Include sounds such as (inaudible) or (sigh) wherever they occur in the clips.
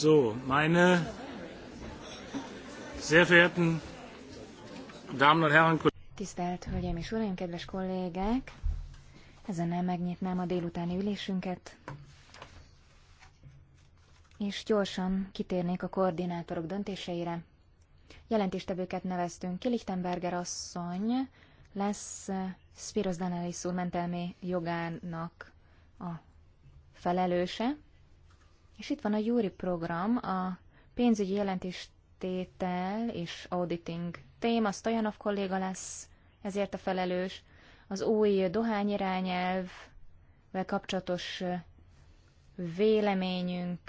So, meine sehr verehrten Damen und Herren, Tisztelt Hölgyeim és Uraim, kedves kollégák! Ezennel megnyitnám a délutáni ülésünket, és gyorsan kitérnék a koordinátorok döntéseire. Jelentéstevőket neveztünk ki, Lichtenberger asszony lesz Spiros Danelis úr mentelmi jogának a felelőse, és itt van a Júri program, a pénzügyi jelentéstétel és auditing téma, Stojanov kolléga lesz ezért a felelős, az új dohányirányelvvel kapcsolatos véleményünk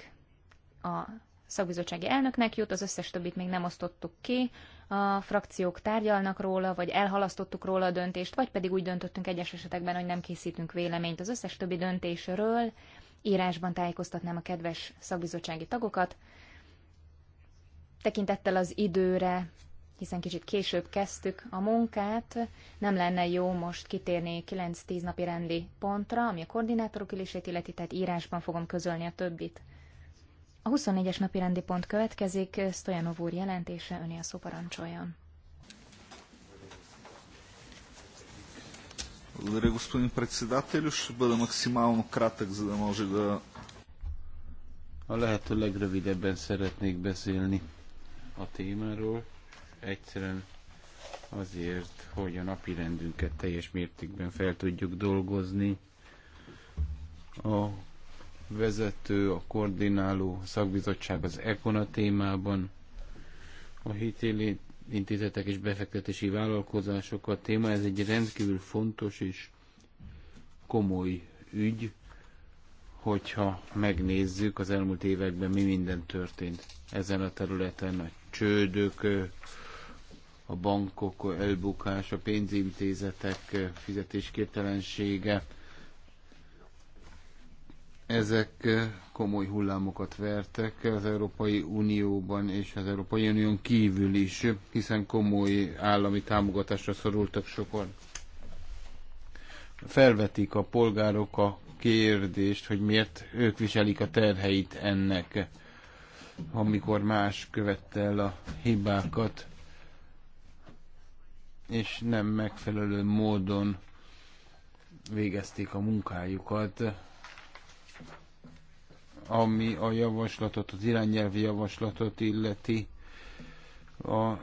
a szakbizottsági elnöknek jut, az összes többit még nem osztottuk ki, a frakciók tárgyalnak róla, vagy elhalasztottuk róla a döntést, vagy pedig úgy döntöttünk egyes esetekben, hogy nem készítünk véleményt az összes többi döntésről, írásban tájékoztatnám a kedves szakbizottsági tagokat. Tekintettel az időre, hiszen kicsit később kezdtük a munkát, nem lenne jó most kitérni 9-10 napi rendi pontra, ami a koordinátorok ülését illeti, tehát írásban fogom közölni a többit. A 24-es napi rendi pont következik, Stojanov úr jelentése, öné a szó parancsoljon. Благодаря, господин председател. Ще бъда максимално кратък, за да може да... A lehető legrövidebben szeretnék beszélni a témáról. Egyszerűen azért, hogy a napi rendünket teljes mértékben fel tudjuk dolgozni. A vezető, a koordináló szakbizottság az ECONA témában, a hitéli intézetek és befektetési vállalkozások a téma. Ez egy rendkívül fontos és komoly ügy, hogyha megnézzük az elmúlt években mi minden történt ezen a területen, a csődök, a bankok elbukása, a pénzintézetek fizetésképtelensége, ezek eh, komoly hullámokat vertek az Európai Unióban és az Európai Unión kívül is, hiszen komoly állami támogatásra szorultak sokan. Felvetik a polgárok a kérdést, hogy miért ők viselik a terheit ennek, amikor más követte el a hibákat, és nem megfelelő módon végezték a munkájukat ami a javaslatot, az irányelvi javaslatot illeti az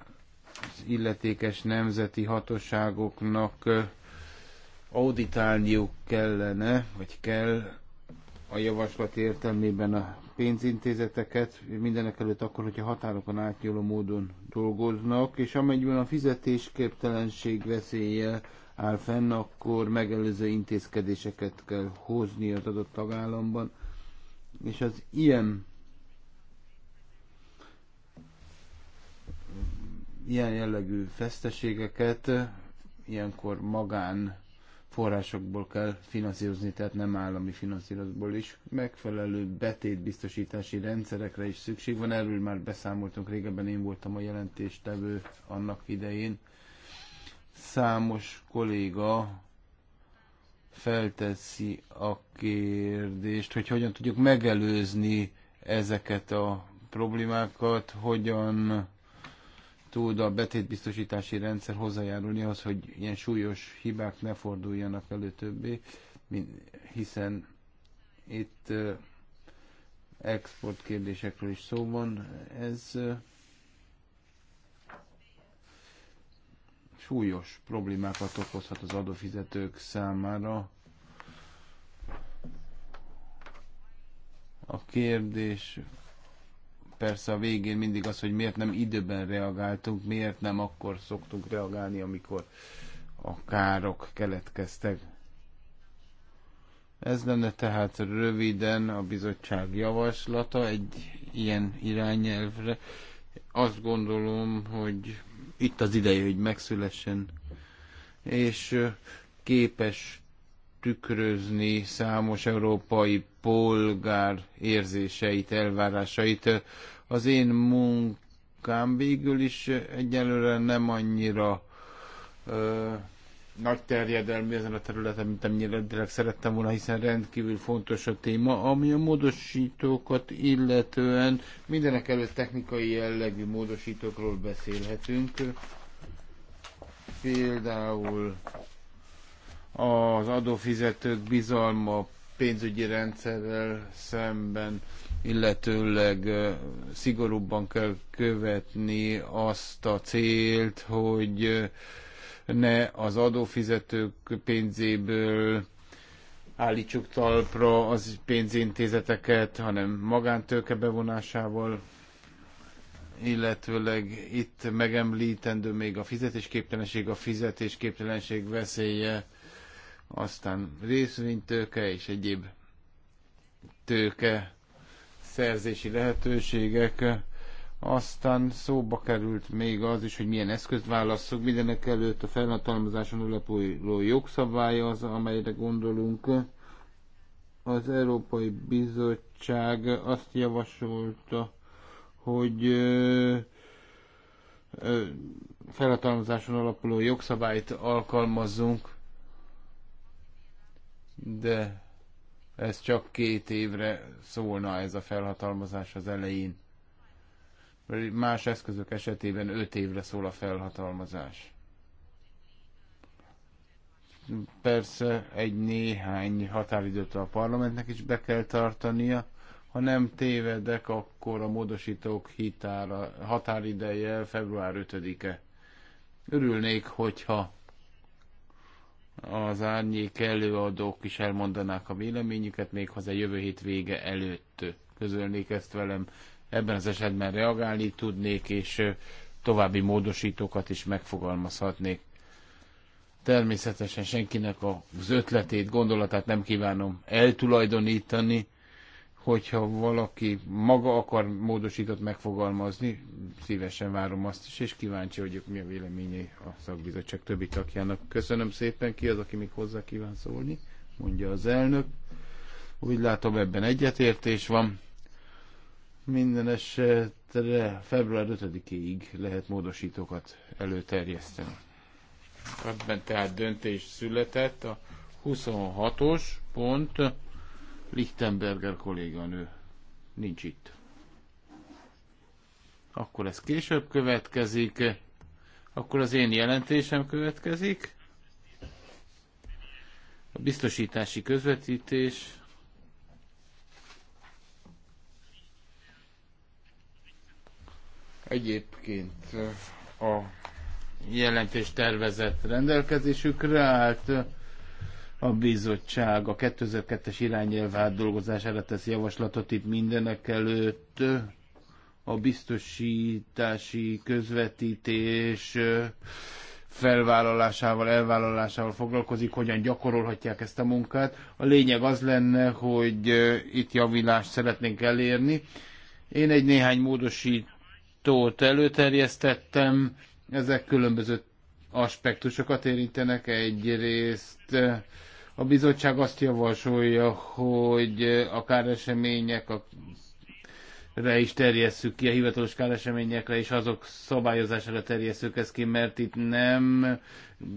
illetékes nemzeti hatóságoknak auditálniuk kellene, vagy kell a javaslat értelmében a pénzintézeteket, mindenek előtt akkor, hogyha határokon átnyúló módon dolgoznak, és amennyiben a fizetésképtelenség veszélye áll fenn, akkor megelőző intézkedéseket kell hozni az adott tagállamban és az ilyen ilyen jellegű feszteségeket ilyenkor magán forrásokból kell finanszírozni, tehát nem állami finanszírozásból is. Megfelelő betétbiztosítási rendszerekre is szükség van, erről már beszámoltunk régebben, én voltam a jelentéstevő annak idején. Számos kolléga felteszi a kérdést, hogy hogyan tudjuk megelőzni ezeket a problémákat, hogyan tud a betétbiztosítási rendszer hozzájárulni az, hogy ilyen súlyos hibák ne forduljanak elő többé, hiszen itt export kérdésekről is szó van. Ez súlyos problémákat okozhat az adófizetők számára. A kérdés persze a végén mindig az, hogy miért nem időben reagáltunk, miért nem akkor szoktunk reagálni, amikor a károk keletkeztek. Ez lenne tehát röviden a bizottság javaslata egy ilyen irányelvre. Azt gondolom, hogy itt az ideje, hogy megszülessen, és képes tükrözni számos európai polgár érzéseit, elvárásait. Az én munkám végül is egyelőre nem annyira nagy terjedelmű ezen a területen, mint amilyen szerettem volna, hiszen rendkívül fontos a téma, ami a módosítókat illetően mindenek előtt technikai jellegű módosítókról beszélhetünk. Például az adófizetők bizalma pénzügyi rendszerrel szemben, illetőleg szigorúbban kell követni azt a célt, hogy ne az adófizetők pénzéből állítsuk talpra az pénzintézeteket, hanem magántőke bevonásával, illetőleg itt megemlítendő még a fizetésképtelenség, a fizetésképtelenség veszélye, aztán részvénytőke és egyéb tőke szerzési lehetőségek aztán szóba került még az is, hogy milyen eszközt válasszuk. Mindenek előtt a felhatalmazáson alapuló jogszabály az, amelyre gondolunk. Az Európai Bizottság azt javasolta, hogy felhatalmazáson alapuló jogszabályt alkalmazzunk, de ez csak két évre szólna ez a felhatalmazás az elején. Más eszközök esetében 5 évre szól a felhatalmazás. Persze egy néhány határidőt a parlamentnek is be kell tartania, ha nem tévedek, akkor a módosítók hitára, határideje február 5-e. Örülnék, hogyha az árnyék előadók is elmondanák a véleményüket, méghozzá jövő hét vége előtt közölnék ezt velem ebben az esetben reagálni tudnék, és további módosítókat is megfogalmazhatnék. Természetesen senkinek az ötletét, gondolatát nem kívánom eltulajdonítani, hogyha valaki maga akar módosított megfogalmazni, szívesen várom azt is, és kíváncsi vagyok, mi a véleménye a szakbizottság többi tagjának. Köszönöm szépen, ki az, aki még hozzá kíván szólni, mondja az elnök. Úgy látom, ebben egyetértés van. Minden esetre február 5-ig lehet módosítókat előterjeszteni. Ebben tehát döntés született. A 26-os pont Lichtenberger kolléganő nincs itt. Akkor ez később következik. Akkor az én jelentésem következik. A biztosítási közvetítés Egyébként a jelentés tervezett rendelkezésükre állt a bizottság a 2002-es irányelv átdolgozására tesz javaslatot itt mindenek előtt a biztosítási közvetítés felvállalásával, elvállalásával foglalkozik, hogyan gyakorolhatják ezt a munkát. A lényeg az lenne, hogy itt javulást szeretnénk elérni. Én egy néhány módosít tót előterjesztettem. Ezek különböző aspektusokat érintenek. Egyrészt eh, a bizottság azt javasolja, hogy eh, a káresemények a re is terjesszük ki, a hivatalos káreseményekre és azok szabályozására terjesszük ezt ki, mert itt nem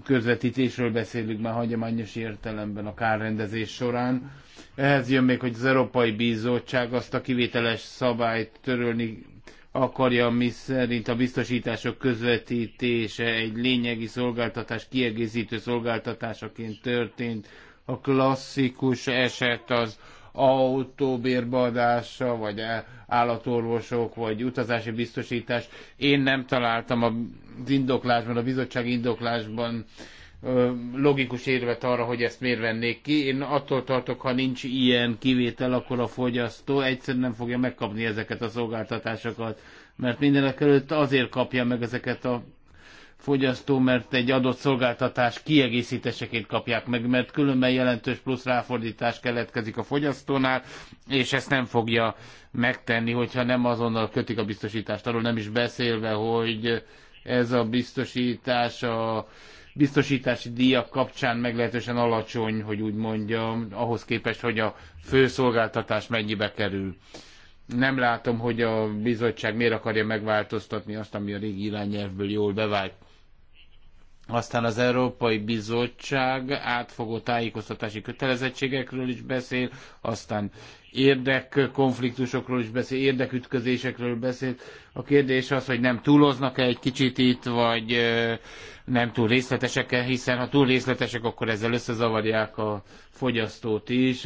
közvetítésről beszélünk már hagyományos értelemben a kárrendezés során. Ehhez jön még, hogy az Európai Bizottság azt a kivételes szabályt törölni akarja, mi szerint a biztosítások közvetítése egy lényegi szolgáltatás, kiegészítő szolgáltatásaként történt. A klasszikus eset az autóbérbeadása, vagy állatorvosok, vagy utazási biztosítás. Én nem találtam az indoklásban, a bizottság indoklásban logikus érvet arra, hogy ezt miért vennék ki. Én attól tartok, ha nincs ilyen kivétel, akkor a fogyasztó egyszerűen nem fogja megkapni ezeket a szolgáltatásokat, mert mindenek előtt azért kapja meg ezeket a fogyasztó, mert egy adott szolgáltatás kiegészítéseként kapják meg, mert különben jelentős plusz ráfordítás keletkezik a fogyasztónál, és ezt nem fogja megtenni, hogyha nem azonnal kötik a biztosítást. Arról nem is beszélve, hogy ez a biztosítás a biztosítási díjak kapcsán meglehetősen alacsony, hogy úgy mondjam, ahhoz képest, hogy a főszolgáltatás mennyibe kerül. Nem látom, hogy a bizottság miért akarja megváltoztatni azt, ami a régi irányelvből jól bevált. Aztán az Európai Bizottság átfogó tájékoztatási kötelezettségekről is beszél, aztán érdekkonfliktusokról is beszélt, érdekütközésekről beszélt. A kérdés az, hogy nem túloznak-e egy kicsit itt, vagy nem túl részletesek-e, hiszen ha túl részletesek, akkor ezzel összezavarják a fogyasztót is.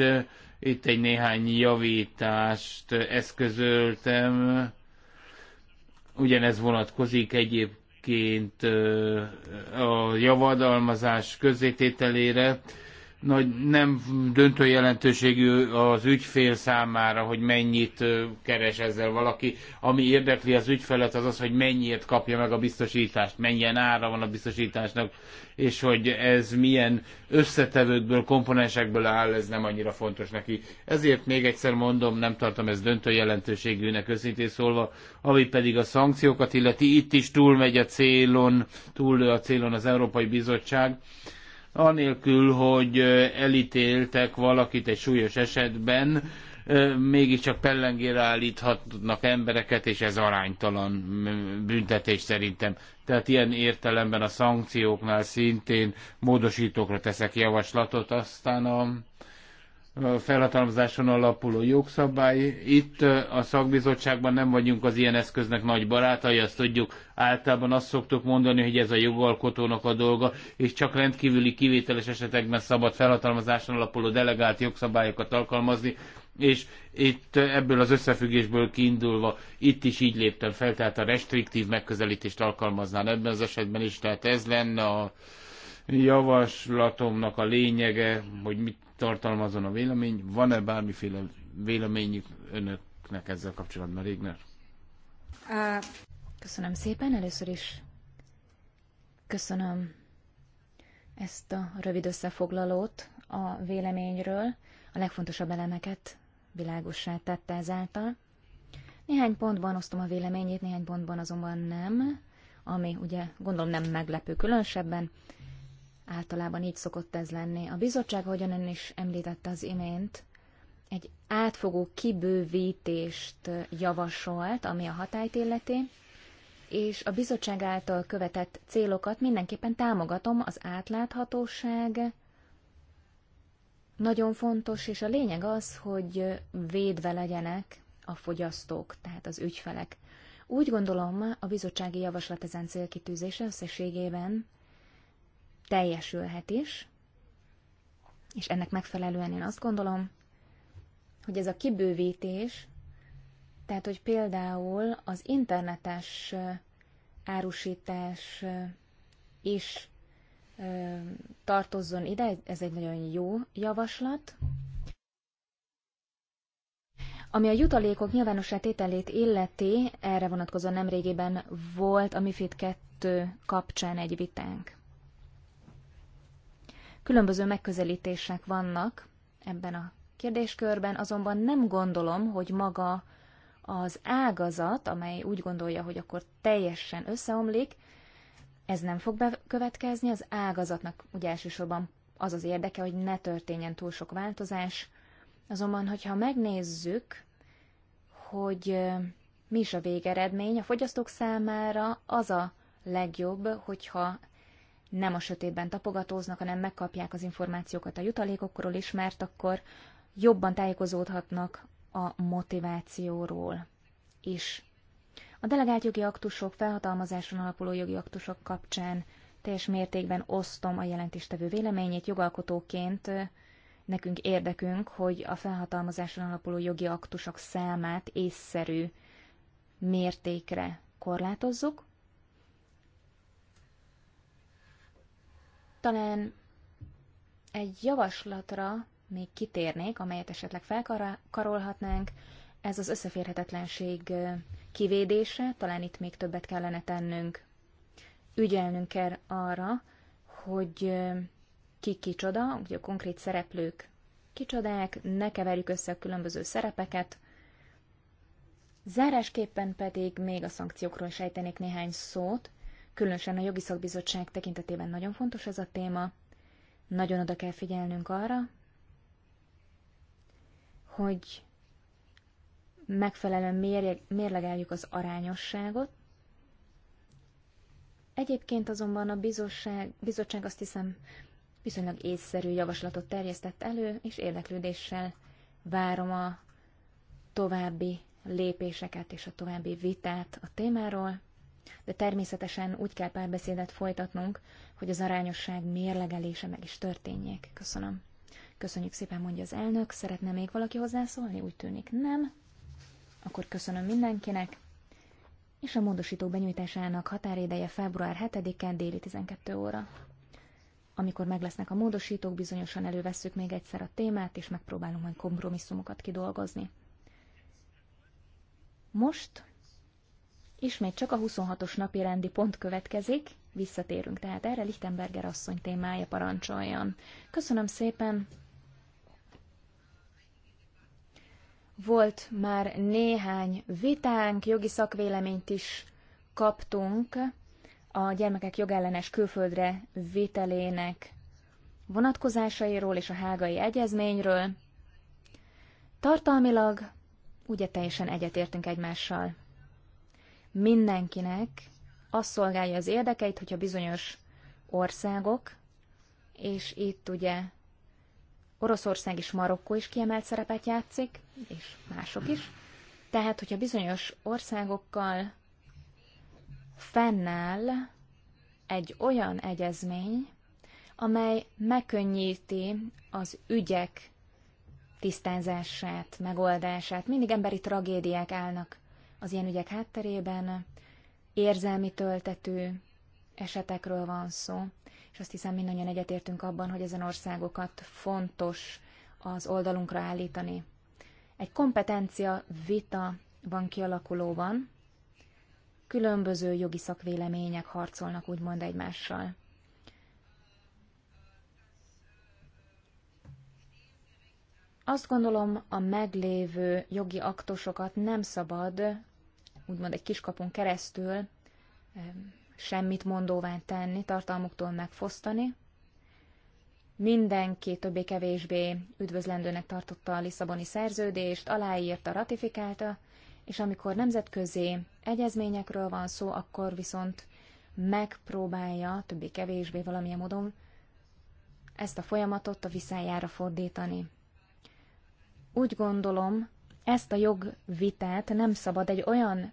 Itt egy néhány javítást eszközöltem. Ugyanez vonatkozik egyébként a javadalmazás közzétételére nagy, nem döntő jelentőségű az ügyfél számára, hogy mennyit keres ezzel valaki. Ami érdekli az ügyfelet, az az, hogy mennyiért kapja meg a biztosítást, mennyien ára van a biztosításnak, és hogy ez milyen összetevőkből, komponensekből áll, ez nem annyira fontos neki. Ezért még egyszer mondom, nem tartom ez döntő jelentőségűnek őszintén szólva, ami pedig a szankciókat illeti, itt is túlmegy a célon, túl a célon az Európai Bizottság anélkül, hogy elítéltek valakit egy súlyos esetben, mégiscsak pellengére állíthatnak embereket, és ez aránytalan büntetés szerintem. Tehát ilyen értelemben a szankcióknál szintén módosítókra teszek javaslatot, aztán a felhatalmazáson alapuló jogszabály. Itt a szakbizottságban nem vagyunk az ilyen eszköznek nagy barátai, azt tudjuk. Általában azt szoktuk mondani, hogy ez a jogalkotónak a dolga, és csak rendkívüli kivételes esetekben szabad felhatalmazáson alapuló delegált jogszabályokat alkalmazni, és itt ebből az összefüggésből kiindulva itt is így léptem fel, tehát a restriktív megközelítést alkalmaznám ebben az esetben is, tehát ez lenne a javaslatomnak a lényege, hogy mit tartalmazon a vélemény. Van-e bármiféle véleményük önöknek ezzel kapcsolatban, Régner? Uh, köszönöm szépen. Először is köszönöm ezt a rövid összefoglalót a véleményről. A legfontosabb elemeket világosá tette ezáltal. Néhány pontban osztom a véleményét, néhány pontban azonban nem, ami ugye gondolom nem meglepő különösebben. Általában így szokott ez lenni. A bizottság, ahogyan ön is említette az imént, egy átfogó kibővítést javasolt, ami a hatályt illeti, és a bizottság által követett célokat mindenképpen támogatom, az átláthatóság nagyon fontos, és a lényeg az, hogy védve legyenek a fogyasztók, tehát az ügyfelek. Úgy gondolom, a bizottsági javaslat ezen célkitűzése összességében teljesülhet is, és ennek megfelelően én azt gondolom, hogy ez a kibővítés, tehát hogy például az internetes árusítás is tartozzon ide, ez egy nagyon jó javaslat. Ami a jutalékok nyilvánossá tételét illeti, erre vonatkozóan nemrégében volt a MIFID 2 kapcsán egy vitánk. Különböző megközelítések vannak ebben a kérdéskörben, azonban nem gondolom, hogy maga az ágazat, amely úgy gondolja, hogy akkor teljesen összeomlik, ez nem fog bekövetkezni, az ágazatnak ugye elsősorban az az érdeke, hogy ne történjen túl sok változás. Azonban, hogyha megnézzük, hogy mi is a végeredmény, a fogyasztók számára az a legjobb, hogyha nem a sötétben tapogatóznak, hanem megkapják az információkat a jutalékokról is, mert akkor jobban tájékozódhatnak a motivációról is. A delegált jogi aktusok, felhatalmazáson alapuló jogi aktusok kapcsán teljes mértékben osztom a jelentéstevő véleményét. Jogalkotóként nekünk érdekünk, hogy a felhatalmazáson alapuló jogi aktusok számát észszerű mértékre korlátozzuk, Talán egy javaslatra még kitérnék, amelyet esetleg felkarolhatnánk, ez az összeférhetetlenség kivédése, talán itt még többet kellene tennünk. Ügyelnünk kell arra, hogy ki kicsoda, ugye a konkrét szereplők kicsodák, ne keverjük össze a különböző szerepeket. Zárásképpen pedig még a szankciókról sejtenék néhány szót. Különösen a jogi szakbizottság tekintetében nagyon fontos ez a téma. Nagyon oda kell figyelnünk arra, hogy megfelelően mérlegeljük az arányosságot. Egyébként azonban a bizottság, bizottság azt hiszem viszonylag észszerű javaslatot terjesztett elő, és érdeklődéssel várom a további lépéseket és a további vitát a témáról de természetesen úgy kell párbeszédet folytatnunk, hogy az arányosság mérlegelése meg is történjék. Köszönöm. Köszönjük szépen, mondja az elnök. Szeretne még valaki hozzászólni? Úgy tűnik nem. Akkor köszönöm mindenkinek. És a módosító benyújtásának határideje február 7-e déli 12 óra. Amikor meg lesznek a módosítók, bizonyosan elővesszük még egyszer a témát, és megpróbálunk majd kompromisszumokat kidolgozni. Most Ismét csak a 26-os napi rendi pont következik, visszatérünk tehát erre, Lichtenberger asszony témája parancsoljon. Köszönöm szépen! Volt már néhány vitánk, jogi szakvéleményt is kaptunk a gyermekek jogellenes külföldre vételének vonatkozásairól és a hágai egyezményről. Tartalmilag ugye teljesen egyetértünk egymással mindenkinek az szolgálja az érdekeit, hogyha bizonyos országok, és itt ugye Oroszország és Marokkó is kiemelt szerepet játszik, és mások is. Tehát, hogyha bizonyos országokkal fennáll egy olyan egyezmény, amely megkönnyíti az ügyek tisztázását, megoldását. Mindig emberi tragédiák állnak az ilyen ügyek hátterében, érzelmi töltető esetekről van szó, és azt hiszem mindannyian egyetértünk abban, hogy ezen országokat fontos az oldalunkra állítani. Egy kompetencia vita van kialakulóban, különböző jogi szakvélemények harcolnak úgymond egymással. Azt gondolom, a meglévő jogi aktusokat nem szabad úgymond egy kiskapon keresztül semmit mondóván tenni, tartalmuktól megfosztani. Mindenki többé-kevésbé üdvözlendőnek tartotta a Lisszaboni szerződést, aláírta, ratifikálta, és amikor nemzetközi egyezményekről van szó, akkor viszont megpróbálja többé-kevésbé valamilyen módon ezt a folyamatot a viszájára fordítani. Úgy gondolom, ezt a jogvitát nem szabad egy olyan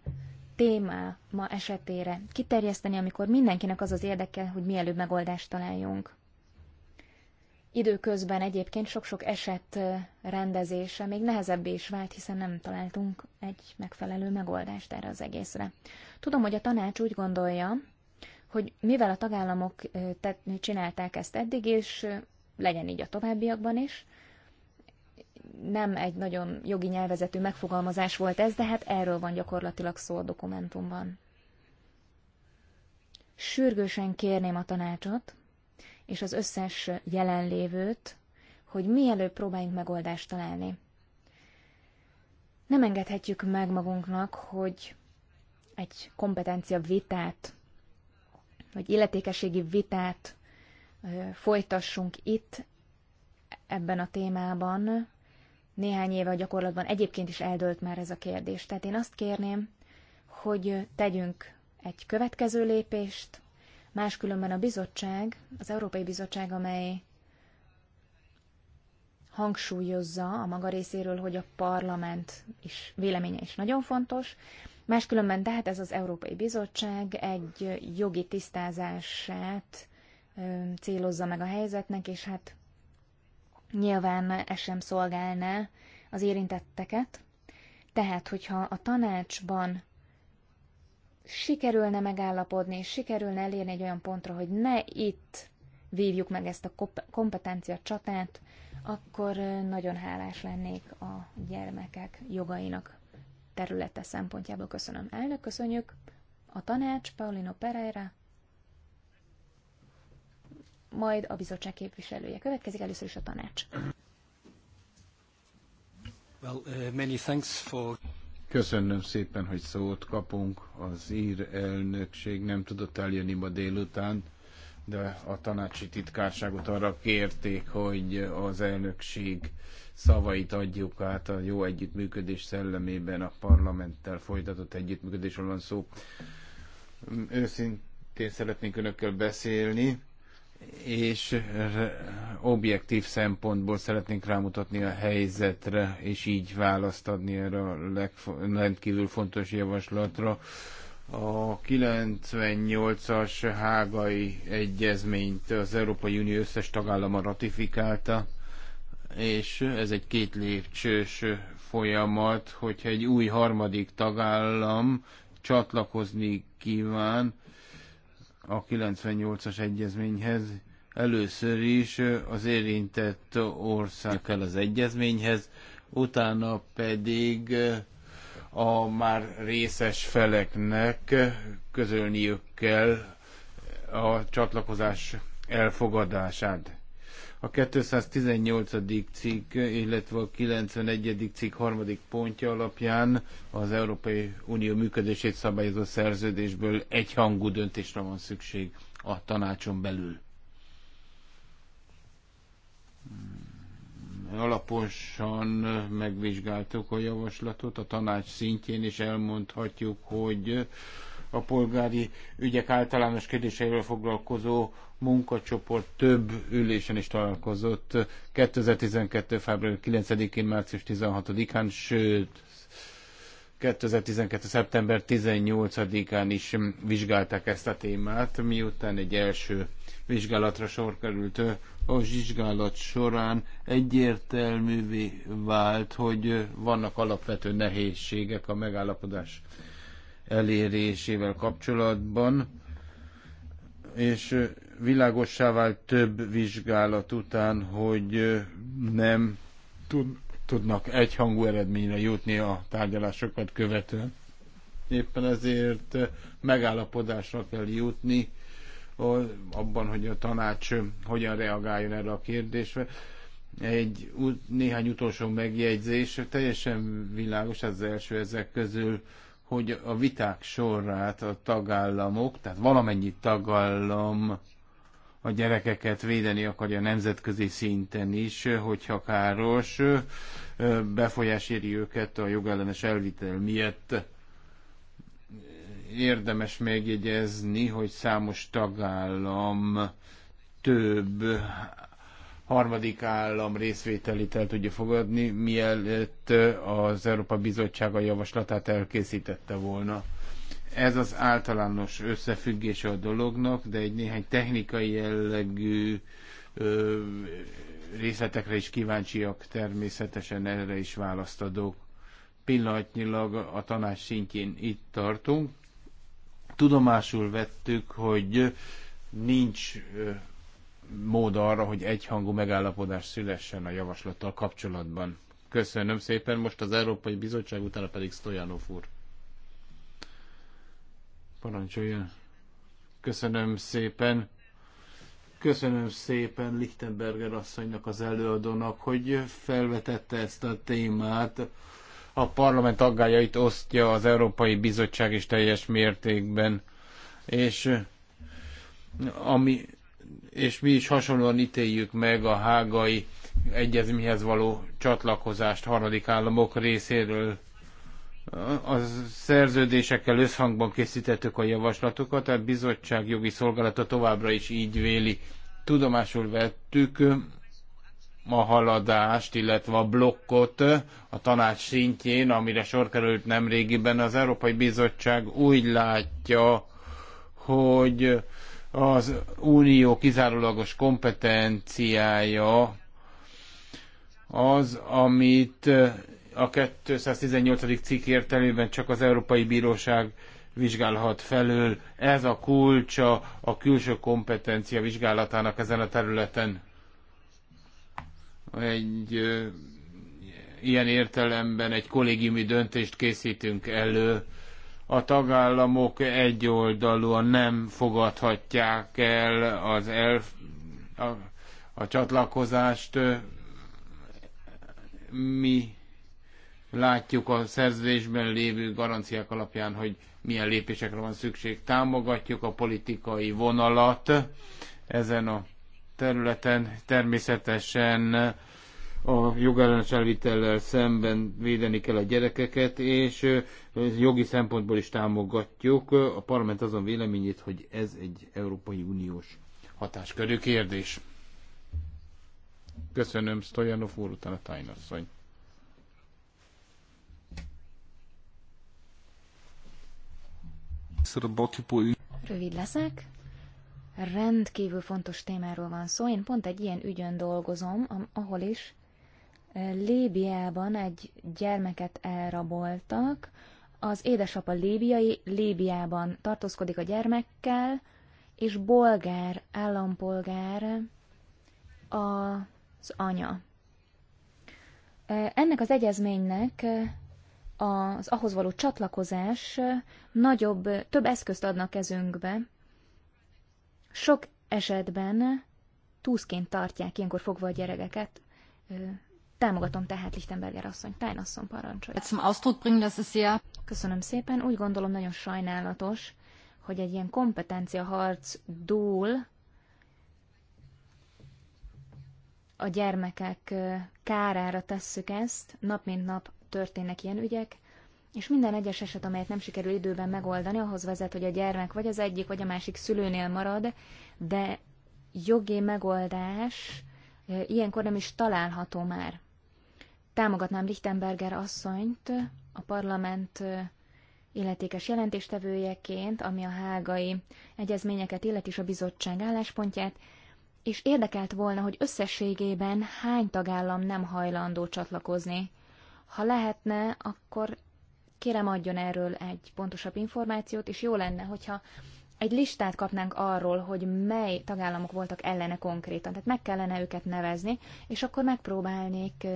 téma ma esetére kiterjeszteni, amikor mindenkinek az az érdeke, hogy mielőbb megoldást találjunk. Időközben egyébként sok-sok eset rendezése még nehezebbé is vált, hiszen nem találtunk egy megfelelő megoldást erre az egészre. Tudom, hogy a tanács úgy gondolja, hogy mivel a tagállamok csinálták ezt eddig, és legyen így a továbbiakban is, nem egy nagyon jogi nyelvezetű megfogalmazás volt ez, de hát erről van gyakorlatilag szó a dokumentumban. Sürgősen kérném a tanácsot és az összes jelenlévőt, hogy mielőbb próbáljunk megoldást találni. Nem engedhetjük meg magunknak, hogy egy kompetencia vitát, vagy illetékeségi vitát folytassunk itt, ebben a témában, néhány éve a gyakorlatban egyébként is eldölt már ez a kérdés. Tehát én azt kérném, hogy tegyünk egy következő lépést, máskülönben a bizottság, az Európai Bizottság, amely hangsúlyozza a maga részéről, hogy a parlament is véleménye is nagyon fontos. Máskülönben tehát ez az Európai Bizottság egy jogi tisztázását célozza meg a helyzetnek, és hát Nyilván ez sem szolgálná az érintetteket, tehát hogyha a tanácsban sikerülne megállapodni, és sikerülne elérni egy olyan pontra, hogy ne itt vívjuk meg ezt a kompetencia csatát, akkor nagyon hálás lennék a gyermekek jogainak területe szempontjából. Köszönöm. Elnök, köszönjük. A tanács, Paulino Pereira majd a bizottság képviselője következik, először is a tanács. Well, uh, many thanks for... Köszönöm szépen, hogy szót kapunk. Az ír elnökség nem tudott eljönni ma délután, de a tanácsi titkárságot arra kérték, hogy az elnökség szavait adjuk át a jó együttműködés szellemében a parlamenttel folytatott együttműködésről van szó. Őszintén szeretnénk önökkel beszélni és objektív szempontból szeretnénk rámutatni a helyzetre, és így választ adni erre a rendkívül fontos javaslatra. A 98-as hágai egyezményt az Európai Unió összes tagállama ratifikálta, és ez egy két lépcsős folyamat, hogyha egy új harmadik tagállam csatlakozni kíván, a 98-as egyezményhez. Először is az érintett ország kell az egyezményhez, utána pedig a már részes feleknek közölniük kell a csatlakozás elfogadását. A 218. cikk, illetve a 91. cikk harmadik pontja alapján az Európai Unió működését szabályozó szerződésből egyhangú döntésre van szükség a tanácson belül. Hmm. alaposan megvizsgáltuk a javaslatot a tanács szintjén, és elmondhatjuk, hogy a polgári ügyek általános kérdéseivel foglalkozó munkacsoport több ülésen is találkozott 2012. február 9-én, március 16-án, sőt 2012. szeptember 18-án is vizsgálták ezt a témát, miután egy első vizsgálatra sor került. A vizsgálat során egyértelművé vált, hogy vannak alapvető nehézségek a megállapodás elérésével kapcsolatban, és világossá vált több vizsgálat után, hogy nem tud, tudnak egyhangú eredményre jutni a tárgyalásokat követően. Éppen ezért megállapodásra kell jutni abban, hogy a tanács hogyan reagáljon erre a kérdésre. Egy néhány utolsó megjegyzés, teljesen világos, az első ezek közül hogy a viták sorát a tagállamok, tehát valamennyi tagállam a gyerekeket védeni akarja nemzetközi szinten is, hogyha káros befolyás éri őket a jogellenes elvitel miatt. Érdemes megjegyezni, hogy számos tagállam több harmadik állam részvételét el tudja fogadni, mielőtt az Európa Bizottság a javaslatát elkészítette volna. Ez az általános összefüggése a dolognak, de egy néhány technikai jellegű ö, részletekre is kíváncsiak, természetesen erre is választ adok. Pillanatnyilag a tanács szintjén itt tartunk. Tudomásul vettük, hogy nincs mód arra, hogy egyhangú megállapodás szülessen a javaslattal kapcsolatban. Köszönöm szépen, most az Európai Bizottság utána pedig Stojanov úr. Parancsoljon. Köszönöm szépen. Köszönöm szépen Lichtenberger asszonynak, az előadónak, hogy felvetette ezt a témát. A parlament aggájait osztja az Európai Bizottság is teljes mértékben, és ami és mi is hasonlóan ítéljük meg a hágai egyezményhez való csatlakozást harmadik államok részéről. A szerződésekkel összhangban készítettük a javaslatokat, a bizottság jogi szolgálata továbbra is így véli. Tudomásul vettük a haladást, illetve a blokkot a tanács szintjén, amire sor került nemrégiben. Az Európai Bizottság úgy látja, hogy az unió kizárólagos kompetenciája az, amit a 218. cikk értelmében csak az Európai Bíróság vizsgálhat felől. Ez a kulcsa a külső kompetencia vizsgálatának ezen a területen. Egy ilyen értelemben egy kollégiumi döntést készítünk elő, a tagállamok egyoldalúan nem fogadhatják el az el, a, a csatlakozást. Mi látjuk a szerződésben lévő garanciák alapján, hogy milyen lépésekre van szükség. Támogatjuk a politikai vonalat ezen a területen. Természetesen a jogellenes elvitellel szemben védeni kell a gyerekeket, és jogi szempontból is támogatjuk a parlament azon véleményét, hogy ez egy Európai Uniós hatáskörű kérdés. Köszönöm, Stojanov úr, utána Tájnasszony. Rövid leszek. Rendkívül fontos témáról van szó. Én pont egy ilyen ügyön dolgozom, ahol is Líbiában egy gyermeket elraboltak, az édesapa líbiai, Líbiában tartózkodik a gyermekkel, és bolgár állampolgár az anya. E, ennek az egyezménynek e, az ahhoz való csatlakozás e, nagyobb, több eszközt adnak kezünkbe. Sok esetben túszként tartják ilyenkor fogva a gyerekeket, Támogatom tehát Lichtenberger asszony, Tájn asszony parancsolja. Köszönöm szépen, úgy gondolom nagyon sajnálatos, hogy egy ilyen kompetenciaharc dúl a gyermekek kárára tesszük ezt, nap mint nap történnek ilyen ügyek, és minden egyes eset, amelyet nem sikerül időben megoldani, ahhoz vezet, hogy a gyermek vagy az egyik, vagy a másik szülőnél marad, de jogi megoldás ilyenkor nem is található már támogatnám Lichtenberger asszonyt a parlament illetékes jelentéstevőjeként, ami a hágai egyezményeket illeti és a bizottság álláspontját, és érdekelt volna, hogy összességében hány tagállam nem hajlandó csatlakozni. Ha lehetne, akkor kérem adjon erről egy pontosabb információt, és jó lenne, hogyha egy listát kapnánk arról, hogy mely tagállamok voltak ellene konkrétan. Tehát meg kellene őket nevezni, és akkor megpróbálnék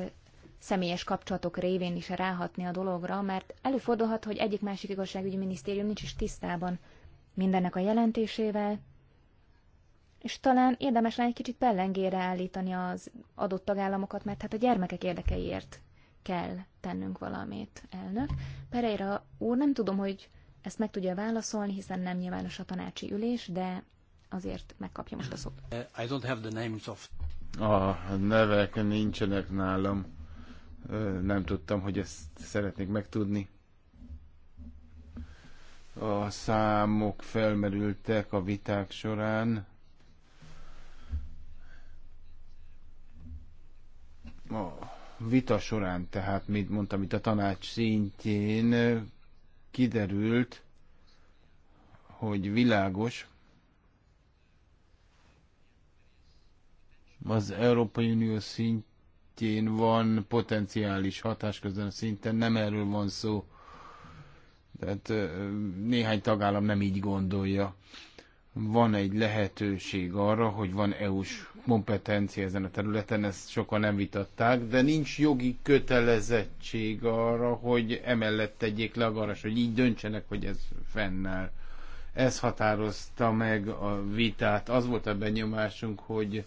személyes kapcsolatok révén is ráhatni a dologra, mert előfordulhat, hogy egyik-másik igazságügyi minisztérium nincs is tisztában mindennek a jelentésével, és talán érdemes lenne egy kicsit pellengére állítani az adott tagállamokat, mert hát a gyermekek érdekeiért kell tennünk valamit, elnök. Pereira úr, nem tudom, hogy ezt meg tudja válaszolni, hiszen nem nyilvános a tanácsi ülés, de azért megkapja most a szót. Uh, I don't have the names of... A nevek nincsenek nálam nem tudtam, hogy ezt szeretnék megtudni. A számok felmerültek a viták során. A vita során, tehát, mint mondtam, itt a tanács szintjén kiderült, hogy világos, az Európai Unió szint szintjén van potenciális hatás közben a szinten, nem erről van szó. Tehát néhány tagállam nem így gondolja. Van egy lehetőség arra, hogy van EU-s kompetencia ezen a területen, ezt sokan nem vitatták, de nincs jogi kötelezettség arra, hogy emellett tegyék le a garas, hogy így döntsenek, hogy ez fennáll. Ez határozta meg a vitát. Az volt a benyomásunk, hogy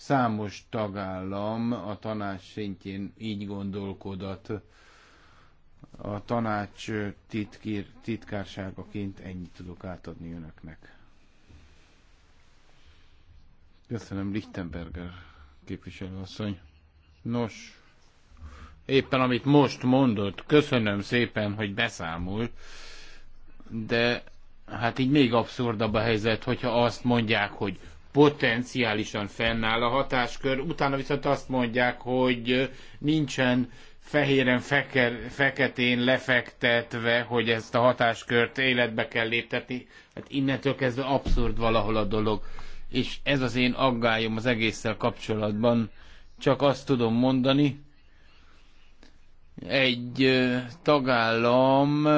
Számos tagállam a tanács szintjén így gondolkodott. A tanács titkir, titkárságaként ennyit tudok átadni önöknek. Köszönöm, Lichtenberger képviselőasszony. Nos, éppen amit most mondott, köszönöm szépen, hogy beszámol, de hát így még abszurdabb a helyzet, hogyha azt mondják, hogy potenciálisan fennáll a hatáskör, utána viszont azt mondják, hogy nincsen fehéren feke, feketén lefektetve, hogy ezt a hatáskört életbe kell léptetni. Hát innentől kezdve abszurd valahol a dolog. És ez az én aggályom az egésszel kapcsolatban. Csak azt tudom mondani, egy tagállam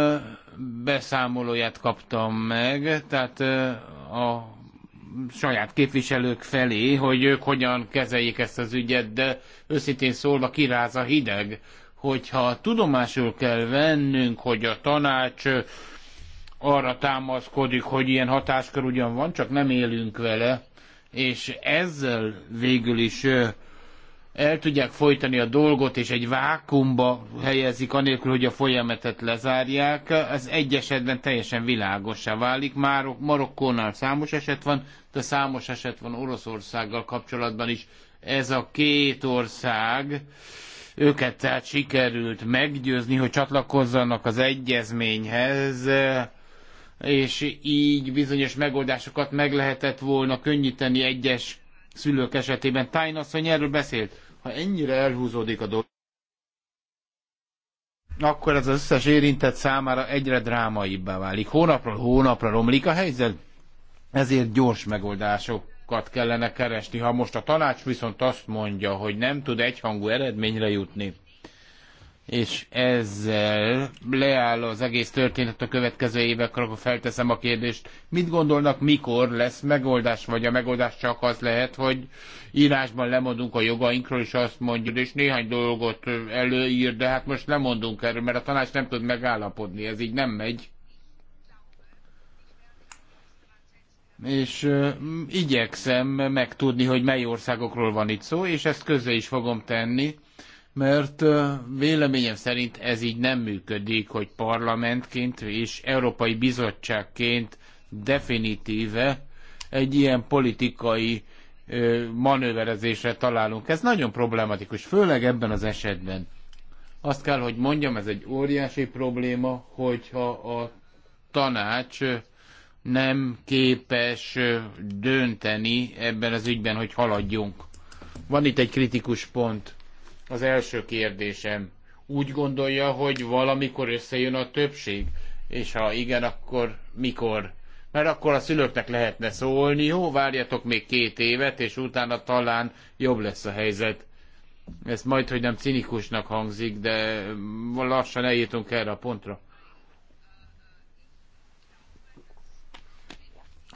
beszámolóját kaptam meg, tehát a saját képviselők felé, hogy ők hogyan kezeljék ezt az ügyet, de őszintén szólva kiráz a hideg, hogyha tudomásul kell vennünk, hogy a tanács arra támaszkodik, hogy ilyen hatáskör ugyan van, csak nem élünk vele, és ezzel végül is el tudják folytani a dolgot, és egy vákumba helyezik, anélkül, hogy a folyamatot lezárják, az egy esetben teljesen világosá válik. Már Marokkónál számos eset van, de számos eset van Oroszországgal kapcsolatban is. Ez a két ország, őket tehát sikerült meggyőzni, hogy csatlakozzanak az egyezményhez, és így bizonyos megoldásokat meg lehetett volna könnyíteni egyes szülők esetében. Tájn asszony erről beszélt. Ha ennyire elhúzódik a dolog, akkor ez az összes érintett számára egyre drámaibbá válik. Hónapról hónapra romlik a helyzet, ezért gyors megoldásokat kellene keresni. Ha most a tanács viszont azt mondja, hogy nem tud egyhangú eredményre jutni, és ezzel leáll az egész történet a következő évekre, akkor felteszem a kérdést, mit gondolnak, mikor lesz megoldás, vagy a megoldás csak az lehet, hogy írásban lemondunk a jogainkról, és azt mondjuk, és néhány dolgot előír, de hát most lemondunk erről, mert a tanács nem tud megállapodni, ez így nem megy. és igyekszem megtudni, hogy mely országokról van itt szó, és ezt közé is fogom tenni mert véleményem szerint ez így nem működik, hogy parlamentként és Európai Bizottságként definitíve egy ilyen politikai manőverezésre találunk. Ez nagyon problematikus, főleg ebben az esetben. Azt kell, hogy mondjam, ez egy óriási probléma, hogyha a tanács nem képes dönteni ebben az ügyben, hogy haladjunk. Van itt egy kritikus pont. Az első kérdésem, úgy gondolja, hogy valamikor összejön a többség? És ha igen, akkor mikor? Mert akkor a szülőknek lehetne szólni, jó, várjatok még két évet, és utána talán jobb lesz a helyzet. Ez majd, hogy nem cinikusnak hangzik, de lassan eljutunk erre a pontra.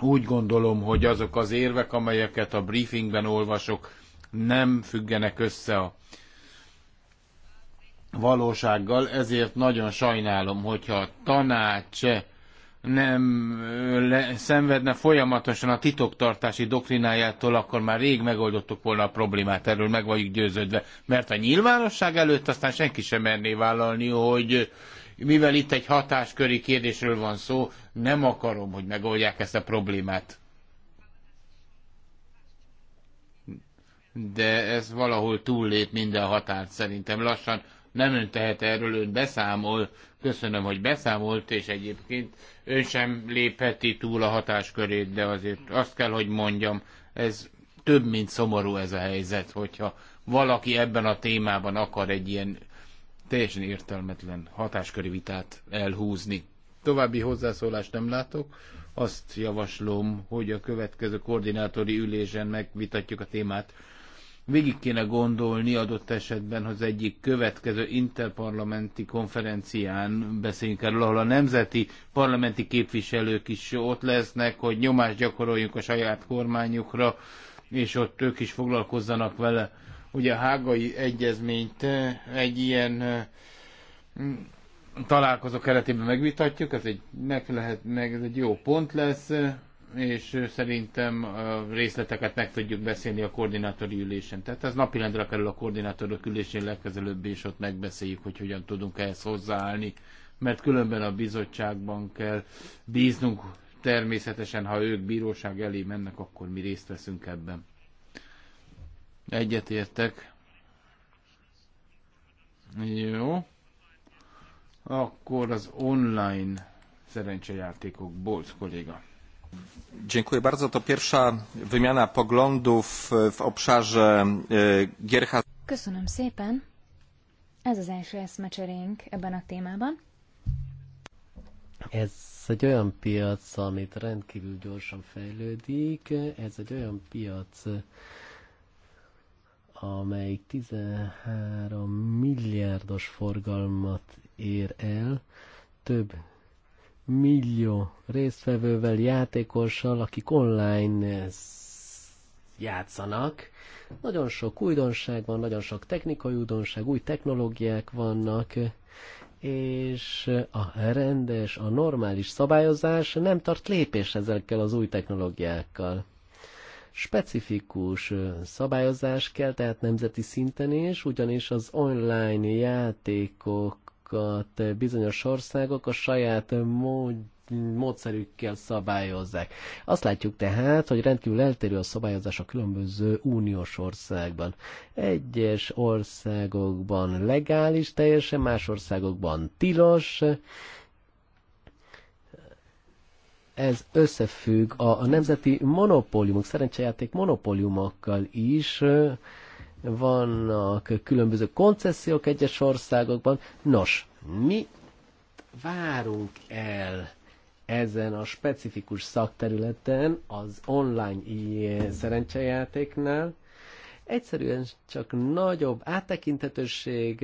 Úgy gondolom, hogy azok az érvek, amelyeket a briefingben olvasok, nem függenek össze a valósággal, ezért nagyon sajnálom, hogyha a tanács nem le, szenvedne folyamatosan a titoktartási doktrinájától, akkor már rég megoldottuk volna a problémát, erről meg vagyunk győződve. Mert a nyilvánosság előtt aztán senki sem merné vállalni, hogy mivel itt egy hatásköri kérdésről van szó, nem akarom, hogy megoldják ezt a problémát. De ez valahol túllép minden határt szerintem. Lassan nem ön tehet erről, ön beszámol. Köszönöm, hogy beszámolt, és egyébként ön sem lépheti túl a hatáskörét, de azért azt kell, hogy mondjam, ez több, mint szomorú ez a helyzet, hogyha valaki ebben a témában akar egy ilyen teljesen értelmetlen hatásköri vitát elhúzni. További hozzászólást nem látok. Azt javaslom, hogy a következő koordinátori ülésen megvitatjuk a témát végig kéne gondolni adott esetben, hogy az egyik következő interparlamenti konferencián beszéljünk erről, ahol a nemzeti parlamenti képviselők is ott lesznek, hogy nyomást gyakoroljunk a saját kormányukra, és ott ők is foglalkozzanak vele. Ugye a hágai egyezményt egy ilyen mm, találkozó keretében megvitatjuk, ez egy, meg lehet, meg ez egy jó pont lesz, és szerintem a részleteket meg tudjuk beszélni a koordinátori ülésen. Tehát ez napirendre kerül a koordinátorok ülésén legközelebb, és ott megbeszéljük, hogy hogyan tudunk ehhez hozzáállni, mert különben a bizottságban kell bíznunk természetesen, ha ők bíróság elé mennek, akkor mi részt veszünk ebben. Egyetértek. Jó. Akkor az online szerencsejátékok, Bolc kolléga. Dziękuję To pierwsza wymiana poglądów w obszarze e, gier Köszönöm szépen. Ez az első eszmecserénk ebben a témában. Ez egy olyan piac, amit rendkívül gyorsan fejlődik. Ez egy olyan piac, amelyik 13 milliárdos forgalmat ér el, több millió résztvevővel, játékossal, akik online játszanak. Nagyon sok újdonság van, nagyon sok technikai újdonság, új technológiák vannak, és a rendes, a normális szabályozás nem tart lépés ezekkel az új technológiákkal. Specifikus szabályozás kell, tehát nemzeti szinten is, ugyanis az online játékok szabályokat bizonyos országok a saját mód módszerükkel szabályozzák. Azt látjuk tehát, hogy rendkívül eltérő a szabályozás a különböző uniós országban. Egyes országokban legális teljesen, más országokban tilos, ez összefügg a, a nemzeti monopóliumok, szerencsejáték monopóliumokkal is, vannak különböző koncesziók egyes országokban. Nos, mi várunk el ezen a specifikus szakterületen, az online szerencsejátéknál, egyszerűen csak nagyobb áttekintetőség,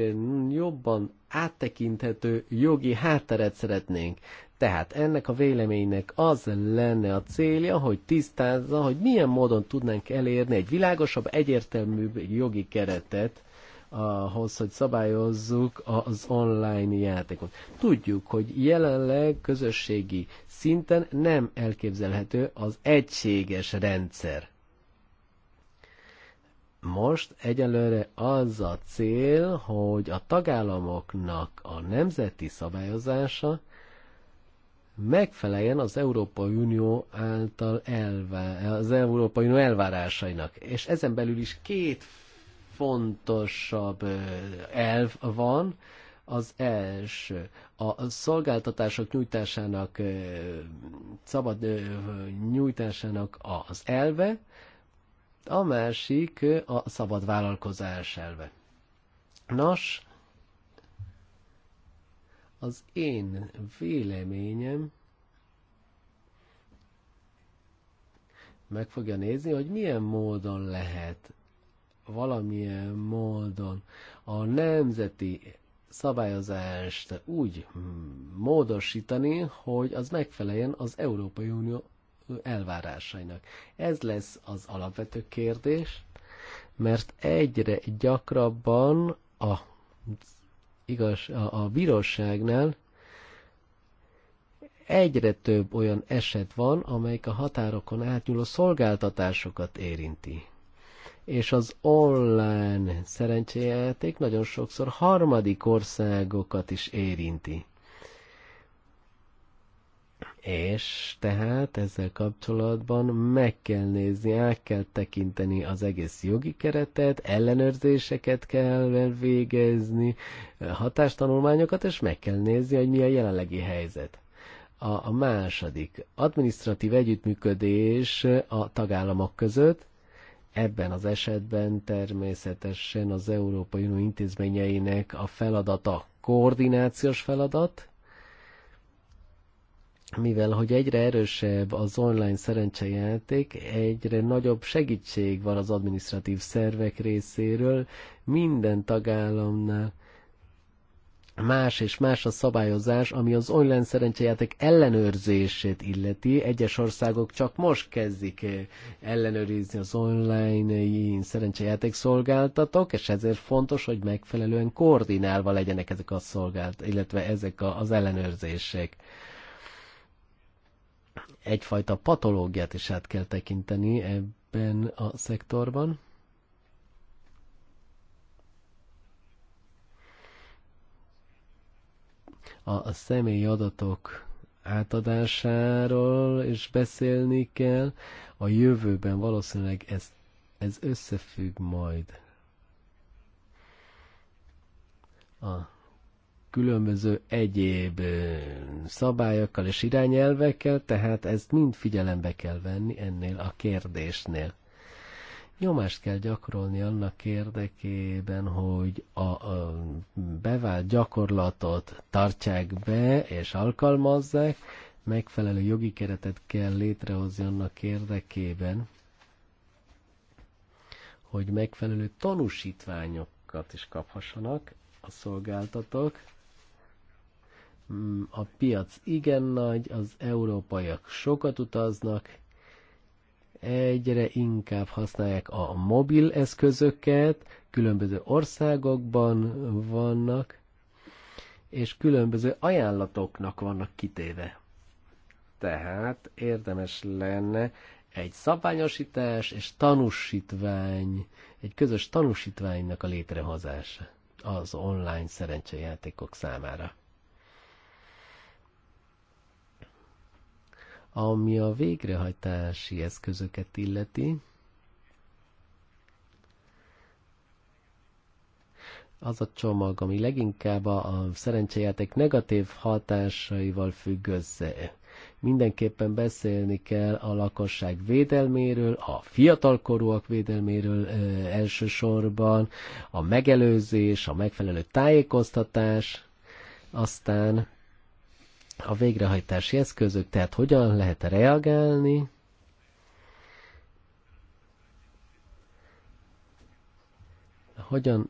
jobban áttekinthető jogi hátteret szeretnénk. Tehát ennek a véleménynek az lenne a célja, hogy tisztázza, hogy milyen módon tudnánk elérni egy világosabb, egyértelműbb jogi keretet, ahhoz, hogy szabályozzuk az online játékot. Tudjuk, hogy jelenleg közösségi szinten nem elképzelhető az egységes rendszer. Most egyelőre az a cél, hogy a tagállamoknak a nemzeti szabályozása megfeleljen az Európai Unió által elvá, az Európai Unió elvárásainak. És ezen belül is két fontosabb elv van. Az első, a szolgáltatások nyújtásának, szabad nyújtásának az elve, a másik a szabad vállalkozás elve. Nos, az én véleményem meg fogja nézni, hogy milyen módon lehet valamilyen módon a nemzeti szabályozást úgy módosítani, hogy az megfeleljen az Európai Unió elvárásainak. Ez lesz az alapvető kérdés, mert egyre gyakrabban a, igaz, a, a bíróságnál egyre több olyan eset van, amelyik a határokon átnyúló szolgáltatásokat érinti. És az online szerencséjáték nagyon sokszor harmadik országokat is érinti. És tehát ezzel kapcsolatban meg kell nézni, el kell tekinteni az egész jogi keretet, ellenőrzéseket kell elvégezni, hatástanulmányokat, és meg kell nézni, hogy mi a jelenlegi helyzet. A, a második, administratív együttműködés a tagállamok között, Ebben az esetben természetesen az Európai Unió intézményeinek a feladata koordinációs feladat, mivel hogy egyre erősebb az online szerencsejáték, egyre nagyobb segítség van az administratív szervek részéről minden tagállamnál. Más és más a szabályozás, ami az online szerencsejáték ellenőrzését illeti. Egyes országok csak most kezdik eh, ellenőrizni az online eh, szerencsejáték szolgáltatók, és ezért fontos, hogy megfelelően koordinálva legyenek ezek a szolgált, illetve ezek az ellenőrzések egyfajta patológiát is át kell tekinteni ebben a szektorban. A személyi adatok átadásáról is beszélni kell. A jövőben valószínűleg ez, ez összefügg majd a különböző egyéb szabályokkal és irányelvekkel, tehát ezt mind figyelembe kell venni ennél a kérdésnél. Nyomást kell gyakorolni annak érdekében, hogy a, a bevált gyakorlatot tartsák be és alkalmazzák, megfelelő jogi keretet kell létrehozni annak érdekében, hogy megfelelő tanúsítványokat is kaphassanak a szolgáltatók, Mm, a piac igen nagy, az európaiak sokat utaznak, egyre inkább használják a mobil eszközöket, különböző országokban vannak, és különböző ajánlatoknak vannak kitéve. Tehát érdemes lenne egy szabványosítás és tanúsítvány, egy közös tanúsítványnak a létrehozása az online szerencsejátékok számára. Ami a végrehajtási eszközöket illeti, az a csomag, ami leginkább a szerencsejáték negatív hatásaival függ össze. Mindenképpen beszélni kell a lakosság védelméről, a fiatalkorúak védelméről ö, elsősorban, a megelőzés, a megfelelő tájékoztatás, aztán a végrehajtási eszközök, tehát hogyan lehet reagálni, hogyan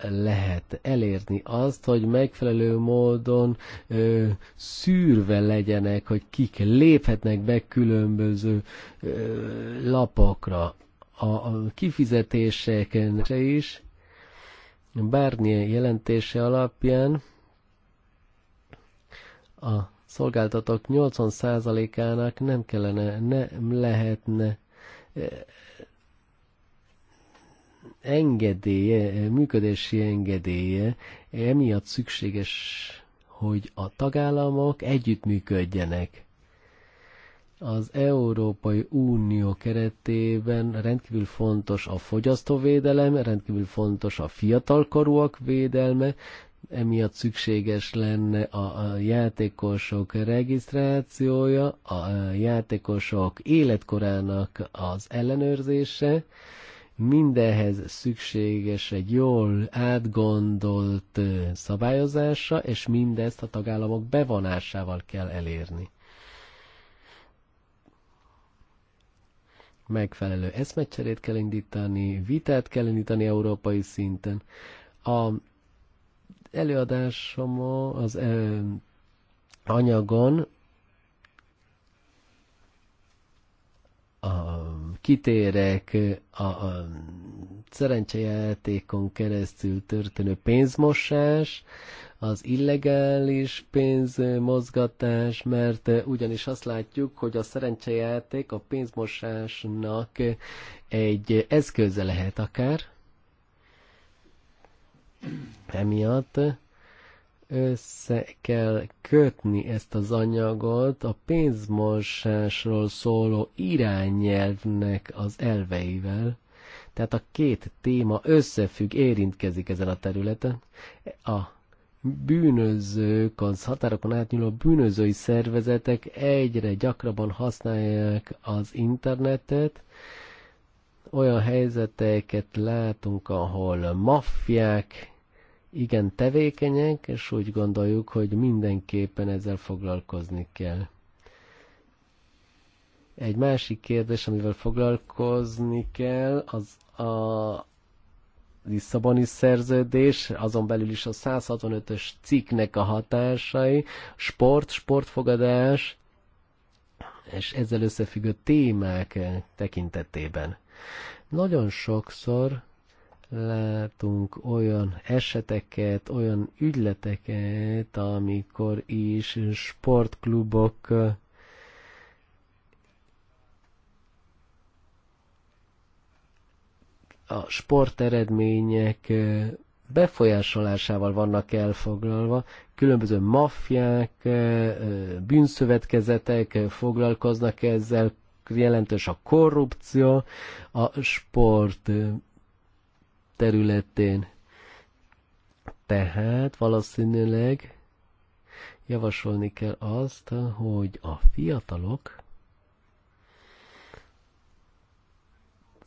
lehet elérni azt, hogy megfelelő módon ö, szűrve legyenek, hogy kik léphetnek be különböző ö, lapokra. A, a kifizetéseken is Barnier jelentése alapján a szolgáltatók 80%-ának nem kellene, nem lehetne eh, engedélye, működési engedélye, emiatt szükséges, hogy a tagállamok együttműködjenek. Az Európai Unió keretében rendkívül fontos a fogyasztóvédelem, rendkívül fontos a fiatalkorúak védelme, emiatt szükséges lenne a, játékosok regisztrációja, a játékosok életkorának az ellenőrzése, mindenhez szükséges egy jól átgondolt szabályozása, és mindezt a tagállamok bevonásával kell elérni. Megfelelő eszmecserét kell indítani, vitát kell indítani európai szinten. A előadásom az ö, anyagon a, kitérek a, a szerencsejátékon keresztül történő pénzmosás, az illegális pénzmozgatás, mert ugyanis azt látjuk, hogy a szerencsejáték a pénzmosásnak egy eszköze lehet akár, Emiatt össze kell kötni ezt az anyagot a pénzmosásról szóló irányelvnek az elveivel. Tehát a két téma összefügg, érintkezik ezen a területen. A bűnözők, az határokon átnyúló bűnözői szervezetek egyre gyakrabban használják az internetet, olyan helyzeteket látunk, ahol maffiák igen tevékenyek, és úgy gondoljuk, hogy mindenképpen ezzel foglalkozni kell. Egy másik kérdés, amivel foglalkozni kell, az a Lisszaboni szerződés, azon belül is a 165-ös cikknek a hatásai, sport, sportfogadás, és ezzel összefüggő témák tekintetében. Nagyon sokszor látunk olyan eseteket, olyan ügyleteket, amikor is sportklubok a sporteredmények befolyásolásával vannak elfoglalva, különböző maffiák, bűnszövetkezetek foglalkoznak ezzel, jelentős a korrupció a sport területén. Tehát valószínűleg javasolni kell azt, hogy a fiatalok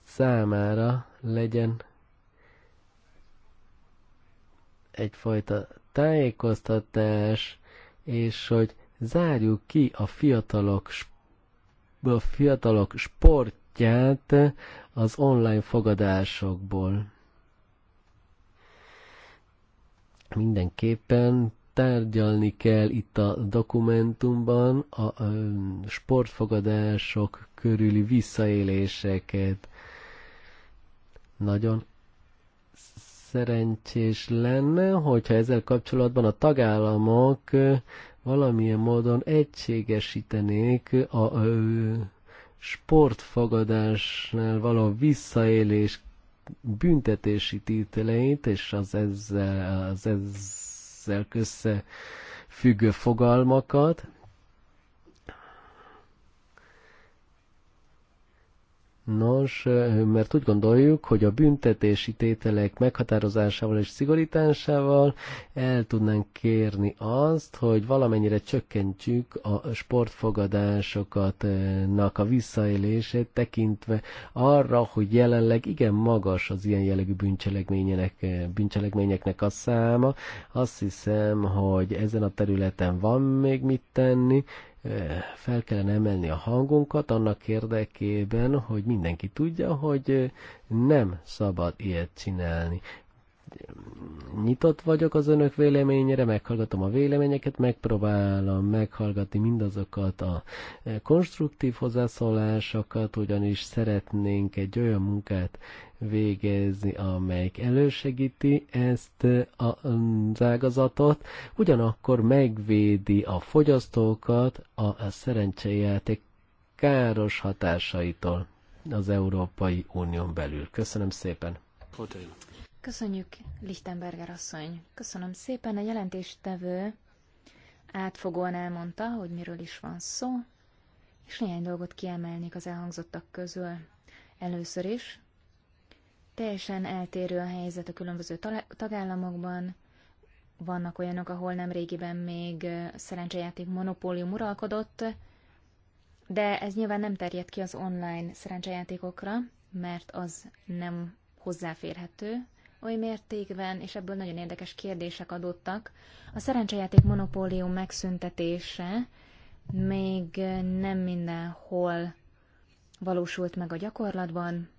számára legyen egyfajta tájékoztatás, és hogy zárjuk ki a fiatalok sport a fiatalok sportját az online fogadásokból. Mindenképpen tárgyalni kell itt a dokumentumban a sportfogadások körüli visszaéléseket. Nagyon szerencsés lenne, hogyha ezzel kapcsolatban a tagállamok valamilyen módon egységesítenék a ö, sportfogadásnál való visszaélés büntetési tételeit, és az ezzel, az ezzel függő fogalmakat, Nos, eh, mert úgy gondoljuk, hogy a büntetési tételek meghatározásával és szigorításával el tudnánk kérni azt, hogy valamennyire csökkentjük a sportfogadásokatnak a visszaélését tekintve arra, hogy jelenleg igen magas az ilyen jellegű bűncselekmények, eh, bűncselekményeknek a száma. Azt hiszem, hogy ezen a területen van még mit tenni, Eh, fel kellene emelni a hangunkat annak érdekében, hogy mindenki tudja, hogy eh, nem szabad ilyet csinálni. Nyitott vagyok az önök véleményére, meghallgatom a véleményeket, megpróbálom meghallgatni mindazokat a eh, konstruktív hozzászólásokat, ugyanis szeretnénk egy olyan munkát végezni, amelyik elősegíti ezt az ágazatot, ugyanakkor megvédi a fogyasztókat a szerencsejáték káros hatásaitól az Európai Unión belül. Köszönöm szépen! Köszönjük, Lichtenberger asszony! Köszönöm szépen a jelentéstevő átfogóan elmondta, hogy miről is van szó, és néhány dolgot kiemelnék az elhangzottak közül. Először is Teljesen eltérő a helyzet a különböző tagállamokban. Vannak olyanok, ahol nem régiben még szerencsejáték monopólium uralkodott, de ez nyilván nem terjed ki az online szerencsejátékokra, mert az nem hozzáférhető oly mértékben, és ebből nagyon érdekes kérdések adottak. A szerencsejáték monopólium megszüntetése még nem mindenhol valósult meg a gyakorlatban,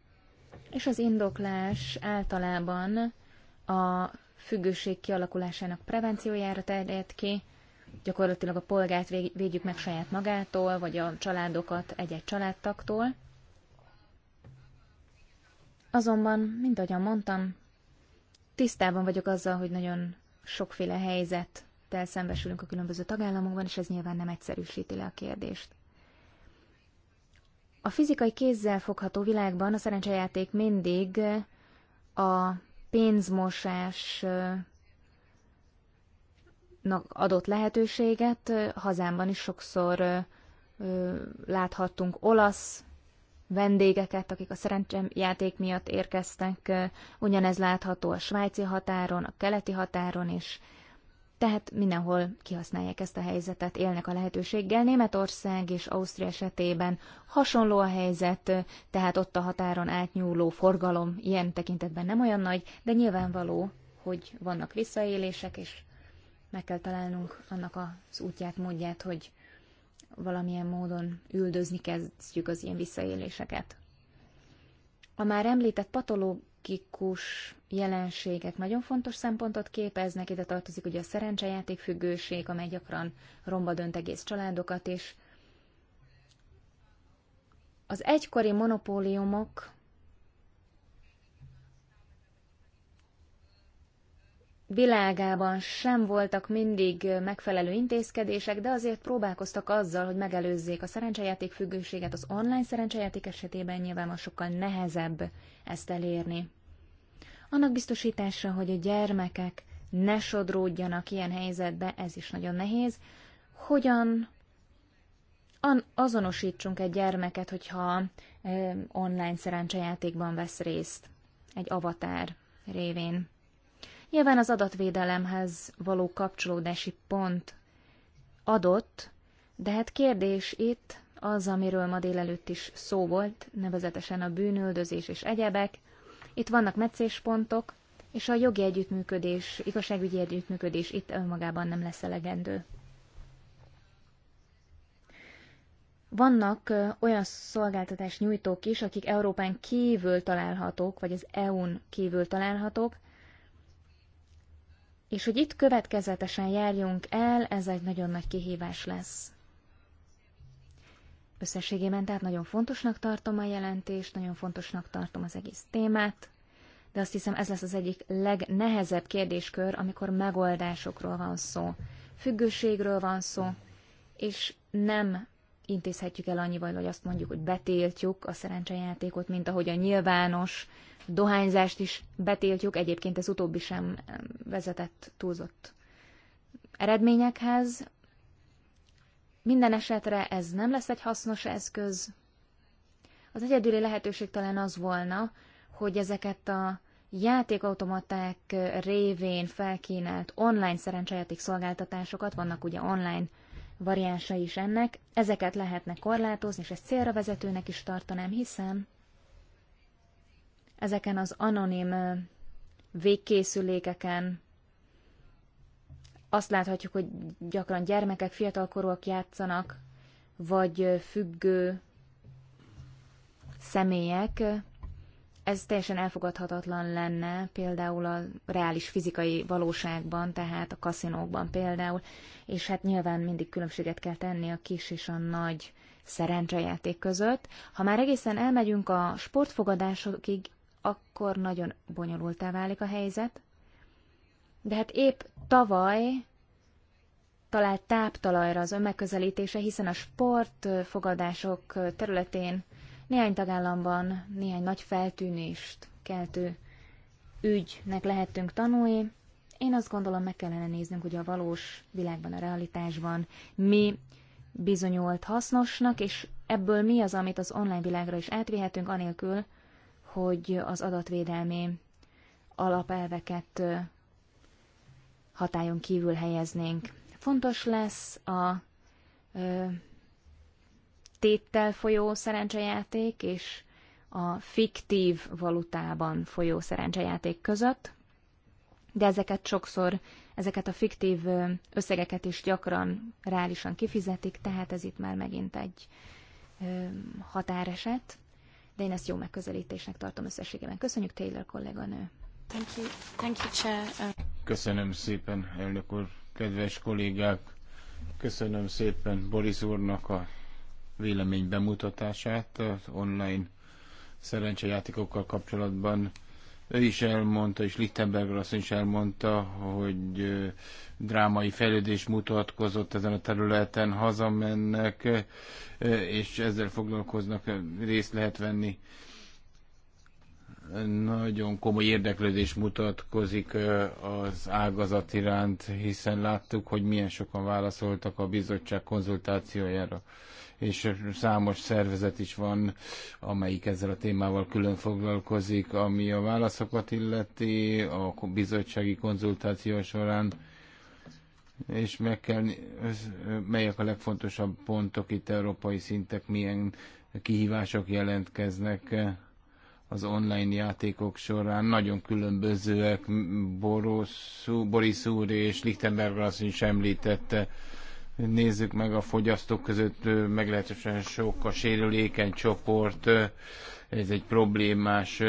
és az indoklás általában a függőség kialakulásának prevenciójára terjed ki, gyakorlatilag a polgárt védjük meg saját magától, vagy a családokat egy-egy családtaktól. Azonban, mint ahogyan mondtam, tisztában vagyok azzal, hogy nagyon sokféle helyzettel szembesülünk a különböző tagállamokban, és ez nyilván nem egyszerűsíti le a kérdést. A fizikai kézzel fogható világban a szerencsejáték mindig a pénzmosás adott lehetőséget. Hazámban is sokszor láthattunk olasz vendégeket, akik a szerencsejáték miatt érkeztek. Ugyanez látható a svájci határon, a keleti határon is. Tehát mindenhol kihasználják ezt a helyzetet, élnek a lehetőséggel. Németország és Ausztria esetében hasonló a helyzet, tehát ott a határon átnyúló forgalom ilyen tekintetben nem olyan nagy, de nyilvánvaló, hogy vannak visszaélések, és meg kell találnunk annak az útját, módját, hogy valamilyen módon üldözni kezdjük az ilyen visszaéléseket. A már említett patoló, pszichikus jelenségek nagyon fontos szempontot képeznek, ide tartozik ugye a szerencsejáték függőség, amely gyakran romba dönt egész családokat, és az egykori monopóliumok világában sem voltak mindig megfelelő intézkedések, de azért próbálkoztak azzal, hogy megelőzzék a szerencsejáték függőséget. Az online szerencsejáték esetében nyilván sokkal nehezebb ezt elérni. Annak biztosítása, hogy a gyermekek ne sodródjanak ilyen helyzetbe, ez is nagyon nehéz. Hogyan azonosítsunk egy gyermeket, hogyha online szerencsejátékban vesz részt egy avatár révén? Nyilván az adatvédelemhez való kapcsolódási pont adott, de hát kérdés itt az, amiről ma délelőtt is szó volt, nevezetesen a bűnöldözés és egyebek. Itt vannak meccéspontok, és a jogi együttműködés, igazságügyi együttműködés itt önmagában nem lesz elegendő. Vannak olyan szolgáltatás nyújtók is, akik Európán kívül találhatók, vagy az EU-n kívül találhatók, és hogy itt következetesen járjunk el, ez egy nagyon nagy kihívás lesz. Összességében tehát nagyon fontosnak tartom a jelentést, nagyon fontosnak tartom az egész témát, de azt hiszem ez lesz az egyik legnehezebb kérdéskör, amikor megoldásokról van szó, függőségről van szó, és nem intézhetjük el annyival, hogy azt mondjuk, hogy betiltjuk a szerencsejátékot, mint ahogy a nyilvános dohányzást is betiltjuk, egyébként ez utóbbi sem vezetett túlzott eredményekhez. Minden esetre ez nem lesz egy hasznos eszköz. Az egyedüli lehetőség talán az volna, hogy ezeket a játékautomaták révén felkínált online szerencsejáték szolgáltatásokat, vannak ugye online variánsai is ennek, ezeket lehetne korlátozni, és ezt célra vezetőnek is tartanám, hiszen ezeken az anonim végkészülékeken azt láthatjuk, hogy gyakran gyermekek, fiatalkorúak játszanak, vagy függő személyek. Ez teljesen elfogadhatatlan lenne például a reális fizikai valóságban, tehát a kaszinókban például, és hát nyilván mindig különbséget kell tenni a kis és a nagy szerencsejáték között. Ha már egészen elmegyünk a sportfogadásokig, akkor nagyon bonyolultá válik a helyzet. De hát épp tavaly talált táptalajra az önmegközelítése, hiszen a sportfogadások területén néhány tagállamban néhány nagy feltűnést keltő ügynek lehettünk tanulni. Én azt gondolom, meg kellene néznünk, hogy a valós világban, a realitásban mi bizonyult hasznosnak, és ebből mi az, amit az online világra is átvihetünk, anélkül, hogy az adatvédelmi alapelveket hatályon kívül helyeznénk. Fontos lesz a ö, téttel folyó szerencsejáték és a fiktív valutában folyó szerencsejáték között, de ezeket sokszor, ezeket a fiktív összegeket is gyakran reálisan kifizetik, tehát ez itt már megint egy ö, határeset de én ezt jó megközelítésnek tartom összességében. Köszönjük, Taylor kolléganő. Thank you. Thank you, Chair. Köszönöm szépen, elnök úr, kedves kollégák. Köszönöm szépen Boris úrnak a vélemény bemutatását az online szerencsejátékokkal kapcsolatban. Ő is elmondta, és Lichtenberger azt is elmondta, hogy drámai fejlődés mutatkozott ezen a területen, hazamennek, és ezzel foglalkoznak, részt lehet venni nagyon komoly érdeklődés mutatkozik az ágazat iránt, hiszen láttuk, hogy milyen sokan válaszoltak a bizottság konzultációjára és számos szervezet is van, amelyik ezzel a témával külön foglalkozik, ami a válaszokat illeti a bizottsági konzultáció során, és meg kell, melyek a legfontosabb pontok itt európai szintek, milyen kihívások jelentkeznek az online játékok során nagyon különbözőek, Borosz, Boris úr és Lichtenberg azt is említette, nézzük meg a fogyasztók között meglehetősen sok a sérülékeny csoport, ez egy problémás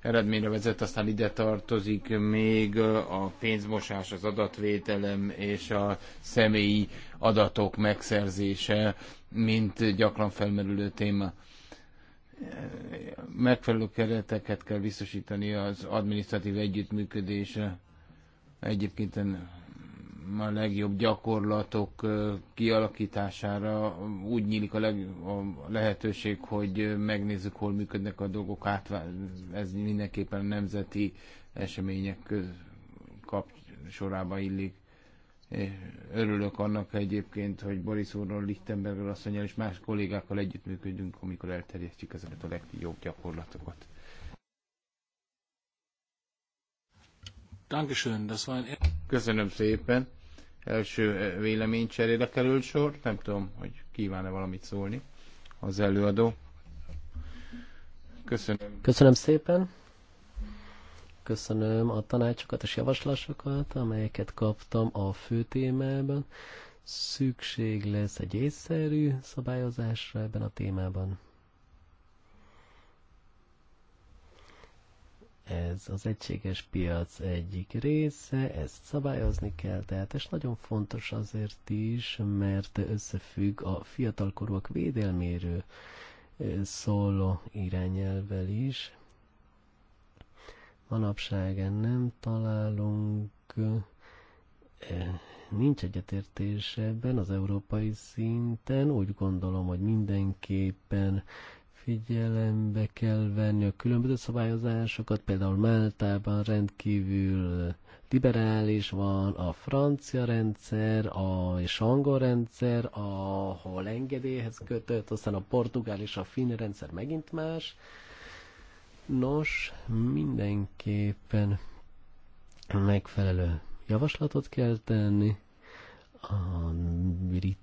eredményre vezet, aztán ide tartozik még a pénzmosás, az adatvételem és a személyi adatok megszerzése, mint gyakran felmerülő téma. Megfelelő kereteket kell biztosítani az adminisztratív együttműködésre. Egyébként a legjobb gyakorlatok kialakítására úgy nyílik a, leg, a lehetőség, hogy megnézzük, hol működnek a dolgok, át. ez mindenképpen a nemzeti események köz, kap, sorába illik. És örülök annak egyébként, hogy Boris úrról, Lichtenberger asszonyjal és más kollégákkal együttműködünk, amikor elterjesztjük ezeket a legjobb gyakorlatokat. Köszönöm szépen első eh, véleménycserére került sor. Nem tudom, hogy kíván-e valamit szólni az előadó. Köszönöm. Köszönöm szépen. Köszönöm a tanácsokat és javaslásokat, amelyeket kaptam a fő témában. Szükség lesz egy észszerű szabályozásra ebben a témában. ez az egységes piac egyik része, ezt szabályozni kell, tehát ez nagyon fontos azért is, mert összefügg a fiatalkorúak védelméről szóló irányelvel is. Manapság nem találunk eh, nincs egyetértés ebben az európai szinten. Úgy gondolom, hogy mindenképpen figyelembe kell venni a különböző szabályozásokat, például Máltában rendkívül eh, liberális van a francia rendszer, a és angol rendszer, ahol engedélyhez kötött, aztán a portugál és a finn rendszer megint más. Nos, mindenképpen megfelelő javaslatot kell tenni. A brit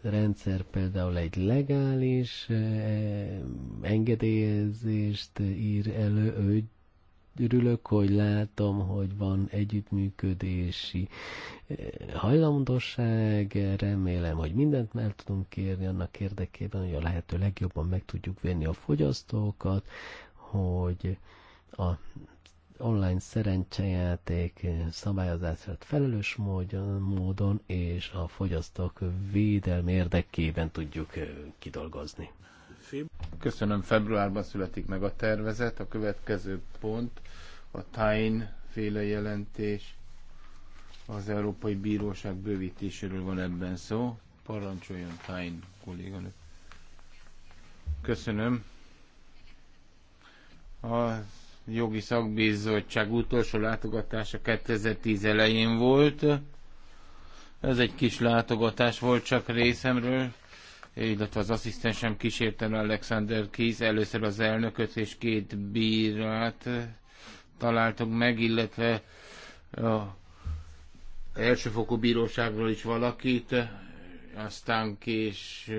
rendszer például egy legális eh, engedélyezést ír elő, örülök, hogy látom, hogy van együttműködési eh, hajlandóság, remélem, hogy mindent meg tudunk kérni annak érdekében, hogy a lehető legjobban meg tudjuk venni a fogyasztókat, hogy a online szerencsejáték szabályozását felelős módon, módon és a fogyasztók védelmi érdekében tudjuk kidolgozni. Köszönöm, februárban születik meg a tervezet. A következő pont a Tain féle jelentés. Az Európai Bíróság bővítéséről van ebben szó. Parancsoljon Tain kolléganő. Köszönöm. Az jogi szakbizottság utolsó látogatása 2010 elején volt. Ez egy kis látogatás volt csak részemről, illetve az asszisztensem kísérte Alexander Kiz, először az elnököt és két bírát találtuk meg, illetve a elsőfokú bíróságról is valakit, aztán kés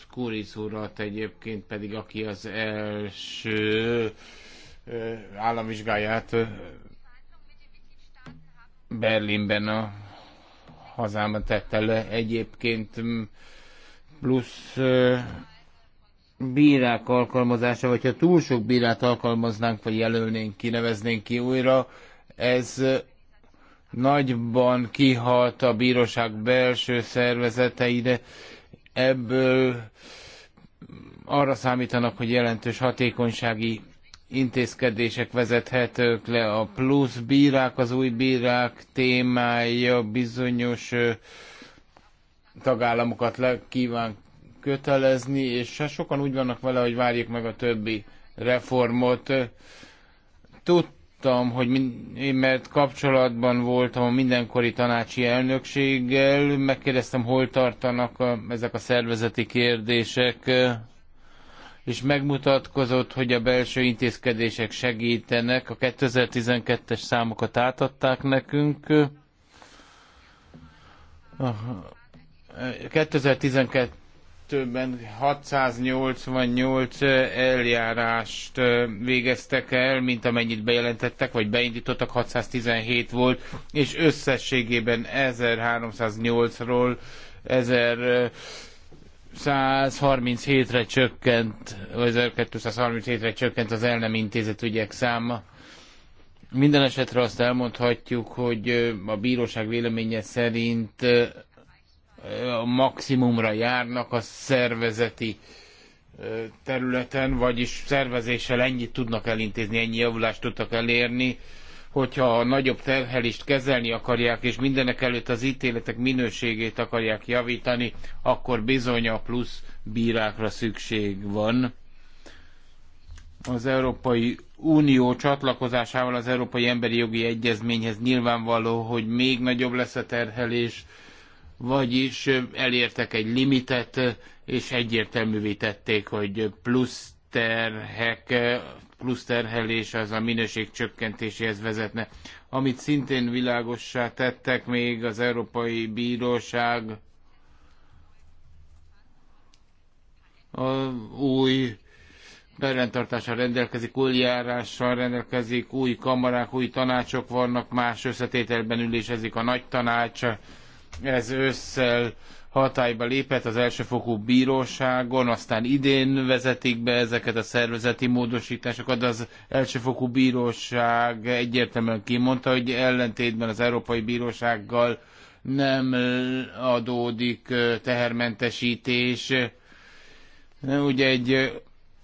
Skuric urat egyébként pedig, aki az első államvizsgáját Berlinben a hazámban tette le egyébként plusz bírák alkalmazása, vagy ha túl sok bírát alkalmaznánk, vagy jelölnénk, kineveznénk ki újra, ez nagyban kihalt a bíróság belső szervezeteire. Ebből arra számítanak, hogy jelentős hatékonysági intézkedések vezethetők le. A plusz bírák, az új bírák témája bizonyos tagállamokat le kíván kötelezni, és hát sokan úgy vannak vele, hogy várjuk meg a többi reformot. Tudtam, hogy én mert kapcsolatban voltam a mindenkori tanácsi elnökséggel, megkérdeztem, hol tartanak a, ezek a szervezeti kérdések, és megmutatkozott, hogy a belső intézkedések segítenek. A 2012-es számokat átadták nekünk. 2012-ben 688 eljárást végeztek el, mint amennyit bejelentettek, vagy beindítottak, 617 volt, és összességében 1308-ról 1000 137-re csökkent, vagy 1237-re csökkent az el nem intézett ügyek száma. Minden esetre azt elmondhatjuk, hogy a bíróság véleménye szerint a maximumra járnak a szervezeti területen, vagyis szervezéssel ennyit tudnak elintézni, ennyi javulást tudtak elérni, hogyha a nagyobb terhelést kezelni akarják, és mindenek előtt az ítéletek minőségét akarják javítani, akkor bizony a plusz bírákra szükség van. Az Európai Unió csatlakozásával az Európai Emberi Jogi Egyezményhez nyilvánvaló, hogy még nagyobb lesz a terhelés, vagyis elértek egy limitet, és egyértelművé tették, hogy plusz terhek plusz terhelés az a minőség csökkentéséhez vezetne. Amit szintén világossá tettek még az Európai Bíróság a új berendtartással rendelkezik, új járással rendelkezik, új kamarák, új tanácsok vannak, más összetételben ülésezik a nagy tanács. Ez ősszel hatályba lépett az elsőfokú bíróságon, aztán idén vezetik be ezeket a szervezeti módosításokat, de az elsőfokú bíróság egyértelműen kimondta, hogy ellentétben az Európai Bírósággal nem adódik tehermentesítés. Ugye egy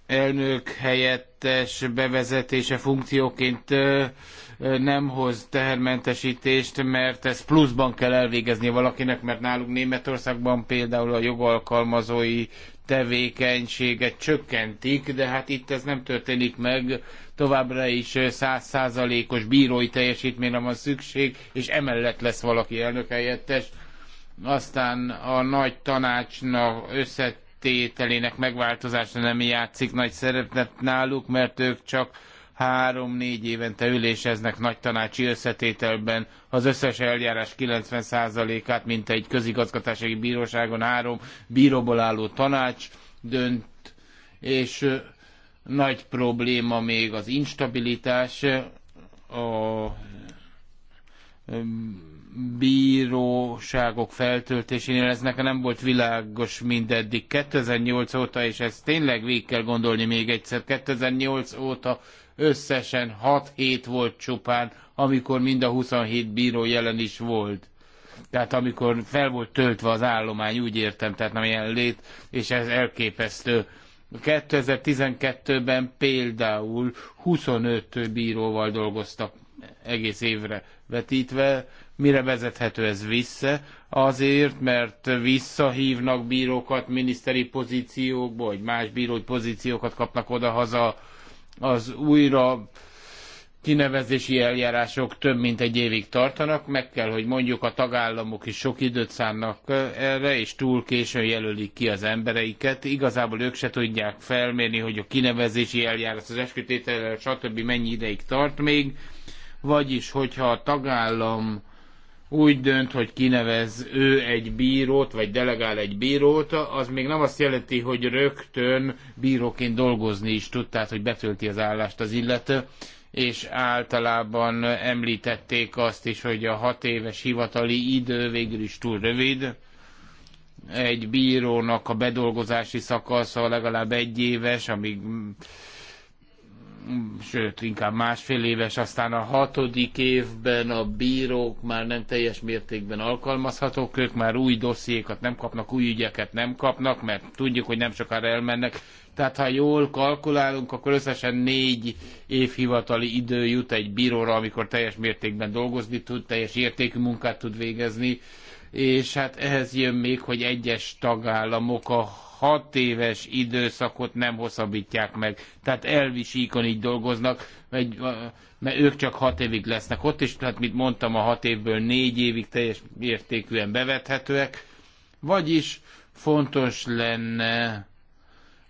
elnök helyettes bevezetése funkcióként nem hoz tehermentesítést, mert ezt pluszban kell elvégezni valakinek, mert nálunk Németországban például a jogalkalmazói tevékenységet csökkentik, de hát itt ez nem történik meg, továbbra is százszázalékos bírói teljesítményre van szükség, és emellett lesz valaki elnök helyettes. Aztán a nagy tanácsnak összetételének megváltozása nem játszik nagy szerepet náluk, mert ők csak három-négy évente üléseznek nagy tanácsi összetételben, az összes eljárás 90%-át, mint egy közigazgatási bíróságon három bíróból álló tanács dönt, és nagy probléma még az instabilitás, a bíróságok feltöltésénél ez nekem nem volt világos mindeddig 2008 óta, és ezt tényleg végig kell gondolni még egyszer, 2008 óta Összesen 6 hét volt csupán, amikor mind a 27 bíró jelen is volt. Tehát amikor fel volt töltve az állomány, úgy értem, tehát nem ilyen lét, és ez elképesztő. 2012-ben például 25 bíróval dolgoztak egész évre vetítve. Mire vezethető ez vissza? Azért, mert visszahívnak bírókat miniszteri pozíciókba, vagy más bírói pozíciókat kapnak oda-haza az újra kinevezési eljárások több mint egy évig tartanak, meg kell, hogy mondjuk a tagállamok is sok időt szánnak erre, és túl későn jelölik ki az embereiket. Igazából ők se tudják felmérni, hogy a kinevezési eljárás, az eskütétel, stb. mennyi ideig tart még. Vagyis, hogyha a tagállam úgy dönt, hogy kinevez ő egy bírót, vagy delegál egy bírót, az még nem azt jelenti, hogy rögtön bíróként dolgozni is tud, tehát hogy betölti az állást az illető, és általában említették azt is, hogy a hat éves hivatali idő végül is túl rövid, egy bírónak a bedolgozási szakasza legalább egy éves, amíg sőt, inkább másfél éves, aztán a hatodik évben a bírók már nem teljes mértékben alkalmazhatók, ők már új dossziékat nem kapnak, új ügyeket nem kapnak, mert tudjuk, hogy nem sokára elmennek. Tehát ha jól kalkulálunk, akkor összesen négy év hivatali idő jut egy bíróra, amikor teljes mértékben dolgozni tud, teljes értékű munkát tud végezni, és hát ehhez jön még, hogy egyes tagállamok a hat éves időszakot nem hosszabbítják meg. Tehát elvi síkon így dolgoznak, vagy, mert ők csak hat évig lesznek ott, és tehát, mint mondtam, a hat évből négy évig teljes értékűen bevethetőek. Vagyis fontos lenne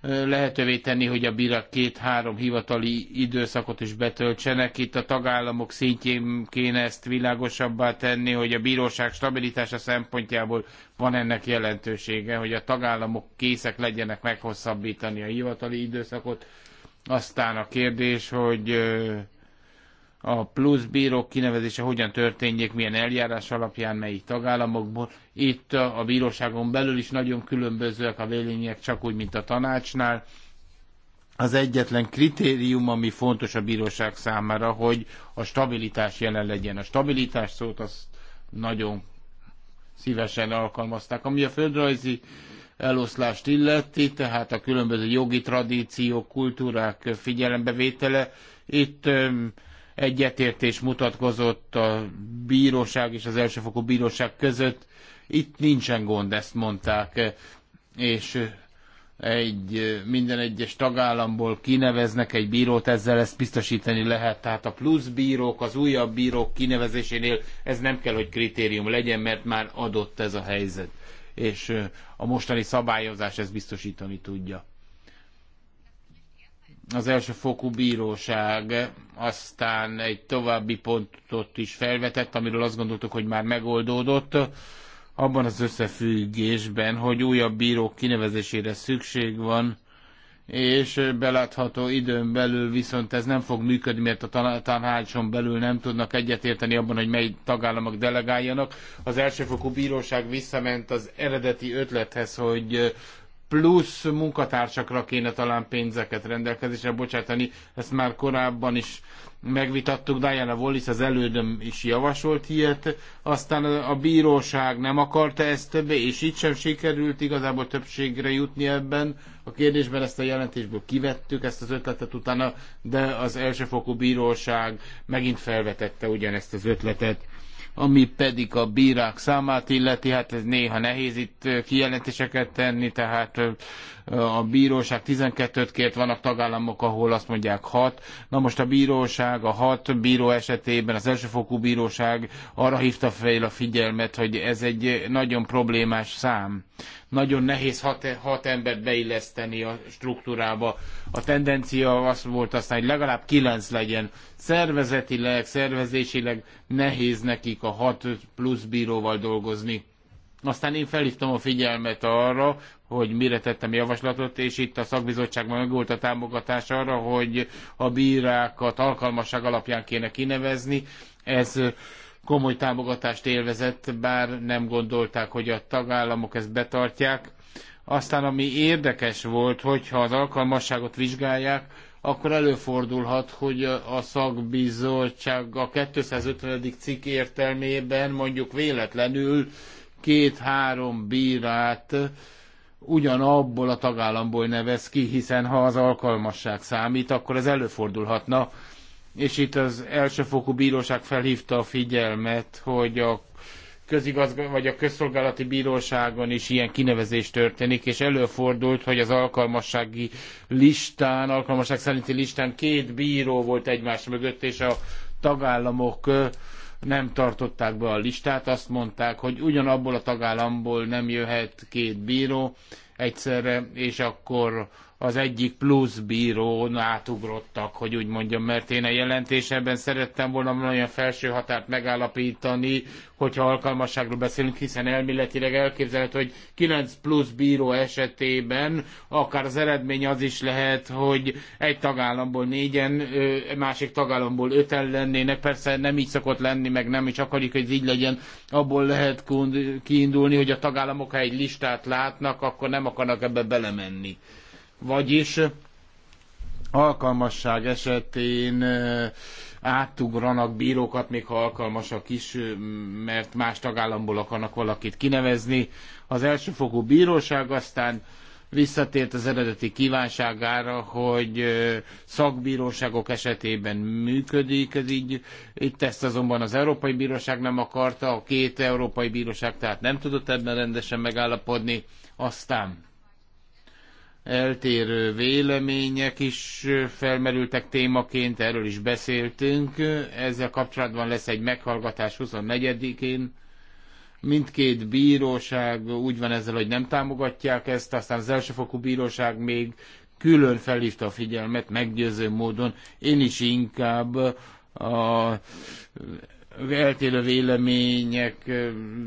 lehetővé tenni, hogy a bírak két-három hivatali időszakot is betöltsenek. Itt a tagállamok szintjén kéne ezt világosabbá tenni, hogy a bíróság stabilitása szempontjából van ennek jelentősége, hogy a tagállamok készek legyenek meghosszabbítani a hivatali időszakot. Aztán a kérdés, hogy a plusz bírók kinevezése hogyan történjék, milyen eljárás alapján, melyik tagállamokból. Itt a bíróságon belül is nagyon különbözőek a vélemények, csak úgy, mint a tanácsnál. Az egyetlen kritérium, ami fontos a bíróság számára, hogy a stabilitás jelen legyen. A stabilitás szót azt nagyon szívesen alkalmazták. Ami a földrajzi eloszlást illeti, tehát a különböző jogi tradíciók, kultúrák figyelembevétele, itt egyetértés mutatkozott a bíróság és az elsőfokú bíróság között. Itt nincsen gond, ezt mondták, és egy, minden egyes tagállamból kineveznek egy bírót, ezzel ezt biztosítani lehet. Tehát a plusz bírók, az újabb bírók kinevezésénél ez nem kell, hogy kritérium legyen, mert már adott ez a helyzet. És a mostani szabályozás ezt biztosítani tudja. Az első fokú bíróság aztán egy további pontot is felvetett, amiről azt gondoltuk, hogy már megoldódott, abban az összefüggésben, hogy újabb bírók kinevezésére szükség van, és belátható időn belül viszont ez nem fog működni, mert a tanácson belül nem tudnak egyetérteni abban, hogy mely tagállamok delegáljanak. Az elsőfokú bíróság visszament az eredeti ötlethez, hogy plusz munkatársakra kéne talán pénzeket rendelkezésre bocsátani, ezt már korábban is megvitattuk, Diana Wallis az elődöm is javasolt ilyet, aztán a bíróság nem akarta ezt többé, és itt sem sikerült igazából többségre jutni ebben a kérdésben, ezt a jelentésből kivettük, ezt az ötletet utána, de az elsőfokú bíróság megint felvetette ugyanezt az ötletet ami pedig a bírák számát illeti, hát ez néha nehéz itt kijelentéseket tenni, tehát a bíróság 12-t kért, vannak tagállamok, ahol azt mondják 6. Na most a bíróság, a 6 bíró esetében az elsőfokú bíróság arra hívta fel a figyelmet, hogy ez egy nagyon problémás szám nagyon nehéz hat, hat embert beilleszteni a struktúrába. A tendencia az volt aztán, hogy legalább kilenc legyen. Szervezetileg, szervezésileg nehéz nekik a hat plusz bíróval dolgozni. Aztán én felhívtam a figyelmet arra, hogy mire tettem javaslatot, és itt a szakbizottságban volt a támogatás arra, hogy a bírákat alkalmasság alapján kéne kinevezni. Ez komoly támogatást élvezett, bár nem gondolták, hogy a tagállamok ezt betartják. Aztán ami érdekes volt, ha az alkalmasságot vizsgálják, akkor előfordulhat, hogy a szakbizottság a 250. cikk értelmében mondjuk véletlenül két-három bírát ugyanabból a tagállamból nevez ki, hiszen ha az alkalmasság számít, akkor ez előfordulhatna és itt az elsőfokú bíróság felhívta a figyelmet, hogy a közigazga- vagy a közszolgálati bíróságon is ilyen kinevezés történik, és előfordult, hogy az alkalmassági listán, alkalmasság szerinti listán két bíró volt egymás mögött, és a tagállamok nem tartották be a listát, azt mondták, hogy ugyanabból a tagállamból nem jöhet két bíró egyszerre, és akkor az egyik plusz bírón átugrottak, hogy úgy mondjam, mert én a jelentésemben szerettem volna olyan felső határt megállapítani, hogyha alkalmasságról beszélünk, hiszen elméletileg elképzelhető, hogy 9 plusz bíró esetében akár az eredmény az is lehet, hogy egy tagállamból négyen, másik tagállamból öten lennének, persze nem így szokott lenni, meg nem is akarjuk, hogy így legyen, abból lehet kiindulni, hogy a tagállamok, ha egy listát látnak, akkor nem akarnak ebbe belemenni vagyis alkalmasság esetén átugranak bírókat, még ha alkalmasak is, mert más tagállamból akarnak valakit kinevezni. Az elsőfokú bíróság aztán visszatért az eredeti kívánságára, hogy szakbíróságok esetében működik ez így. Itt ezt azonban az Európai Bíróság nem akarta, a két Európai Bíróság tehát nem tudott ebben rendesen megállapodni. Aztán eltérő vélemények is felmerültek témaként, erről is beszéltünk. Ezzel kapcsolatban lesz egy meghallgatás 24-én. Mindkét bíróság úgy van ezzel, hogy nem támogatják ezt, aztán az elsőfokú bíróság még külön felhívta a figyelmet meggyőző módon. Én is inkább a eltérő vélemények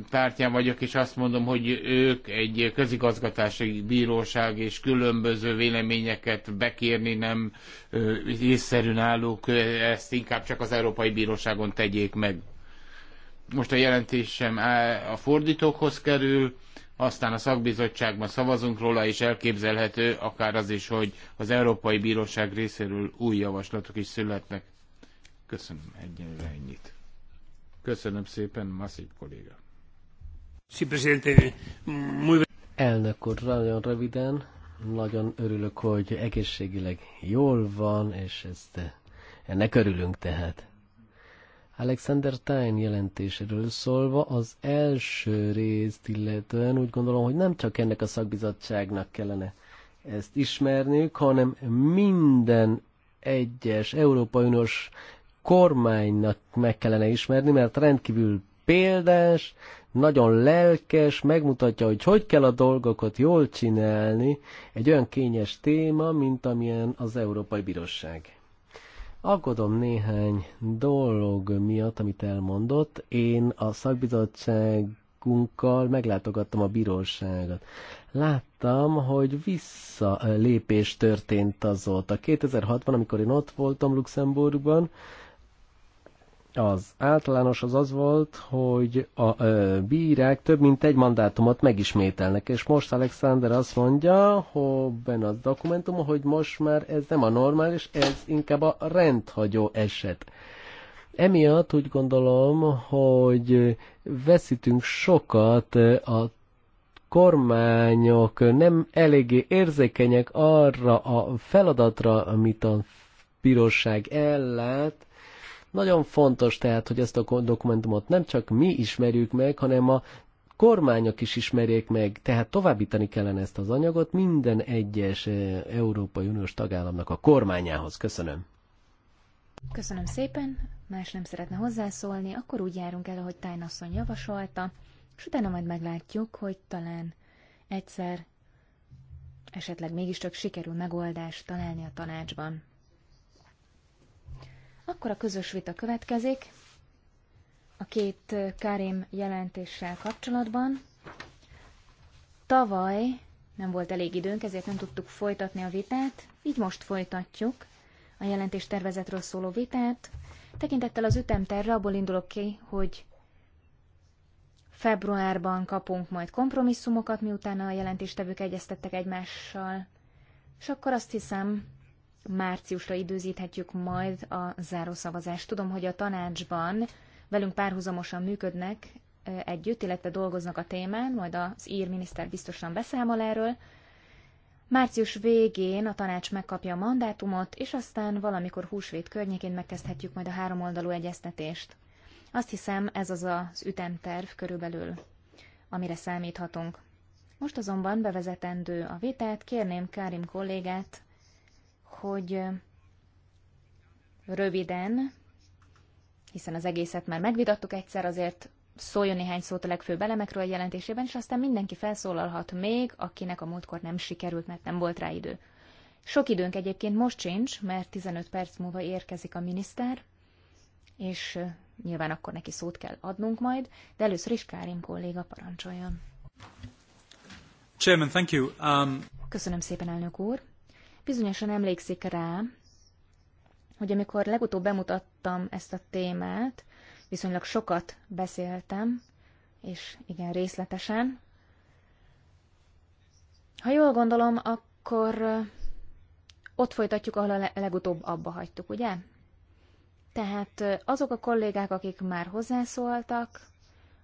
tárgyán vagyok, és azt mondom, hogy ők egy közigazgatási bíróság és különböző véleményeket bekérni nem észszerű náluk, ezt inkább csak az Európai Bíróságon tegyék meg. Most a jelentésem a fordítókhoz kerül, aztán a szakbizottságban szavazunk róla, és elképzelhető akár az is, hogy az Európai Bíróság részéről új javaslatok is születnek. Köszönöm egyenlően ennyit. Köszönöm szépen, Masszív kolléga. Elnök úr, nagyon röviden, nagyon örülök, hogy egészségileg jól van, és ezt, ennek örülünk tehát. Alexander Tain jelentéséről szólva az első részt illetően úgy gondolom, hogy nem csak ennek a szakbizottságnak kellene ezt ismerniük, hanem minden egyes Európai Uniós kormánynak meg kellene ismerni, mert rendkívül példás, nagyon lelkes, megmutatja, hogy hogy kell a dolgokat jól csinálni, egy olyan kényes téma, mint amilyen az Európai Bíróság. Aggodom néhány dolog miatt, amit elmondott. Én a szakbizottságunkkal meglátogattam a bíróságot. Láttam, hogy visszalépés történt azóta. 2006-ban, amikor én ott voltam Luxemburgban, az általános az az volt, hogy a ö, bírák több mint egy mandátumot megismételnek, és most Alexander azt mondja, hogy benne az dokumentum, hogy most már ez nem a normális, ez inkább a rendhagyó eset. Emiatt úgy gondolom, hogy veszítünk sokat a kormányok nem eléggé érzékenyek arra a feladatra, amit a bíróság ellát, nagyon fontos tehát, hogy ezt a dokumentumot nem csak mi ismerjük meg, hanem a kormányok is ismerjék meg, tehát továbbítani kellene ezt az anyagot minden egyes eh, Európai Uniós tagállamnak a kormányához. Köszönöm. Köszönöm szépen. Más nem szeretne hozzászólni, akkor úgy járunk el, ahogy Tájnasszony javasolta, és utána majd meglátjuk, hogy talán egyszer esetleg mégiscsak sikerül megoldást találni a tanácsban. Akkor a közös vita következik a két Karim jelentéssel kapcsolatban. Tavaly nem volt elég időnk, ezért nem tudtuk folytatni a vitát, így most folytatjuk a jelentés tervezetről szóló vitát. Tekintettel az ütemterre abból indulok ki, hogy februárban kapunk majd kompromisszumokat, miután a jelentéstevők egyeztettek egymással, és akkor azt hiszem, márciusra időzíthetjük majd a zárószavazást. Tudom, hogy a tanácsban velünk párhuzamosan működnek együtt, illetve dolgoznak a témán, majd az ír miniszter biztosan beszámol erről. Március végén a tanács megkapja a mandátumot, és aztán valamikor húsvét környékén megkezdhetjük majd a háromoldalú egyeztetést. Azt hiszem, ez az az ütemterv körülbelül, amire számíthatunk. Most azonban bevezetendő a vitát, kérném Kárim kollégát, hogy röviden, hiszen az egészet már megvitattuk egyszer, azért szóljon néhány szót a legfőbb elemekről a jelentésében, és aztán mindenki felszólalhat még, akinek a múltkor nem sikerült, mert nem volt rá idő. Sok időnk egyébként most sincs, mert 15 perc múlva érkezik a miniszter, és nyilván akkor neki szót kell adnunk majd, de először is Kárim kolléga parancsoljon. Chairman, thank you. Um... Köszönöm szépen, elnök úr bizonyosan emlékszik rá, hogy amikor legutóbb bemutattam ezt a témát, viszonylag sokat beszéltem, és igen részletesen. Ha jól gondolom, akkor ott folytatjuk, ahol a legutóbb abba hagytuk, ugye? Tehát azok a kollégák, akik már hozzászóltak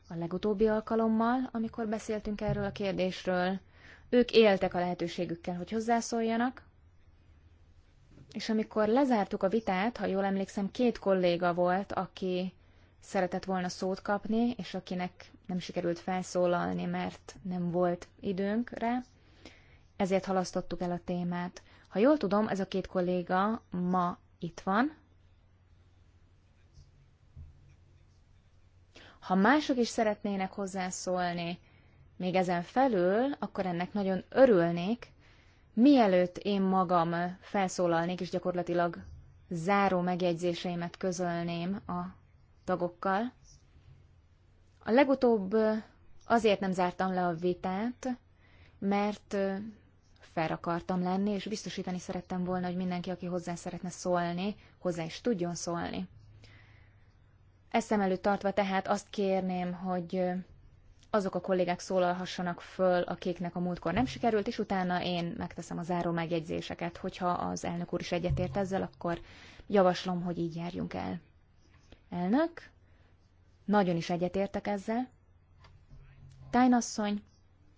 a legutóbbi alkalommal, amikor beszéltünk erről a kérdésről, ők éltek a lehetőségükkel, hogy hozzászóljanak, és amikor lezártuk a vitát, ha jól emlékszem, két kolléga volt, aki szeretett volna szót kapni, és akinek nem sikerült felszólalni, mert nem volt időnk rá, ezért halasztottuk el a témát. Ha jól tudom, ez a két kolléga ma itt van. Ha mások is szeretnének hozzászólni, még ezen felül, akkor ennek nagyon örülnék, Mielőtt én magam felszólalnék, és gyakorlatilag záró megjegyzéseimet közölném a tagokkal, a legutóbb azért nem zártam le a vitát, mert fel akartam lenni, és biztosítani szerettem volna, hogy mindenki, aki hozzá szeretne szólni, hozzá is tudjon szólni. Eszem előtt tartva tehát azt kérném, hogy azok a kollégák szólalhassanak föl, akiknek a múltkor nem sikerült, és utána én megteszem a záró megjegyzéseket. Hogyha az elnök úr is egyetért ezzel, akkor javaslom, hogy így járjunk el. Elnök? Nagyon is egyetértek ezzel. Tájnasszony,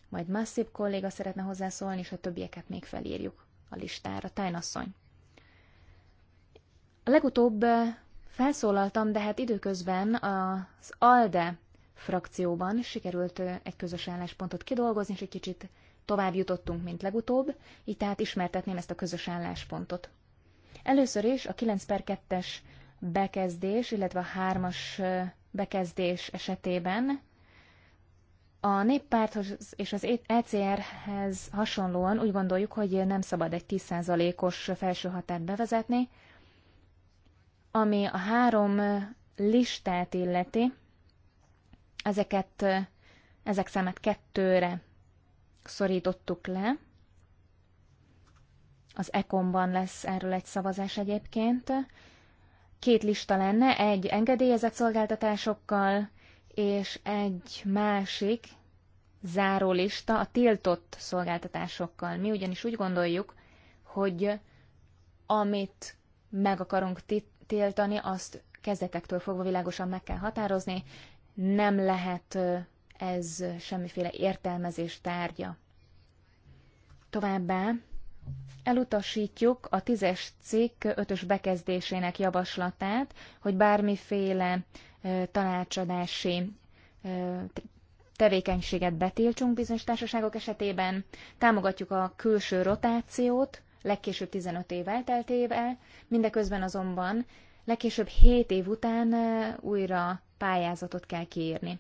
majd masszív kolléga szeretne hozzászólni, és a többieket még felírjuk a listára. Tájnasszony. A legutóbb eh, felszólaltam, de hát időközben az ALDE frakcióban sikerült egy közös álláspontot kidolgozni, és egy kicsit tovább jutottunk, mint legutóbb, így tehát ismertetném ezt a közös álláspontot. Először is a 9 per 2-es bekezdés, illetve a 3-as bekezdés esetében a néppárthoz és az ECR-hez hasonlóan úgy gondoljuk, hogy nem szabad egy 10%-os felső határt bevezetni, ami a három listát illeti, Ezeket, ezek számát kettőre szorítottuk le. Az ekonban lesz erről egy szavazás egyébként. Két lista lenne, egy engedélyezett szolgáltatásokkal, és egy másik zárólista a tiltott szolgáltatásokkal. Mi ugyanis úgy gondoljuk, hogy amit meg akarunk tiltani, azt kezdetektől fogva világosan meg kell határozni, nem lehet ez semmiféle értelmezés tárgya. Továbbá elutasítjuk a tízes cikk ötös bekezdésének javaslatát, hogy bármiféle tanácsadási tevékenységet betiltsunk bizonyos társaságok esetében, támogatjuk a külső rotációt, legkésőbb 15 év elteltével, mindeközben azonban legkésőbb 7 év után újra pályázatot kell kiírni.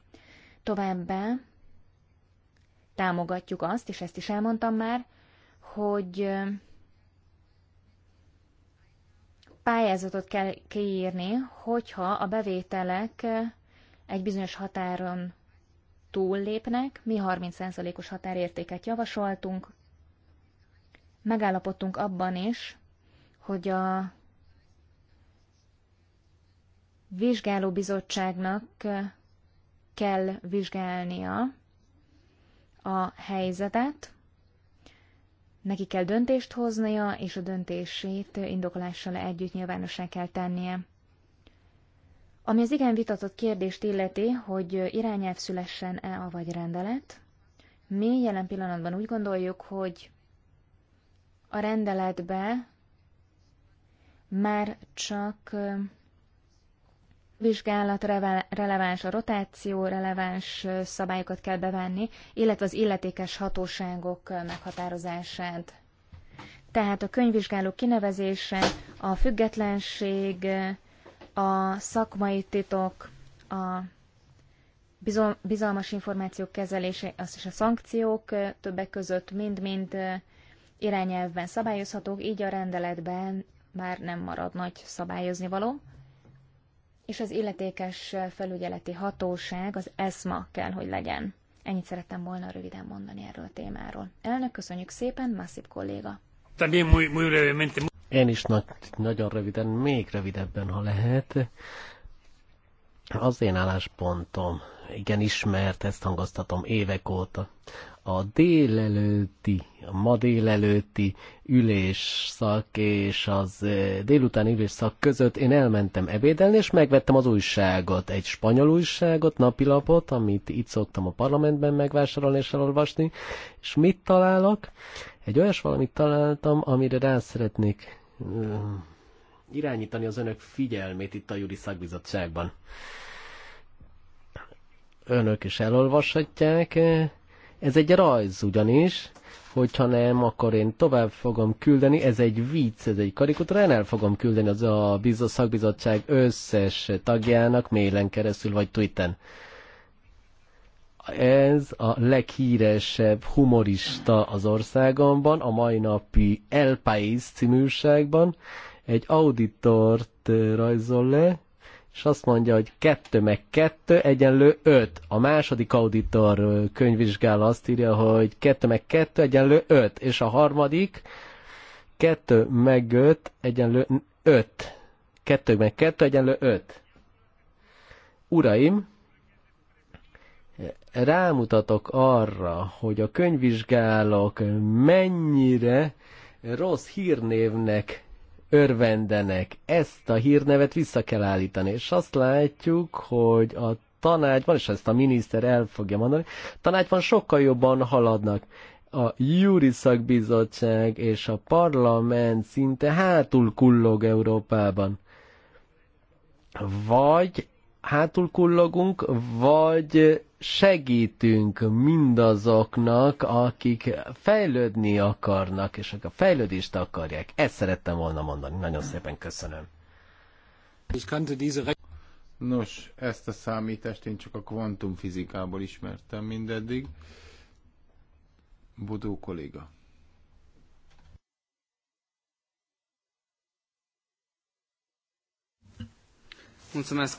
Továbbá támogatjuk azt, és ezt is elmondtam már, hogy pályázatot kell kiírni, hogyha a bevételek egy bizonyos határon túllépnek, mi 30%-os határértéket javasoltunk, megállapodtunk abban is, hogy a vizsgálóbizottságnak kell vizsgálnia a helyzetet, neki kell döntést hoznia, és a döntését indokolással együtt nyilvánossá kell tennie. Ami az igen vitatott kérdést illeti, hogy irányelv szülessen-e, vagy rendelet, mi jelen pillanatban úgy gondoljuk, hogy a rendeletbe már csak vizsgálat releváns, a rotáció releváns szabályokat kell bevenni, illetve az illetékes hatóságok meghatározását. Tehát a könyvvizsgáló kinevezése, a függetlenség, a szakmai titok, a bizalmas információk kezelése, azt is a szankciók többek között mind-mind irányelvben szabályozhatók, így a rendeletben már nem marad nagy szabályozni való és az illetékes felügyeleti hatóság, az ESMA kell, hogy legyen. Ennyit szerettem volna röviden mondani erről a témáról. Elnök, köszönjük szépen, Massip kolléga. Én is nagy, nagyon röviden, még rövidebben, ha lehet. Az én álláspontom, igen ismert, ezt hangoztatom évek óta. A délelőtti, a ma délelőtti ülésszak és az eh, délután ülésszak között én elmentem ebédelni, és megvettem az újságot, egy spanyol újságot, napilapot, amit itt szoktam a parlamentben megvásárolni és elolvasni, és mit találok? Egy olyas valamit találtam, amire rá szeretnék eh, irányítani az önök figyelmét itt a Júri Szakbizottságban. Önök is elolvashatják eh, ez egy rajz ugyanis, hogyha nem, akkor én tovább fogom küldeni, ez egy vicc, ez egy karikatúra, én el fogom küldeni az a bizos, szakbizottság összes tagjának mailen keresztül, vagy Twitteren. Ez a leghíresebb humorista az országomban, a mai napi El País című Egy auditort rajzol le, és azt mondja, hogy 2 meg 2 egyenlő 5. A második auditor könyvvizsgál azt írja, hogy 2 meg 2 egyenlő 5, és a harmadik 2 meg 5 egyenlő 5. 2 meg 2 egyenlő 5. Uraim, rámutatok arra, hogy a könyvvizsgálók mennyire rossz hírnévnek örvendenek. Ezt a hírnevet vissza kell állítani, és azt látjuk, hogy a tanácsban, és ezt a miniszter el fogja mondani, tanácsban sokkal jobban haladnak. A Júri Szakbizottság és a parlament szinte hátul kullog Európában. Vagy hátul kullogunk, vagy segítünk mindazoknak, akik fejlődni akarnak, és akik a fejlődést akarják. Ezt szerettem volna mondani. Nagyon szépen köszönöm. Nos, ezt a számítást én csak a kvantumfizikából ismertem mindeddig. Budó kolléga. Mulțumesc.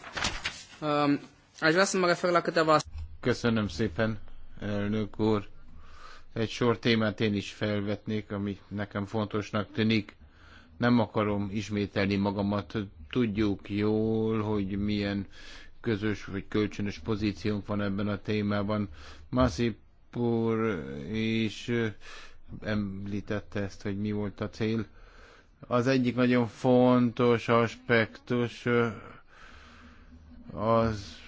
Um, aș vrea să mă refer la câteva Köszönöm szépen, elnök úr. Egy sor témát én is felvetnék, ami nekem fontosnak tűnik. Nem akarom ismételni magamat. Tudjuk jól, hogy milyen közös vagy kölcsönös pozíciónk van ebben a témában. Masip úr is említette ezt, hogy mi volt a cél. Az egyik nagyon fontos aspektus az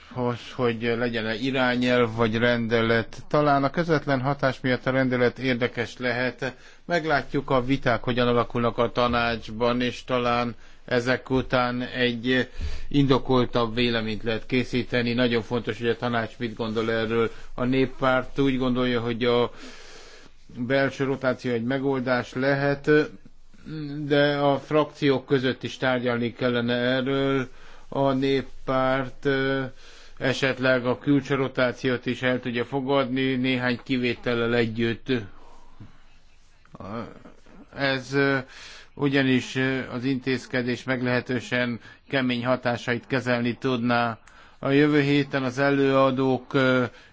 hogy legyen-e irányelv vagy rendelet. Talán a közvetlen hatás miatt a rendelet érdekes lehet. Meglátjuk a viták, hogyan alakulnak a tanácsban, és talán ezek után egy indokoltabb véleményt lehet készíteni. Nagyon fontos, hogy a tanács mit gondol erről. A néppárt úgy gondolja, hogy a belső rotáció egy megoldás lehet, de a frakciók között is tárgyalni kellene erről. A néppárt esetleg a külső rotációt is el tudja fogadni, néhány kivétellel együtt. Ez ugyanis az intézkedés meglehetősen kemény hatásait kezelni tudná. A jövő héten az előadók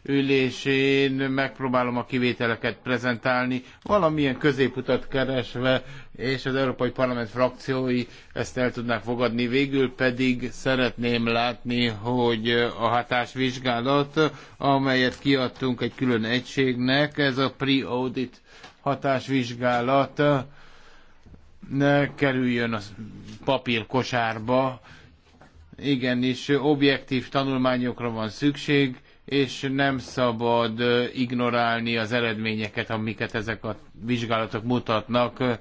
ülésén megpróbálom a kivételeket prezentálni, valamilyen középutat keresve, és az Európai Parlament frakciói ezt el tudnák fogadni. Végül pedig szeretném látni, hogy a hatásvizsgálat, amelyet kiadtunk egy külön egységnek, ez a pre-audit hatásvizsgálat ne kerüljön a papír kosárba, igenis objektív tanulmányokra van szükség, és nem szabad ignorálni az eredményeket, amiket ezek a vizsgálatok mutatnak.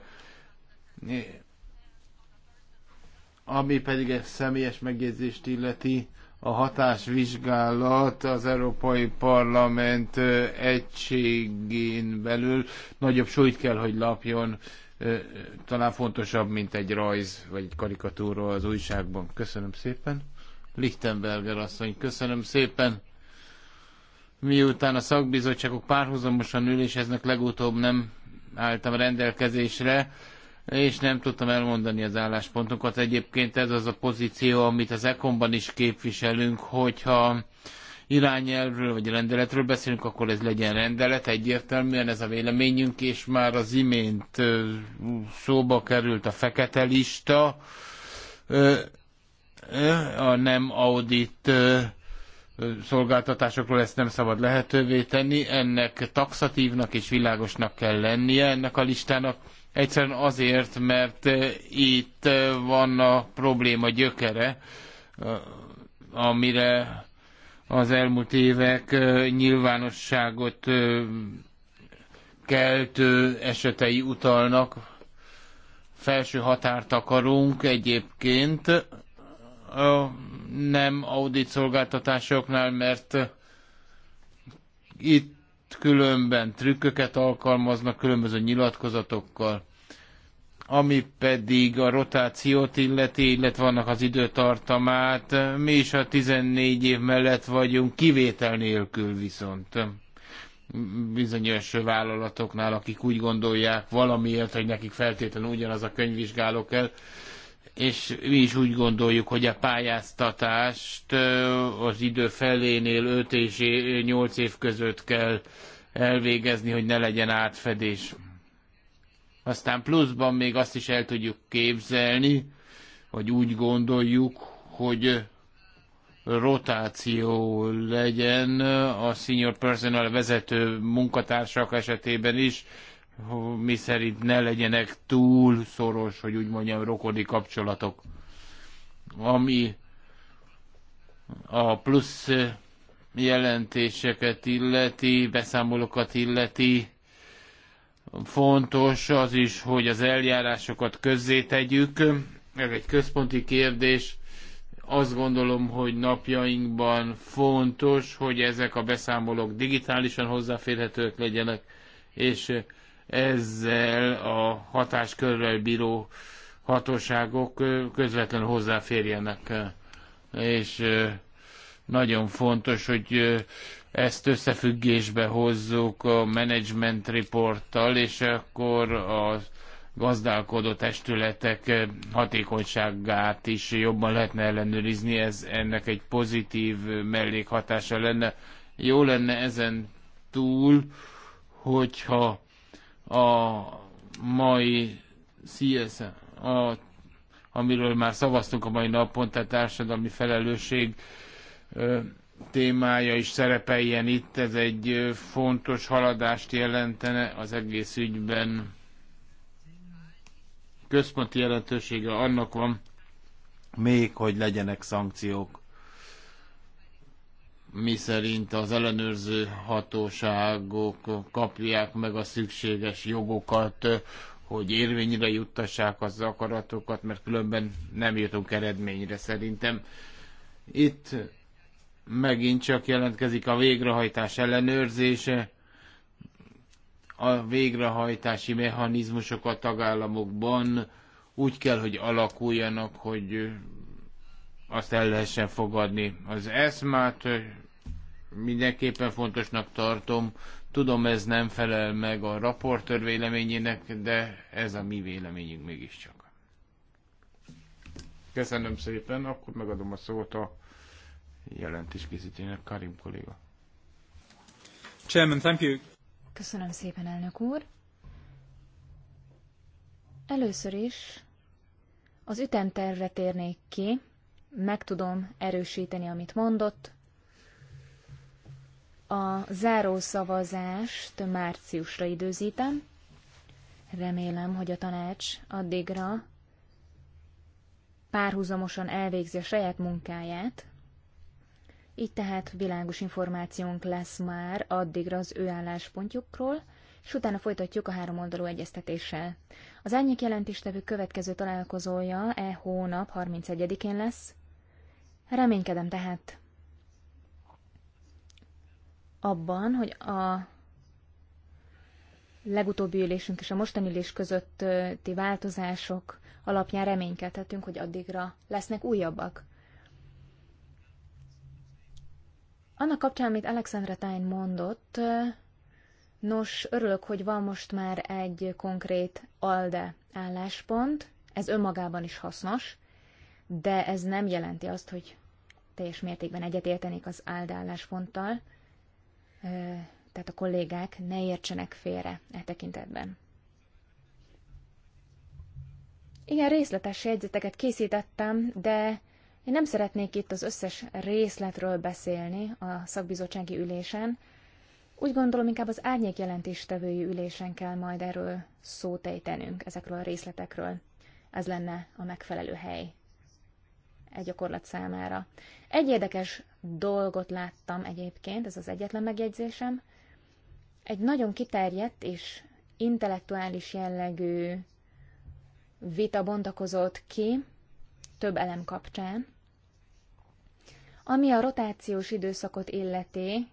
Ami pedig egy személyes megjegyzést illeti, a hatásvizsgálat az Európai Parlament egységén belül nagyobb súlyt kell, hogy lapjon talán fontosabb, mint egy rajz vagy egy karikatúra az újságban. Köszönöm szépen. Lichtenberger asszony, köszönöm szépen. Miután a szakbizottságok párhuzamosan üléseznek, legutóbb nem álltam rendelkezésre, és nem tudtam elmondani az álláspontokat. Egyébként ez az a pozíció, amit az ekonban is képviselünk, hogyha irányelvről vagy rendeletről beszélünk, akkor ez legyen rendelet. Egyértelműen ez a véleményünk, és már az imént szóba került a fekete lista, a nem audit szolgáltatásokról ezt nem szabad lehetővé tenni, ennek taxatívnak és világosnak kell lennie ennek a listának, egyszerűen azért, mert itt van a probléma gyökere, amire az elmúlt évek nyilvánosságot keltő esetei utalnak. Felső határt akarunk egyébként nem audit szolgáltatásoknál, mert itt különben trükköket alkalmaznak különböző nyilatkozatokkal. Ami pedig a rotációt illeti, illetve vannak az időtartamát, mi is a 14 év mellett vagyunk, kivétel nélkül viszont bizonyos vállalatoknál, akik úgy gondolják valamiért, hogy nekik feltétlenül ugyanaz a könyvvizsgáló kell, és mi is úgy gondoljuk, hogy a pályáztatást az idő felénél 5 és 8 év között kell elvégezni, hogy ne legyen átfedés. Aztán pluszban még azt is el tudjuk képzelni, vagy úgy gondoljuk, hogy rotáció legyen a senior personal vezető munkatársak esetében is, mi szerint ne legyenek túl szoros, hogy úgy mondjam, rokoni kapcsolatok. Ami a plusz jelentéseket illeti, beszámolókat illeti, Fontos az is, hogy az eljárásokat közzé tegyük. Ez egy központi kérdés. Azt gondolom, hogy napjainkban fontos, hogy ezek a beszámolók digitálisan hozzáférhetőek legyenek, és ezzel a hatáskörrel bíró hatóságok közvetlenül hozzáférjenek. És nagyon fontos, hogy ezt összefüggésbe hozzuk a management reporttal, és akkor a gazdálkodó testületek hatékonyságát is jobban lehetne ellenőrizni, ez ennek egy pozitív mellékhatása lenne. Jó lenne ezen túl, hogyha a mai CSM, a, amiről már szavaztunk a mai napon, tehát társadalmi felelősség témája is szerepeljen itt, ez egy fontos haladást jelentene az egész ügyben. Központi jelentősége annak van, még hogy legyenek szankciók, mi szerint az ellenőrző hatóságok kapják meg a szükséges jogokat, hogy érvényre juttassák az akaratokat, mert különben nem jutunk eredményre szerintem. Itt megint csak jelentkezik a végrehajtás ellenőrzése, a végrehajtási mechanizmusok a tagállamokban úgy kell, hogy alakuljanak, hogy azt el lehessen fogadni. Az eszmát mindenképpen fontosnak tartom. Tudom, ez nem felel meg a raportőr véleményének, de ez a mi véleményünk mégiscsak. Köszönöm szépen, akkor megadom a szót a jelentés készítőjének, Karim kolléga. Chairman, thank you. Köszönöm szépen, elnök úr. Először is az ütemtervre térnék ki, meg tudom erősíteni, amit mondott. A zárószavazást márciusra időzítem. Remélem, hogy a tanács addigra párhuzamosan elvégzi a saját munkáját, így tehát világos információnk lesz már addigra az ő álláspontjukról, és utána folytatjuk a három oldalú egyeztetéssel. Az ennyik jelentéstevő következő találkozója e hónap 31-én lesz. Reménykedem tehát abban, hogy a legutóbbi ülésünk és a mostani ülés közötti változások alapján reménykedhetünk, hogy addigra lesznek újabbak. Annak kapcsán, amit Alexandra Tain mondott, nos, örülök, hogy van most már egy konkrét ALDE álláspont, ez önmagában is hasznos, de ez nem jelenti azt, hogy teljes mértékben egyetértenék az ALDE állásponttal, tehát a kollégák ne értsenek félre e tekintetben. Igen, részletes jegyzeteket készítettem, de én nem szeretnék itt az összes részletről beszélni a szakbizottsági ülésen. Úgy gondolom, inkább az árnyék jelentéstevői ülésen kell majd erről szót ejtenünk, ezekről a részletekről. Ez lenne a megfelelő hely egy gyakorlat számára. Egy érdekes dolgot láttam egyébként, ez az egyetlen megjegyzésem. Egy nagyon kiterjedt és intellektuális jellegű vita bontakozott ki több elem kapcsán. Ami a rotációs időszakot illeti,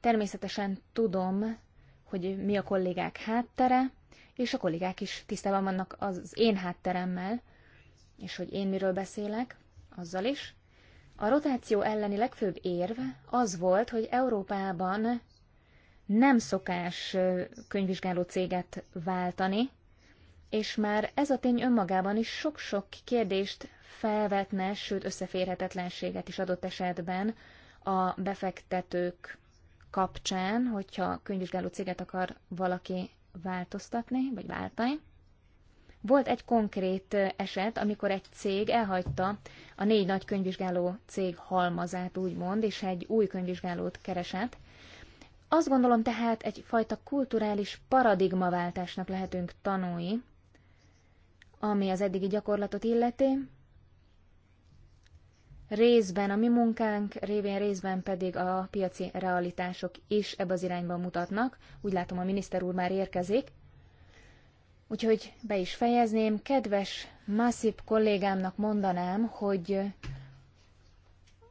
természetesen tudom, hogy mi a kollégák háttere, és a kollégák is tisztában vannak az én hátteremmel, és hogy én miről beszélek, azzal is. A rotáció elleni legfőbb érv az volt, hogy Európában nem szokás könyvvizsgáló céget váltani, és már ez a tény önmagában is sok-sok kérdést felvetne, sőt összeférhetetlenséget is adott esetben a befektetők kapcsán, hogyha könyvvizsgáló céget akar valaki változtatni, vagy váltani. Volt egy konkrét eset, amikor egy cég elhagyta a négy nagy könyvvizsgáló cég halmazát, úgymond, és egy új könyvvizsgálót keresett. Azt gondolom tehát egyfajta kulturális paradigmaváltásnak lehetünk tanúi, ami az eddigi gyakorlatot illeti. Részben a mi munkánk, révén részben pedig a piaci realitások is ebbe az irányba mutatnak. Úgy látom, a miniszter úr már érkezik. Úgyhogy be is fejezném. Kedves Massip kollégámnak mondanám, hogy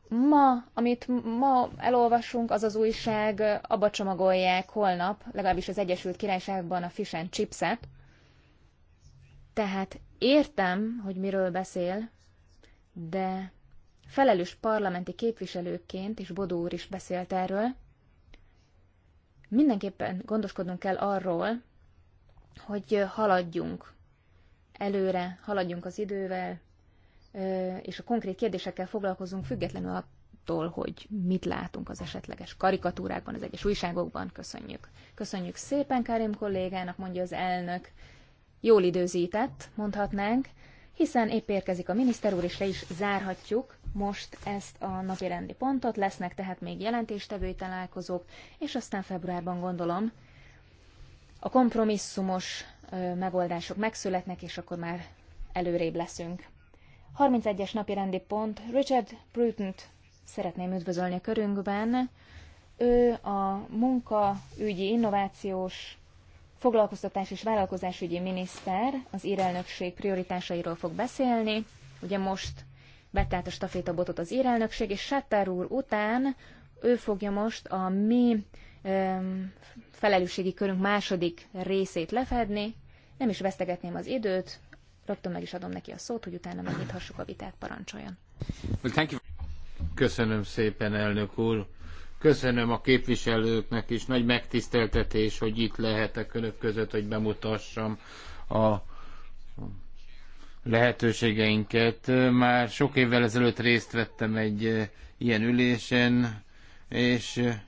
ma, amit ma elolvasunk, az az újság, abba csomagolják holnap, legalábbis az Egyesült Királyságban a Fish and Chipset, tehát értem, hogy miről beszél, de felelős parlamenti képviselőként, és Bodó úr is beszélt erről, mindenképpen gondoskodnunk kell arról, hogy haladjunk előre, haladjunk az idővel, és a konkrét kérdésekkel foglalkozunk függetlenül attól, hogy mit látunk az esetleges karikatúrákban, az egyes újságokban. Köszönjük. Köszönjük szépen Karim kollégának, mondja az elnök jól időzített, mondhatnánk, hiszen épp érkezik a miniszter úr, és le is zárhatjuk most ezt a napi rendi pontot. Lesznek tehát még jelentéstevői találkozók, és aztán februárban gondolom a kompromisszumos megoldások megszületnek, és akkor már előrébb leszünk. 31-es napi rendi pont. Richard bruton szeretném üdvözölni a körünkben. Ő a munkaügyi innovációs foglalkoztatás és vállalkozásügyi miniszter az írelnökség prioritásairól fog beszélni. Ugye most vette át a stafétabotot az írelnökség, és Sattár úr után ő fogja most a mi öm, felelősségi körünk második részét lefedni. Nem is vesztegetném az időt, rögtön meg is adom neki a szót, hogy utána megnyithassuk a vitát, parancsoljon. Köszönöm szépen, elnök úr. Köszönöm a képviselőknek is, nagy megtiszteltetés, hogy itt lehetek önök között, hogy bemutassam a lehetőségeinket. Már sok évvel ezelőtt részt vettem egy eh, ilyen ülésen, és eh,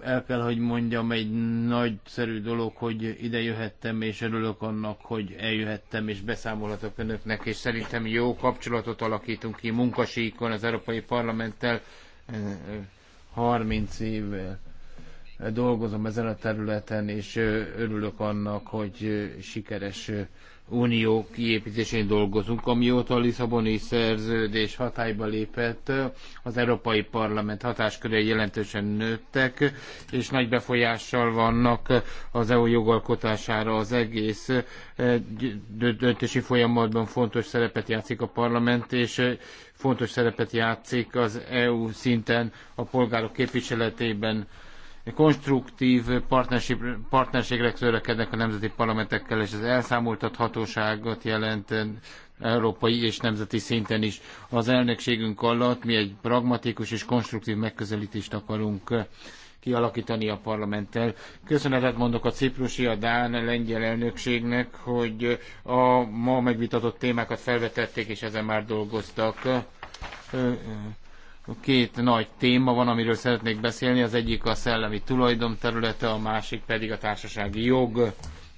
el kell, hogy mondjam, egy nagyszerű dolog, hogy ide jöhettem, és örülök annak, hogy eljöhettem, és beszámolhatok önöknek, és szerintem jó kapcsolatot alakítunk ki munkasíkon az Európai Parlamenttel. Eh, 30 évvel dolgozom ezen a területen, és örülök annak, hogy sikeres Unió kiépítésén dolgozunk, amióta a Lisszaboni szerződés hatályba lépett, az Európai Parlament hatáskörei jelentősen nőttek, és nagy befolyással vannak az EU jogalkotására az egész eh, döntési folyamatban fontos szerepet játszik a parlament, és eh, fontos szerepet játszik az EU szinten a polgárok képviseletében konstruktív partnerségre törekednek a nemzeti parlamentekkel, és az elszámoltathatóságot jelent európai és nemzeti szinten is. Az elnökségünk alatt mi egy pragmatikus és konstruktív megközelítést akarunk kialakítani a parlamenttel. Köszönetet mondok a ciprusi, a dán, a lengyel elnökségnek, hogy a ma megvitatott témákat felvetették, és ezen már dolgoztak Két nagy téma van, amiről szeretnék beszélni. Az egyik a szellemi tulajdon területe, a másik pedig a társasági jog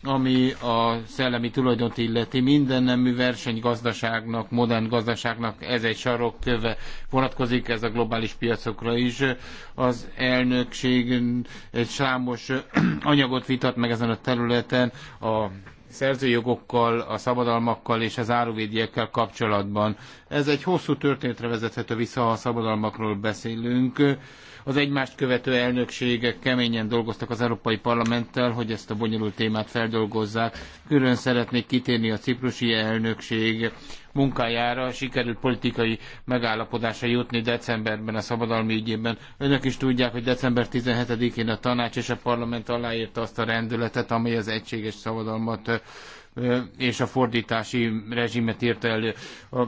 ami a szellemi tulajdont illeti minden nemű verseny gazdaságnak, modern gazdaságnak ez egy sarokköve vonatkozik, ez a globális piacokra is. Az elnökség egy számos (clears throat) anyagot vitat meg ezen a területen, a szerzőjogokkal, a szabadalmakkal és az áruvédiekkel kapcsolatban. Ez egy hosszú történetre vezethető vissza, ha a szabadalmakról beszélünk az egymást követő elnökségek keményen dolgoztak az Európai Parlamenttel, hogy ezt a bonyolult témát feldolgozzák. Külön szeretnék kitérni a ciprusi elnökség munkájára sikerült politikai megállapodásra jutni decemberben a szabadalmi ügyében. Önök is tudják, hogy december 17-én a tanács és a parlament aláírta azt a rendületet, amely az egységes szabadalmat és a fordítási rezsimet írta elő. A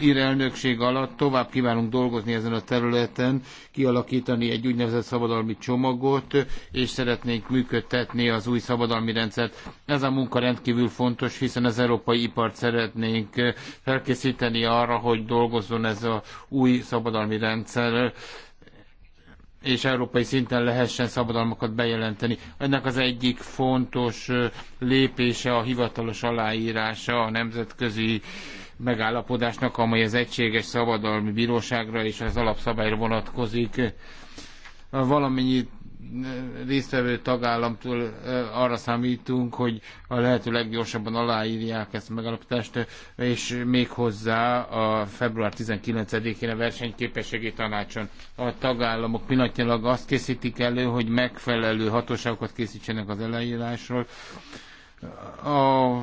ír elnökség alatt tovább kívánunk dolgozni ezen a területen, kialakítani egy úgynevezett szabadalmi csomagot, és szeretnénk működtetni az új szabadalmi rendszert. Ez a munka rendkívül fontos, hiszen az európai ipart szeretnénk felkészíteni arra, hogy dolgozzon ez az új szabadalmi rendszer és európai szinten lehessen szabadalmakat bejelenteni. Ennek az egyik fontos lépése a hivatalos aláírása a nemzetközi megállapodásnak, amely az egységes szabadalmi bíróságra és az alapszabályra vonatkozik. valamennyit résztvevő tagállamtól arra számítunk, hogy a lehető leggyorsabban aláírják ezt a megalapítást, és még hozzá a február 19-én a versenyképességi tanácson a tagállamok pillanatnyilag azt készítik elő, hogy megfelelő hatóságokat készítsenek az elejírásról a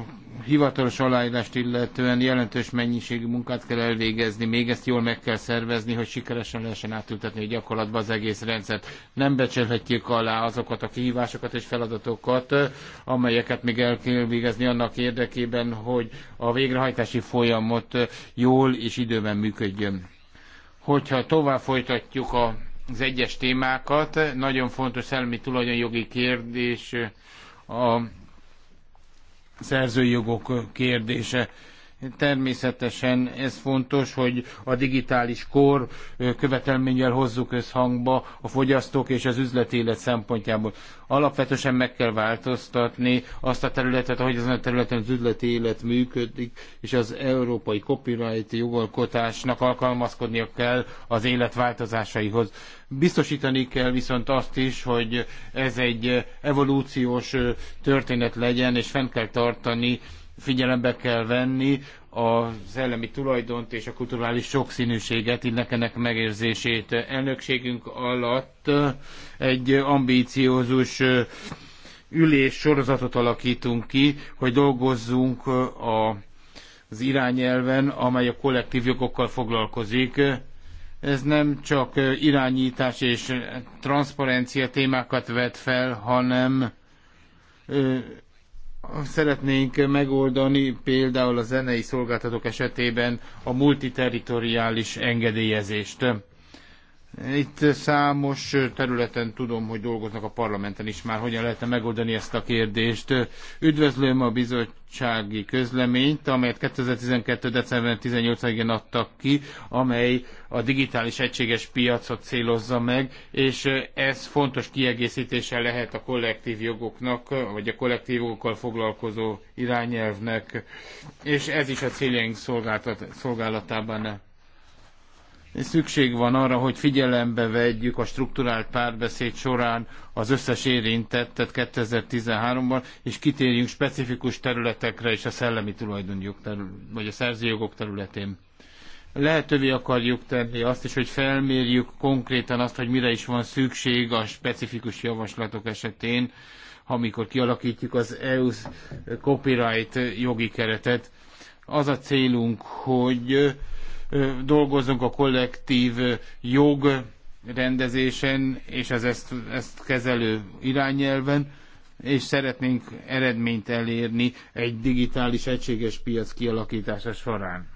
hivatalos aláírást illetően jelentős mennyiségű munkát kell elvégezni, még ezt jól meg kell szervezni, hogy sikeresen lehessen átültetni a gyakorlatba az egész rendszert. Nem becsülhetjük alá azokat a kihívásokat és feladatokat, amelyeket még el kell végezni annak érdekében, hogy a végrehajtási folyamat jól és időben működjön. Hogyha tovább folytatjuk az egyes témákat, nagyon fontos szellemi tulajdonjogi kérdés, a szerzői jogok kérdése Természetesen ez fontos, hogy a digitális kor követelménnyel hozzuk összhangba a fogyasztók és az üzleti élet szempontjából. Alapvetően meg kell változtatni azt a területet, ahogy azon a területen az üzleti élet működik, és az európai copyright jogalkotásnak alkalmazkodnia kell az élet változásaihoz. Biztosítani kell viszont azt is, hogy ez egy evolúciós történet legyen, és fenn kell tartani figyelembe kell venni az szellemi tulajdont és a kulturális sokszínűséget, ennek megérzését. Elnökségünk alatt egy ambíciózus ülés sorozatot alakítunk ki, hogy dolgozzunk a az irányelven, amely a kollektív jogokkal foglalkozik. Ez nem csak irányítás és transzparencia témákat vet fel, hanem szeretnénk megoldani például a zenei szolgáltatók esetében a multiterritoriális engedélyezést itt számos területen tudom, hogy dolgoznak a parlamenten is már, hogyan lehetne megoldani ezt a kérdést. Üdvözlöm a bizottsági közleményt, amelyet 2012. december 18-án adtak ki, amely a digitális egységes piacot célozza meg, és ez fontos kiegészítése lehet a kollektív jogoknak, vagy a kollektív jogokkal foglalkozó irányelvnek, és ez is a céljaink szolgálatában szükség van arra, hogy figyelembe vegyük a strukturált párbeszéd során az összes érintettet 2013-ban, és kitérjünk specifikus területekre és a szellemi tulajdonjog terület, vagy a szerzői jogok területén. Lehetővé akarjuk tenni azt is, hogy felmérjük konkrétan azt, hogy mire is van szükség a specifikus javaslatok esetén, amikor kialakítjuk az EU copyright jogi keretet. Az a célunk, hogy dolgozunk a kollektív jog rendezésen és az ezt, ezt kezelő irányelven, és szeretnénk eredményt elérni egy digitális egységes piac kialakítása során.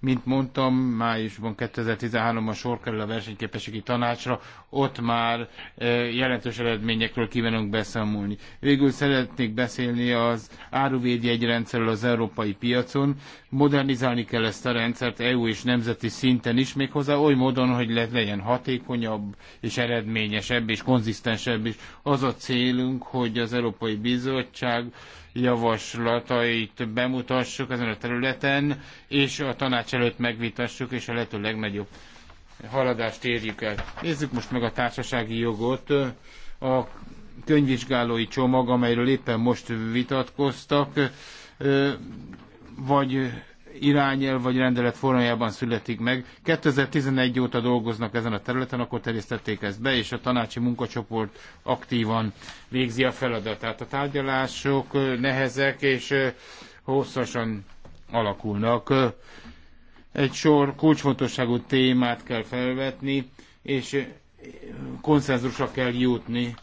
Mint mondtam, májusban 2013-ban sor kerül a versenyképességi tanácsra, ott már e, jelentős eredményekről kívánunk beszámolni. Végül szeretnék beszélni az áruvégyegrendszerről az európai piacon. Modernizálni kell ezt a rendszert EU és nemzeti szinten is, méghozzá oly módon, hogy le legyen hatékonyabb és eredményesebb és konzisztensebb is. Az a célunk, hogy az Európai Bizottság javaslatait bemutassuk ezen a területen, és a tanács előtt megvitassuk, és a lehető legnagyobb haladást érjük el. Nézzük most meg a társasági jogot. A könyvvizsgálói csomag, amelyről éppen most vitatkoztak, vagy irányel vagy rendelet formájában születik meg. 2011 óta dolgoznak ezen a területen, akkor terjesztették ezt be, és a tanácsi munkacsoport aktívan végzi a feladatát. A tárgyalások nehezek és hosszasan alakulnak. Egy sor kulcsfontosságú témát kell felvetni, és konszenzusra kell jutni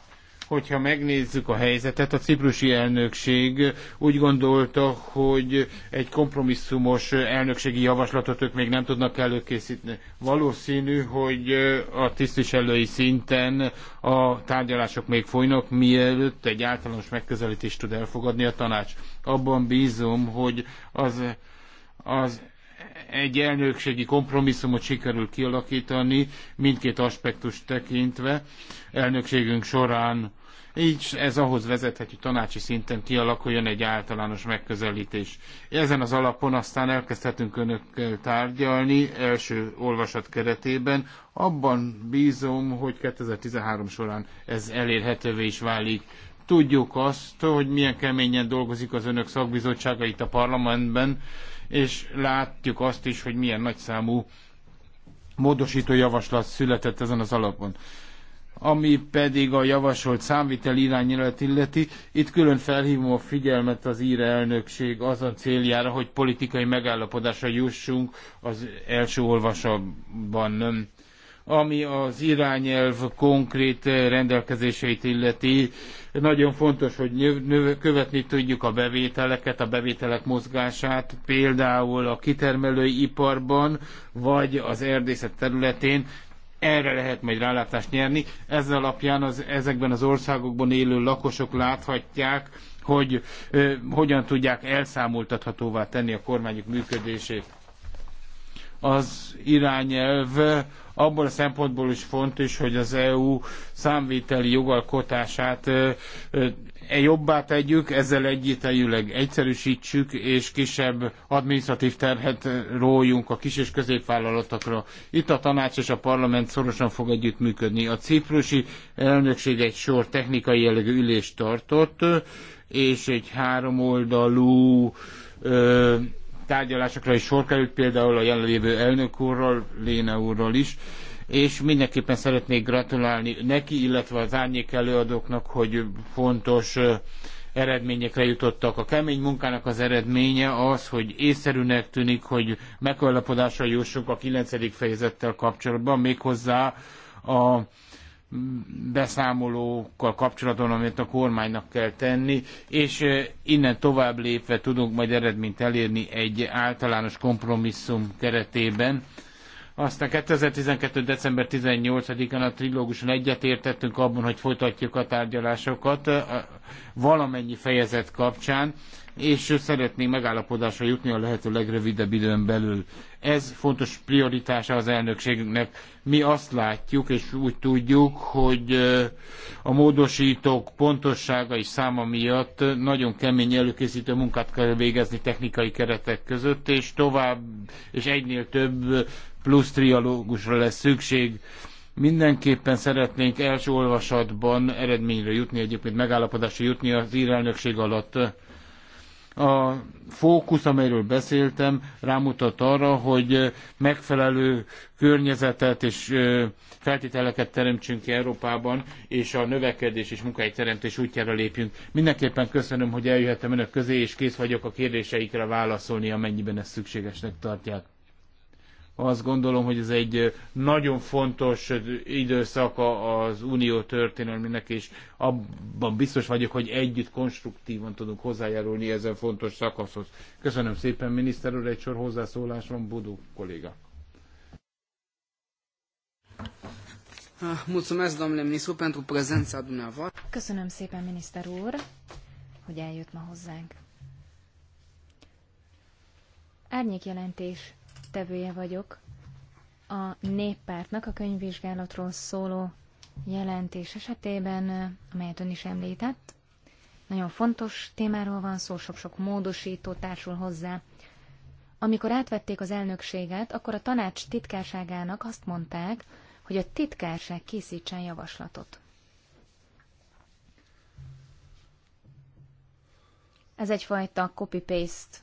hogyha megnézzük a helyzetet, a ciprusi elnökség úgy gondolta, hogy egy kompromisszumos elnökségi javaslatot ők még nem tudnak előkészíteni. Valószínű, hogy a tisztviselői szinten a tárgyalások még folynak, mielőtt egy általános megközelítést tud elfogadni a tanács. Abban bízom, hogy az, az egy elnökségi kompromisszumot sikerül kialakítani, mindkét aspektus tekintve elnökségünk során. Így ez ahhoz vezethet, hogy tanácsi szinten kialakuljon egy általános megközelítés. Ezen az alapon aztán elkezdhetünk önökkel tárgyalni első olvasat keretében. Abban bízom, hogy 2013 során ez elérhetővé is válik. Tudjuk azt, hogy milyen keményen dolgozik az önök szakbizottsága itt a parlamentben, és látjuk azt is, hogy milyen nagyszámú módosító javaslat született ezen az alapon ami pedig a javasolt számvitel irányelvet illeti. Itt külön felhívom a figyelmet az ír elnökség azon céljára, hogy politikai megállapodásra jussunk az első olvasatban ami az irányelv konkrét rendelkezéseit illeti. Nagyon fontos, hogy növ- követni tudjuk a bevételeket, a bevételek mozgását, például a kitermelői iparban, vagy az erdészet területén, erre lehet majd rálátást nyerni. Ezzel alapján az, ezekben az országokban élő lakosok láthatják, hogy ö, hogyan tudják elszámoltathatóvá tenni a kormányok működését az irányelv abból a szempontból is fontos, hogy az EU számvételi jogalkotását e jobbá tegyük, ezzel egyétejűleg egyszerűsítsük, és kisebb adminisztratív terhet rójunk a kis és középvállalatokra. Itt a tanács és a parlament szorosan fog együttműködni. A ciprusi elnökség egy sor technikai jellegű ülést tartott, és egy háromoldalú tárgyalásokra is sor került, például a jelenlévő elnök úrral, Léna úrral is, és mindenképpen szeretnék gratulálni neki, illetve az árnyék előadóknak, hogy fontos eredményekre jutottak. A kemény munkának az eredménye az, hogy észszerűnek tűnik, hogy megállapodásra jussunk a 9. fejezettel kapcsolatban, méghozzá a beszámolókkal kapcsolatban, amit a kormánynak kell tenni, és innen tovább lépve tudunk majd eredményt elérni egy általános kompromisszum keretében. Aztán 2012. december 18-án a trilóguson egyetértettünk abban, hogy folytatjuk a tárgyalásokat valamennyi fejezet kapcsán, és szeretnénk megállapodásra jutni a lehető legrövidebb időn belül. Ez fontos prioritása az elnökségünknek. Mi azt látjuk, és úgy tudjuk, hogy a módosítók pontossága és száma miatt nagyon kemény előkészítő munkát kell végezni technikai keretek között, és tovább, és egynél több plusz trialógusra lesz szükség. Mindenképpen szeretnénk első olvasatban eredményre jutni, egyébként megállapodásra jutni az írelnökség alatt. A fókusz, amelyről beszéltem, rámutat arra, hogy megfelelő környezetet és feltételeket teremtsünk ki Európában, és a növekedés és teremtés útjára lépjünk. Mindenképpen köszönöm, hogy eljöhettem önök közé, és kész vagyok a kérdéseikre válaszolni, amennyiben ezt szükségesnek tartják. Azt gondolom, hogy ez egy nagyon fontos időszak az unió történelmének, és abban biztos vagyok, hogy együtt konstruktívan tudunk hozzájárulni ezen fontos szakaszhoz. Köszönöm szépen, miniszter úr, egy sor hozzászólás van, Budó kolléga. Ah, mulțumesc, domnule ministru, pentru prezența dumneavoastră. Köszönöm szépen, miniszter úr, hogy eljött ma hozzánk. Árnyék jelentés résztvevője vagyok a néppártnak a könyvvizsgálatról szóló jelentés esetében, amelyet ön is említett. Nagyon fontos témáról van szó, sok-sok módosító társul hozzá. Amikor átvették az elnökséget, akkor a tanács titkárságának azt mondták, hogy a titkárság készítsen javaslatot. Ez egyfajta copy-paste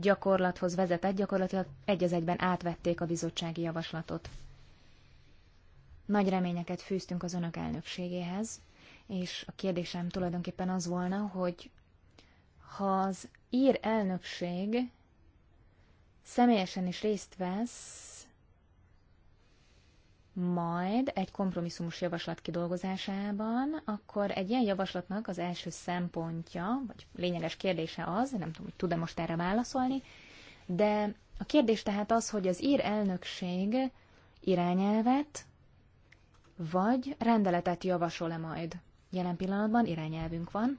gyakorlathoz vezetett, gyakorlatilag egy az egyben átvették a bizottsági javaslatot. Nagy reményeket fűztünk az önök elnökségéhez, és a kérdésem tulajdonképpen az volna, hogy ha az ír elnökség személyesen is részt vesz majd egy kompromisszumos javaslat kidolgozásában, akkor egy ilyen javaslatnak az első szempontja, vagy lényeges kérdése az, nem tudom, hogy tud-e most erre válaszolni, de a kérdés tehát az, hogy az ír elnökség irányelvet vagy rendeletet javasol-e majd. Jelen pillanatban irányelvünk van,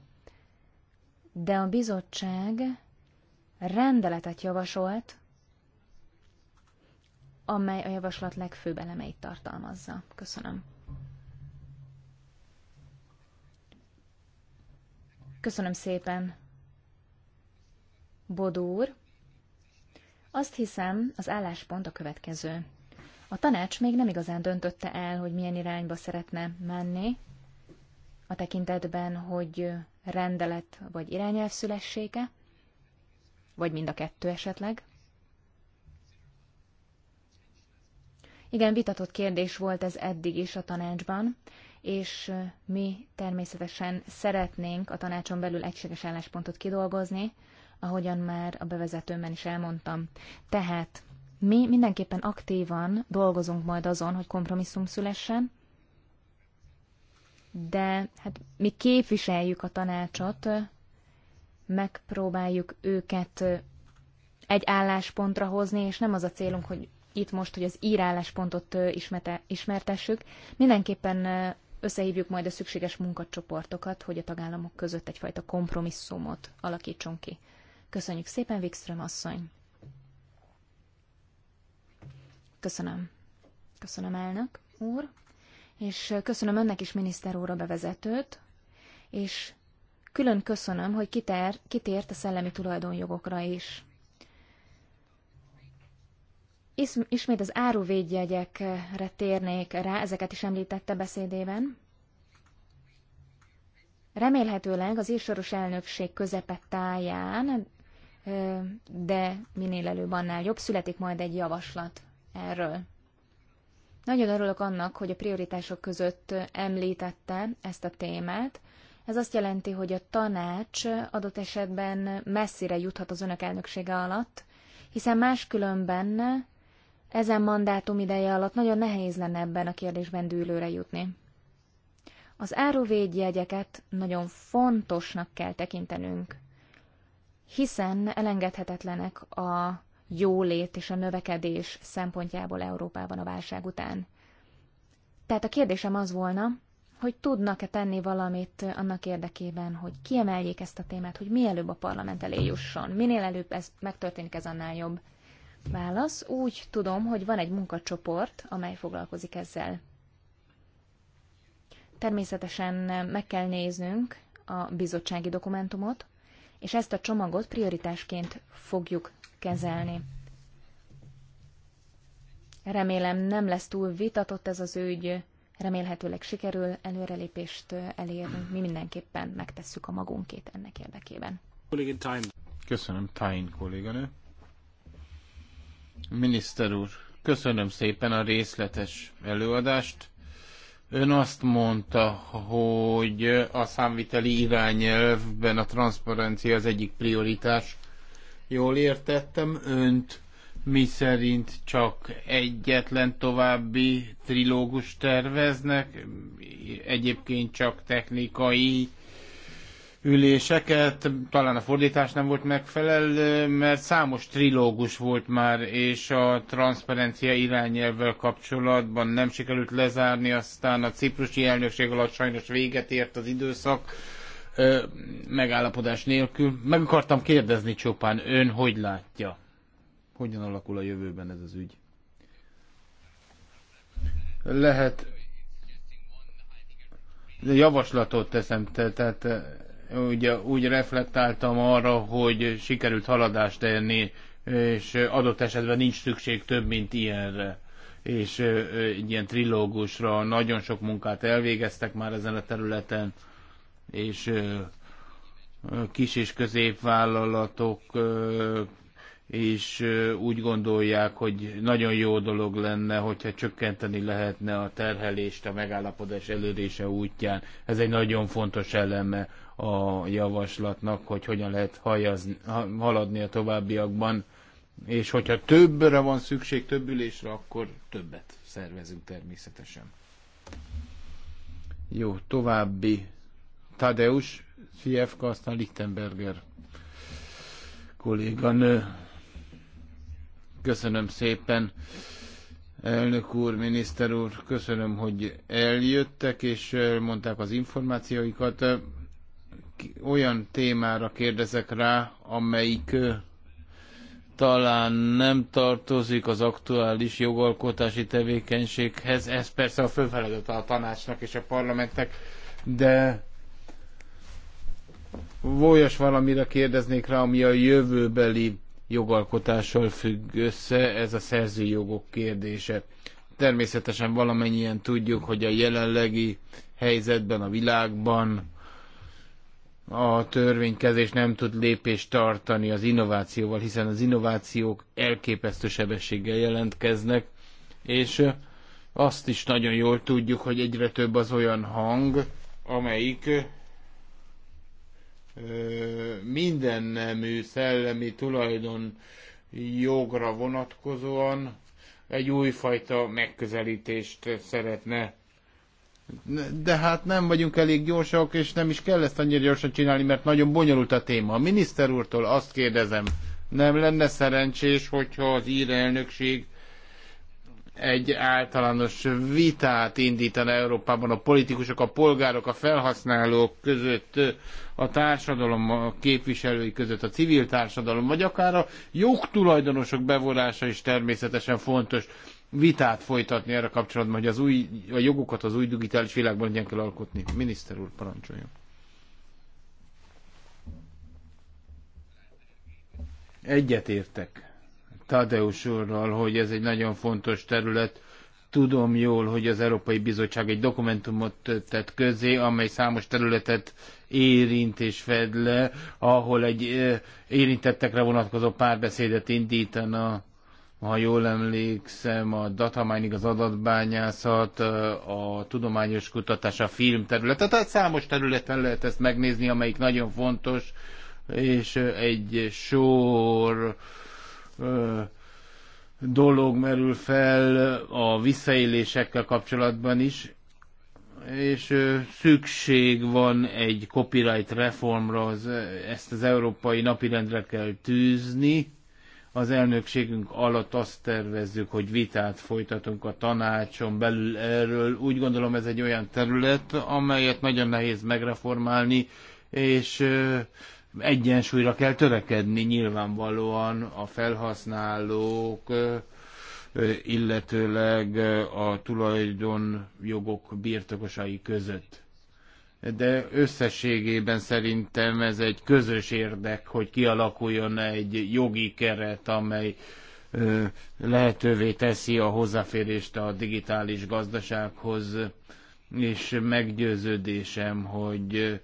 de a bizottság rendeletet javasolt amely a javaslat legfőbb elemeit tartalmazza. Köszönöm. Köszönöm szépen, Bodúr. Azt hiszem, az álláspont a következő. A tanács még nem igazán döntötte el, hogy milyen irányba szeretne menni, a tekintetben, hogy rendelet vagy irányelv szülessége, vagy mind a kettő esetleg. Igen, vitatott kérdés volt ez eddig is a tanácsban, és mi természetesen szeretnénk a tanácson belül egységes álláspontot kidolgozni, ahogyan már a bevezetőmben is elmondtam. Tehát mi mindenképpen aktívan dolgozunk majd azon, hogy kompromisszum szülessen, de hát mi képviseljük a tanácsot, megpróbáljuk őket egy álláspontra hozni, és nem az a célunk, hogy itt most, hogy az íráláspontot ismerte, ismertessük. Mindenképpen összehívjuk majd a szükséges munkacsoportokat, hogy a tagállamok között egyfajta kompromisszumot alakítson ki. Köszönjük szépen, Wikström asszony! Köszönöm. Köszönöm elnök úr, és köszönöm önnek is, miniszter úr, a bevezetőt, és külön köszönöm, hogy kitér kitért a szellemi tulajdonjogokra is. Ismét az áruvédjegyekre térnék rá, ezeket is említette beszédében. Remélhetőleg az írsoros elnökség közepet táján, de minél előbb annál jobb, születik majd egy javaslat erről. Nagyon örülök annak, hogy a prioritások között említette ezt a témát. Ez azt jelenti, hogy a tanács adott esetben messzire juthat az önök elnöksége alatt, hiszen máskülönben ezen mandátum ideje alatt nagyon nehéz lenne ebben a kérdésben dűlőre jutni. Az áruvédjegyeket nagyon fontosnak kell tekintenünk, hiszen elengedhetetlenek a jólét és a növekedés szempontjából Európában a válság után. Tehát a kérdésem az volna, hogy tudnak-e tenni valamit annak érdekében, hogy kiemeljék ezt a témát, hogy mielőbb a parlament elé jusson. Minél előbb ez megtörténik, ez annál jobb. Válasz. Úgy tudom, hogy van egy munkacsoport, amely foglalkozik ezzel. Természetesen meg kell néznünk a bizottsági dokumentumot, és ezt a csomagot prioritásként fogjuk kezelni. Remélem nem lesz túl vitatott ez az ügy, remélhetőleg sikerül előrelépést elérni Mi mindenképpen megtesszük a magunkét ennek érdekében. Köszönöm, Tain kolléganő. Miniszter úr, köszönöm szépen a részletes előadást. Ön azt mondta, hogy a számviteli irányelvben a transzparencia az egyik prioritás. Jól értettem önt, mi szerint csak egyetlen további trilógus terveznek, egyébként csak technikai üléseket, talán a fordítás nem volt megfelelő, mert számos trilógus volt már, és a transzparencia irányelvvel kapcsolatban nem sikerült lezárni, aztán a ciprusi elnökség alatt sajnos véget ért az időszak, ö, megállapodás nélkül. Meg akartam kérdezni csupán, ön hogy látja? Hogyan alakul a jövőben ez az ügy? Lehet javaslatot teszem, tehát ugye úgy reflektáltam arra, hogy sikerült haladást tenni, és adott esetben nincs szükség több, mint ilyenre és egy ilyen trilógusra nagyon sok munkát elvégeztek már ezen a területen, és kis és középvállalatok és úgy gondolják, hogy nagyon jó dolog lenne, hogyha csökkenteni lehetne a terhelést a megállapodás elődése útján. Ez egy nagyon fontos eleme a javaslatnak, hogy hogyan lehet hajazni, haladni a továbbiakban, és hogyha többre van szükség, több ülésre, akkor többet szervezünk természetesen. Jó, további Tadeusz, Fiefka, aztán Lichtenberger kolléganő. Köszönöm szépen, elnök úr, miniszter úr, köszönöm, hogy eljöttek és elmondták az információikat. Olyan témára kérdezek rá, amelyik talán nem tartozik az aktuális jogalkotási tevékenységhez, ez persze a főfeladat a tanácsnak és a parlamentnek, de olyas valamire kérdeznék rá, ami a jövőbeli jogalkotással függ össze, ez a szerzői jogok kérdése. Természetesen valamennyien tudjuk, hogy a jelenlegi helyzetben, a világban a törvénykezés nem tud lépést tartani az innovációval, hiszen az innovációk elképesztő sebességgel jelentkeznek, és azt is nagyon jól tudjuk, hogy egyre több az olyan hang, amelyik minden nemű szellemi tulajdon jogra vonatkozóan egy újfajta megközelítést szeretne. De hát nem vagyunk elég gyorsak, és nem is kell ezt annyira gyorsan csinálni, mert nagyon bonyolult a téma. A miniszter úrtól azt kérdezem, nem lenne szerencsés, hogyha az ír elnökség egy általános vitát indítana Európában a politikusok, a polgárok, a felhasználók között a társadalom a képviselői között, a civil társadalom, vagy akár a jogtulajdonosok bevonása is természetesen fontos vitát folytatni erre kapcsolatban, hogy az új, a jogokat az új digitális világban hogyan kell alkotni. Miniszter úr, parancsoljon. Egyet értek. Tadeusz úrral, hogy ez egy nagyon fontos terület, Tudom jól, hogy az Európai Bizottság egy dokumentumot tett közé, amely számos területet érint és fed le, ahol egy érintettekre vonatkozó párbeszédet indítana, ha jól emlékszem, a datamining, az adatbányászat, a tudományos kutatás, a film terület. Tehát számos területen lehet ezt megnézni, amelyik nagyon fontos, és egy sor dolog merül fel a visszaélésekkel kapcsolatban is, és szükség van egy copyright reformra, az, ezt az európai napirendre kell tűzni. Az elnökségünk alatt azt tervezzük, hogy vitát folytatunk a tanácson belül erről. Úgy gondolom ez egy olyan terület, amelyet nagyon nehéz megreformálni, és egyensúlyra kell törekedni nyilvánvalóan a felhasználók, illetőleg a tulajdon jogok birtokosai között. De összességében szerintem ez egy közös érdek, hogy kialakuljon egy jogi keret, amely lehetővé teszi a hozzáférést a digitális gazdasághoz, és meggyőződésem, hogy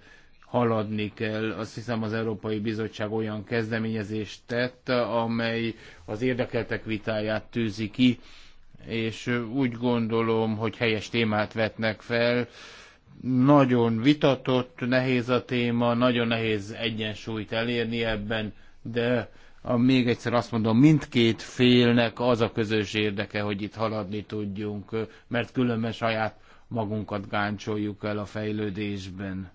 haladni kell. Azt hiszem az Európai Bizottság olyan kezdeményezést tett, amely az érdekeltek vitáját tűzi ki, és úgy gondolom, hogy helyes témát vetnek fel. Nagyon vitatott, nehéz a téma, nagyon nehéz egyensúlyt elérni ebben, de a, még egyszer azt mondom, mindkét félnek az a közös érdeke, hogy itt haladni tudjunk, mert különben saját magunkat gáncsoljuk el a fejlődésben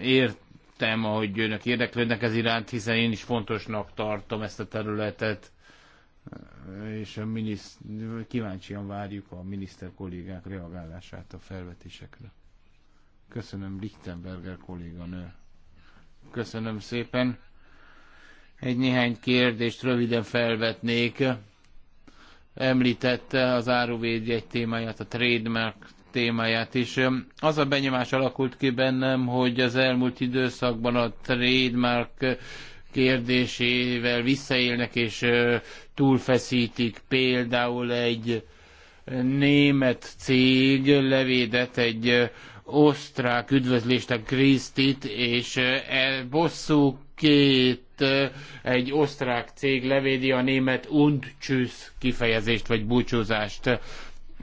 értem, ahogy önök érdeklődnek ez iránt, hiszen én is fontosnak tartom ezt a területet, és a miniszt... kíváncsian várjuk a miniszter kollégák reagálását a felvetésekre. Köszönöm Lichtenberger kolléganő. Köszönöm szépen. Egy néhány kérdést röviden felvetnék. Említette az áruvédjegy témáját, a trademark témáját is. Az a benyomás alakult ki bennem, hogy az elmúlt időszakban a trademark kérdésével visszaélnek és túlfeszítik. Például egy német cég levédett egy osztrák üdvözlést a Krisztit, és e, bosszú két egy osztrák cég levédi a német und kifejezést vagy búcsúzást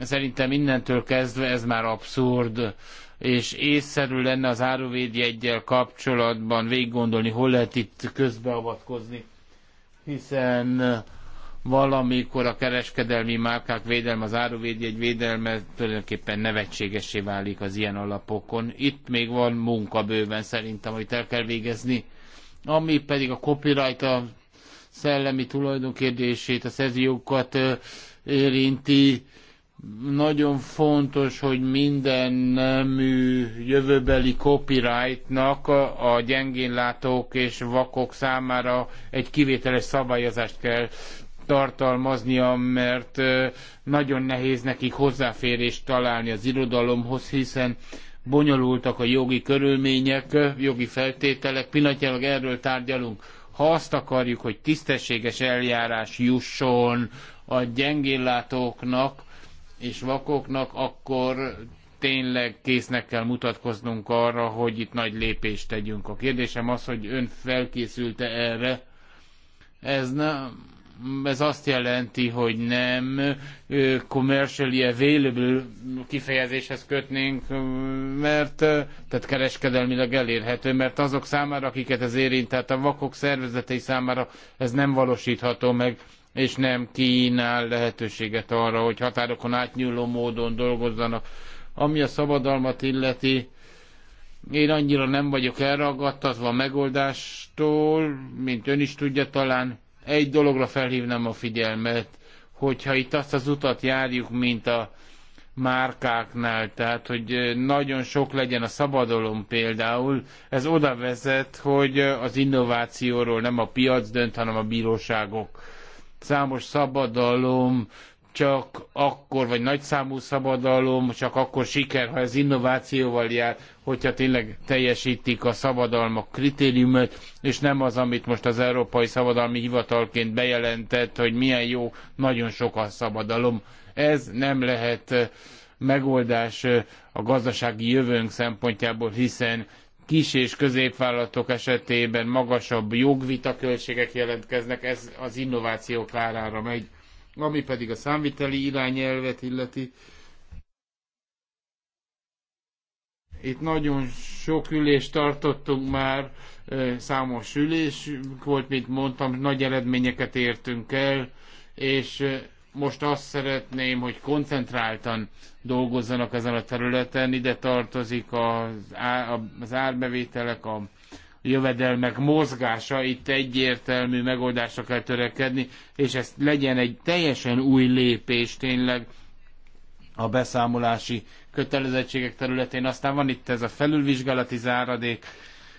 Szerintem innentől kezdve ez már abszurd, és észszerű lenne az áruvédjegyel kapcsolatban végiggondolni, hol lehet itt közbeavatkozni, hiszen valamikor a kereskedelmi márkák védelme, az áruvédjegy védelme tulajdonképpen nevetségesé válik az ilyen alapokon. Itt még van munka bőven szerintem, amit el kell végezni. Ami pedig a copyright, a szellemi tulajdonkérdését, a szerzőjogokat érinti, nagyon fontos, hogy minden nemű jövőbeli copyrightnak a gyengénlátók és vakok számára egy kivételes szabályozást kell tartalmaznia, mert nagyon nehéz nekik hozzáférést találni az irodalomhoz, hiszen bonyolultak a jogi körülmények, jogi feltételek. Pillanatjának erről tárgyalunk. Ha azt akarjuk, hogy tisztességes eljárás jusson a gyengéllátóknak, és vakoknak, akkor tényleg késznek kell mutatkoznunk arra, hogy itt nagy lépést tegyünk. A kérdésem az, hogy ön felkészülte erre. Ez nem, ez azt jelenti, hogy nem commercially available kifejezéshez kötnénk, mert tehát kereskedelmileg elérhető, mert azok számára, akiket ez érint, tehát a vakok szervezetei számára ez nem valósítható meg és nem kínál lehetőséget arra, hogy határokon átnyúló módon dolgozzanak. Ami a szabadalmat illeti, én annyira nem vagyok elragadtatva a megoldástól, mint ön is tudja talán. Egy dologra felhívnám a figyelmet, hogyha itt azt az utat járjuk, mint a márkáknál, tehát hogy nagyon sok legyen a szabadalom például, ez oda vezet, hogy az innovációról nem a piac dönt, hanem a bíróságok Számos szabadalom csak akkor, vagy nagyszámú szabadalom csak akkor siker, ha ez innovációval jár, hogyha tényleg teljesítik a szabadalmak kritériumot, és nem az, amit most az Európai Szabadalmi Hivatalként bejelentett, hogy milyen jó, nagyon sok a szabadalom. Ez nem lehet eh, megoldás eh, a gazdasági jövőnk szempontjából, hiszen kis és középvállalatok esetében magasabb jogvita költségek jelentkeznek, ez az innovációk árára megy. Ami pedig a számviteli irányelvet illeti, itt nagyon sok ülést tartottunk már, számos ülés volt, mint mondtam, nagy eredményeket értünk el, és most azt szeretném, hogy koncentráltan dolgozzanak ezen a területen. Ide tartozik az, á, az árbevételek, a jövedelmek mozgása, itt egyértelmű megoldásra kell törekedni, és ez legyen egy teljesen új lépés tényleg a beszámolási kötelezettségek területén. Aztán van itt ez a felülvizsgálati záradék,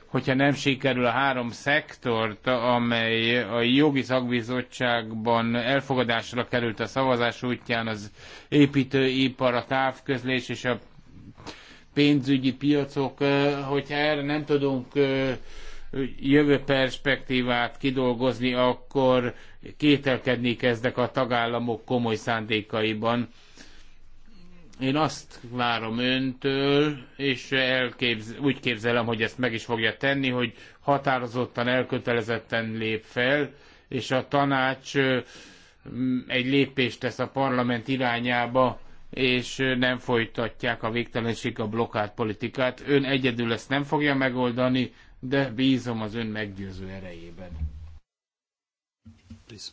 hogyha nem sikerül a három szektort, amely a jogi szakbizottságban elfogadásra került a szavazás útján, az építőipar, a távközlés és a pénzügyi piacok, hogyha erre nem tudunk jövő perspektívát kidolgozni, akkor kételkedni kezdek a tagállamok komoly szándékaiban én azt várom öntől, és elképz, úgy képzelem, hogy ezt meg is fogja tenni, hogy határozottan, elkötelezetten lép fel, és a tanács egy lépést tesz a parlament irányába, és nem folytatják a végtelenség a blokkát politikát. Ön egyedül ezt nem fogja megoldani, de bízom az ön meggyőző erejében. Please.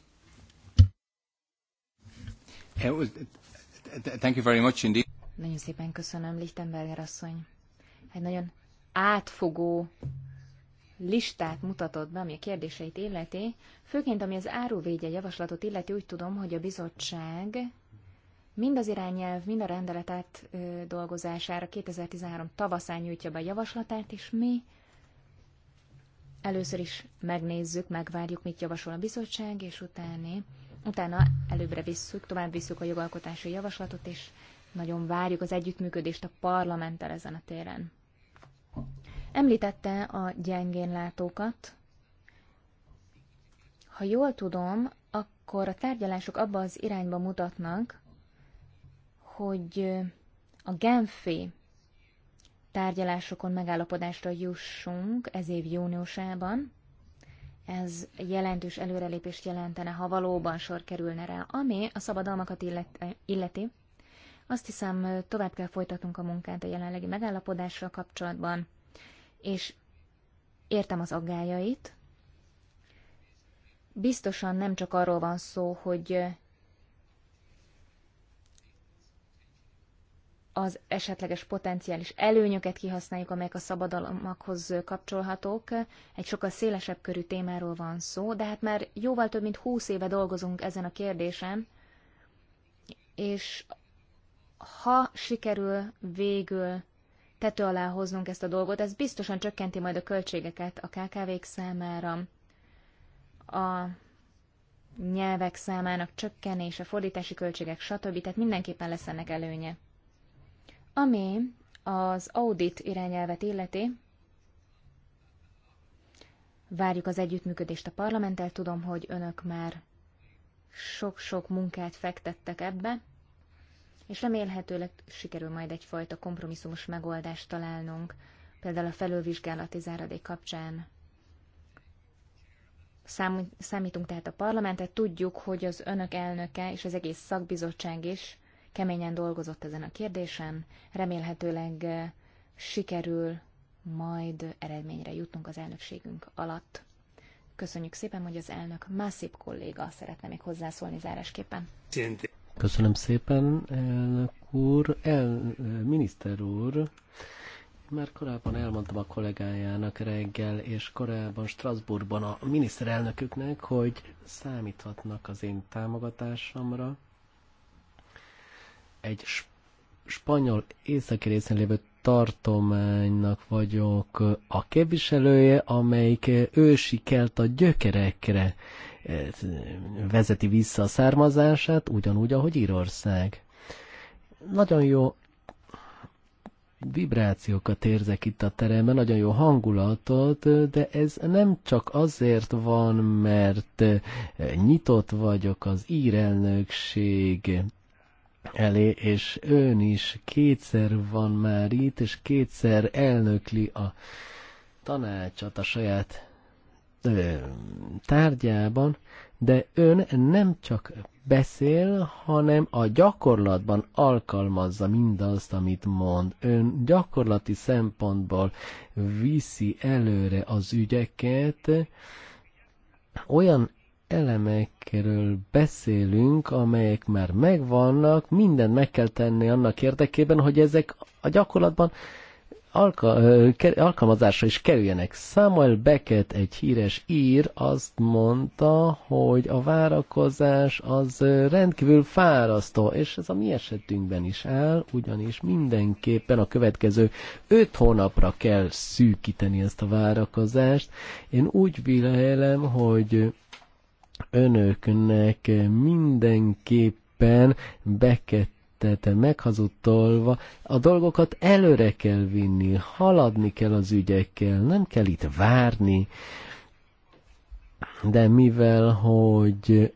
Thank you very much indeed. Nagyon szépen köszönöm, Lichtenberger asszony. Egy nagyon átfogó listát mutatott be, ami a kérdéseit illeti. Főként, ami az áruvédje javaslatot illeti, úgy tudom, hogy a bizottság mind az irányelv, mind a rendelet dolgozására 2013 tavaszán nyújtja be a javaslatát, és mi először is megnézzük, megvárjuk, mit javasol a bizottság, és utáni Utána előbbre visszük, tovább visszük a jogalkotási javaslatot, és nagyon várjuk az együttműködést a parlamenttel ezen a téren. Említette a gyengénlátókat. Ha jól tudom, akkor a tárgyalások abba az irányba mutatnak, hogy a Genfi tárgyalásokon megállapodásra jussunk ez év júniusában, ez jelentős előrelépést jelentene, ha valóban sor kerülne rá, ami a szabadalmakat eh, illeti. Azt hiszem, eh, tovább kell folytatnunk a munkát a jelenlegi megállapodásra kapcsolatban, és értem az aggájait. Biztosan nem csak arról van szó, hogy eh, az esetleges potenciális előnyöket kihasználjuk, amelyek a szabadalmakhoz kapcsolhatók. Egy sokkal szélesebb körű témáról van szó, de hát már jóval több mint húsz éve dolgozunk ezen a kérdésen, és ha sikerül végül tető alá hoznunk ezt a dolgot, ez biztosan csökkenti majd a költségeket a KKV-k számára, a nyelvek számának csökkenése, fordítási költségek, stb. Tehát mindenképpen lesz ennek előnye. Ami az audit irányelvet illeti, várjuk az együttműködést a parlamenttel, tudom, hogy önök már sok-sok munkát fektettek ebbe, és remélhetőleg sikerül majd egyfajta kompromisszumos megoldást találnunk, például a felülvizsgálati záradék kapcsán. Számítunk tehát a parlamentet, tudjuk, hogy az önök elnöke és az egész szakbizottság is keményen dolgozott ezen a kérdésen, remélhetőleg eh, sikerül majd eredményre jutnunk az elnökségünk alatt. Köszönjük szépen, hogy az elnök szép kolléga szeretne még hozzászólni zárásképpen. Köszönöm szépen, elnök úr, el, eh, miniszter úr. Már korábban elmondtam a kollégájának reggel, és korábban Strasbourgban a miniszterelnöküknek, hogy számíthatnak az én támogatásomra egy spanyol északi részén lévő tartománynak vagyok a képviselője, amelyik ősi kelt a gyökerekre vezeti vissza a származását, ugyanúgy, ahogy Írország. Nagyon jó vibrációkat érzek itt a teremben, nagyon jó hangulatot, de ez nem csak azért van, mert nyitott vagyok az írelnökség elé, és ön is kétszer van már itt, és kétszer elnökli a tanácsot a saját ö, tárgyában, de ön nem csak beszél, hanem a gyakorlatban alkalmazza mindazt, amit mond. Ön gyakorlati szempontból viszi előre az ügyeket, olyan elemekről beszélünk, amelyek már megvannak, mindent meg kell tenni annak érdekében, hogy ezek a gyakorlatban alka, alkalmazásra is kerüljenek. Samuel Beckett, egy híres ír, azt mondta, hogy a várakozás az rendkívül fárasztó, és ez a mi esetünkben is áll, ugyanis mindenképpen a következő öt hónapra kell szűkíteni ezt a várakozást. Én úgy vélem, hogy önöknek mindenképpen beket tehát meghazudtolva, a dolgokat előre kell vinni, haladni kell az ügyekkel, nem kell itt várni, de mivel, hogy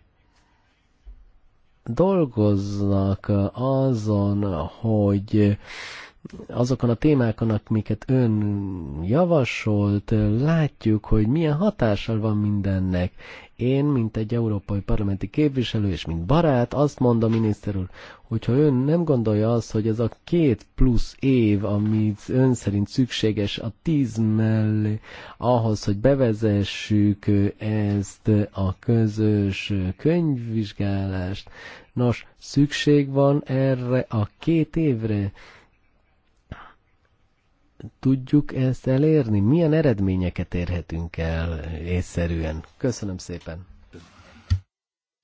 dolgoznak azon, hogy azokon a témákon, amiket ön javasolt, látjuk, hogy milyen hatással van mindennek. Én, mint egy európai parlamenti képviselő és mint barát, azt mondom, miniszter úr, hogyha ön nem gondolja azt, hogy ez a két plusz év, amit ön szerint szükséges a tíz mellé, ahhoz, hogy bevezessük ezt a közös könyvvizsgálást, nos, szükség van erre a két évre, tudjuk ezt elérni? Milyen eredményeket érhetünk el észszerűen? Köszönöm szépen!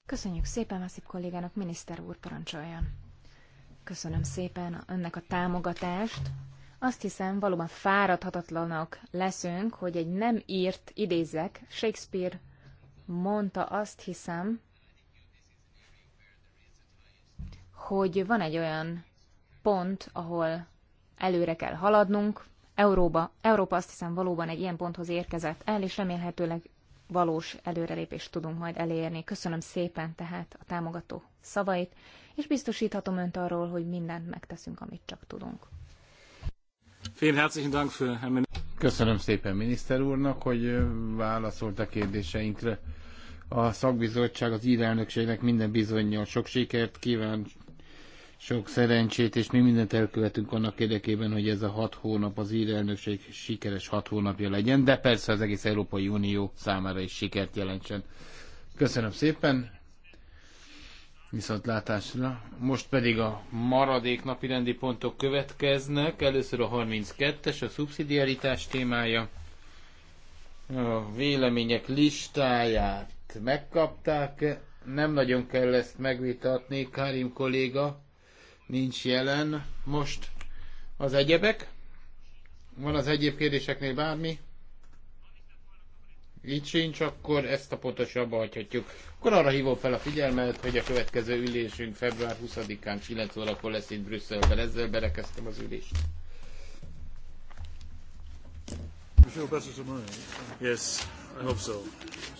Köszönjük szépen, szép kollégának, miniszter úr parancsoljon. Köszönöm szépen önnek a támogatást. Azt hiszem, valóban fáradhatatlanak leszünk, hogy egy nem írt, idézek, Shakespeare mondta azt hiszem, hogy van egy olyan pont, ahol előre kell haladnunk. Európa, Európa azt hiszem valóban egy ilyen ponthoz érkezett el, és remélhetőleg valós előrelépést tudunk majd elérni. Köszönöm szépen tehát a támogató szavait, és biztosíthatom önt arról, hogy mindent megteszünk, amit csak tudunk. Köszönöm szépen miniszter úrnak, hogy válaszolt a kérdéseinkre. A szakbizottság az írelnökségnek minden bizonyal sok sikert kíván, sok szerencsét, és mi mindent elkövetünk annak érdekében, hogy ez a hat hónap az ír elnökség sikeres hat hónapja legyen, de persze az egész Európai Unió számára is sikert jelentsen. Köszönöm szépen, viszontlátásra. Most pedig a maradék napi rendi pontok következnek. Először a 32-es, a szubszidiaritás témája. A vélemények listáját megkapták. Nem nagyon kell ezt megvitatni, Karim kolléga nincs jelen. Most az egyebek. Van az egyéb kérdéseknél bármi? Így sincs, akkor ezt a pontot abba hagyhatjuk. Akkor arra hívom fel a figyelmet, hogy a következő ülésünk február 20-án 9 órakor lesz itt Brüsszelben. Ezzel berekeztem az ülést. Yes, I hope so.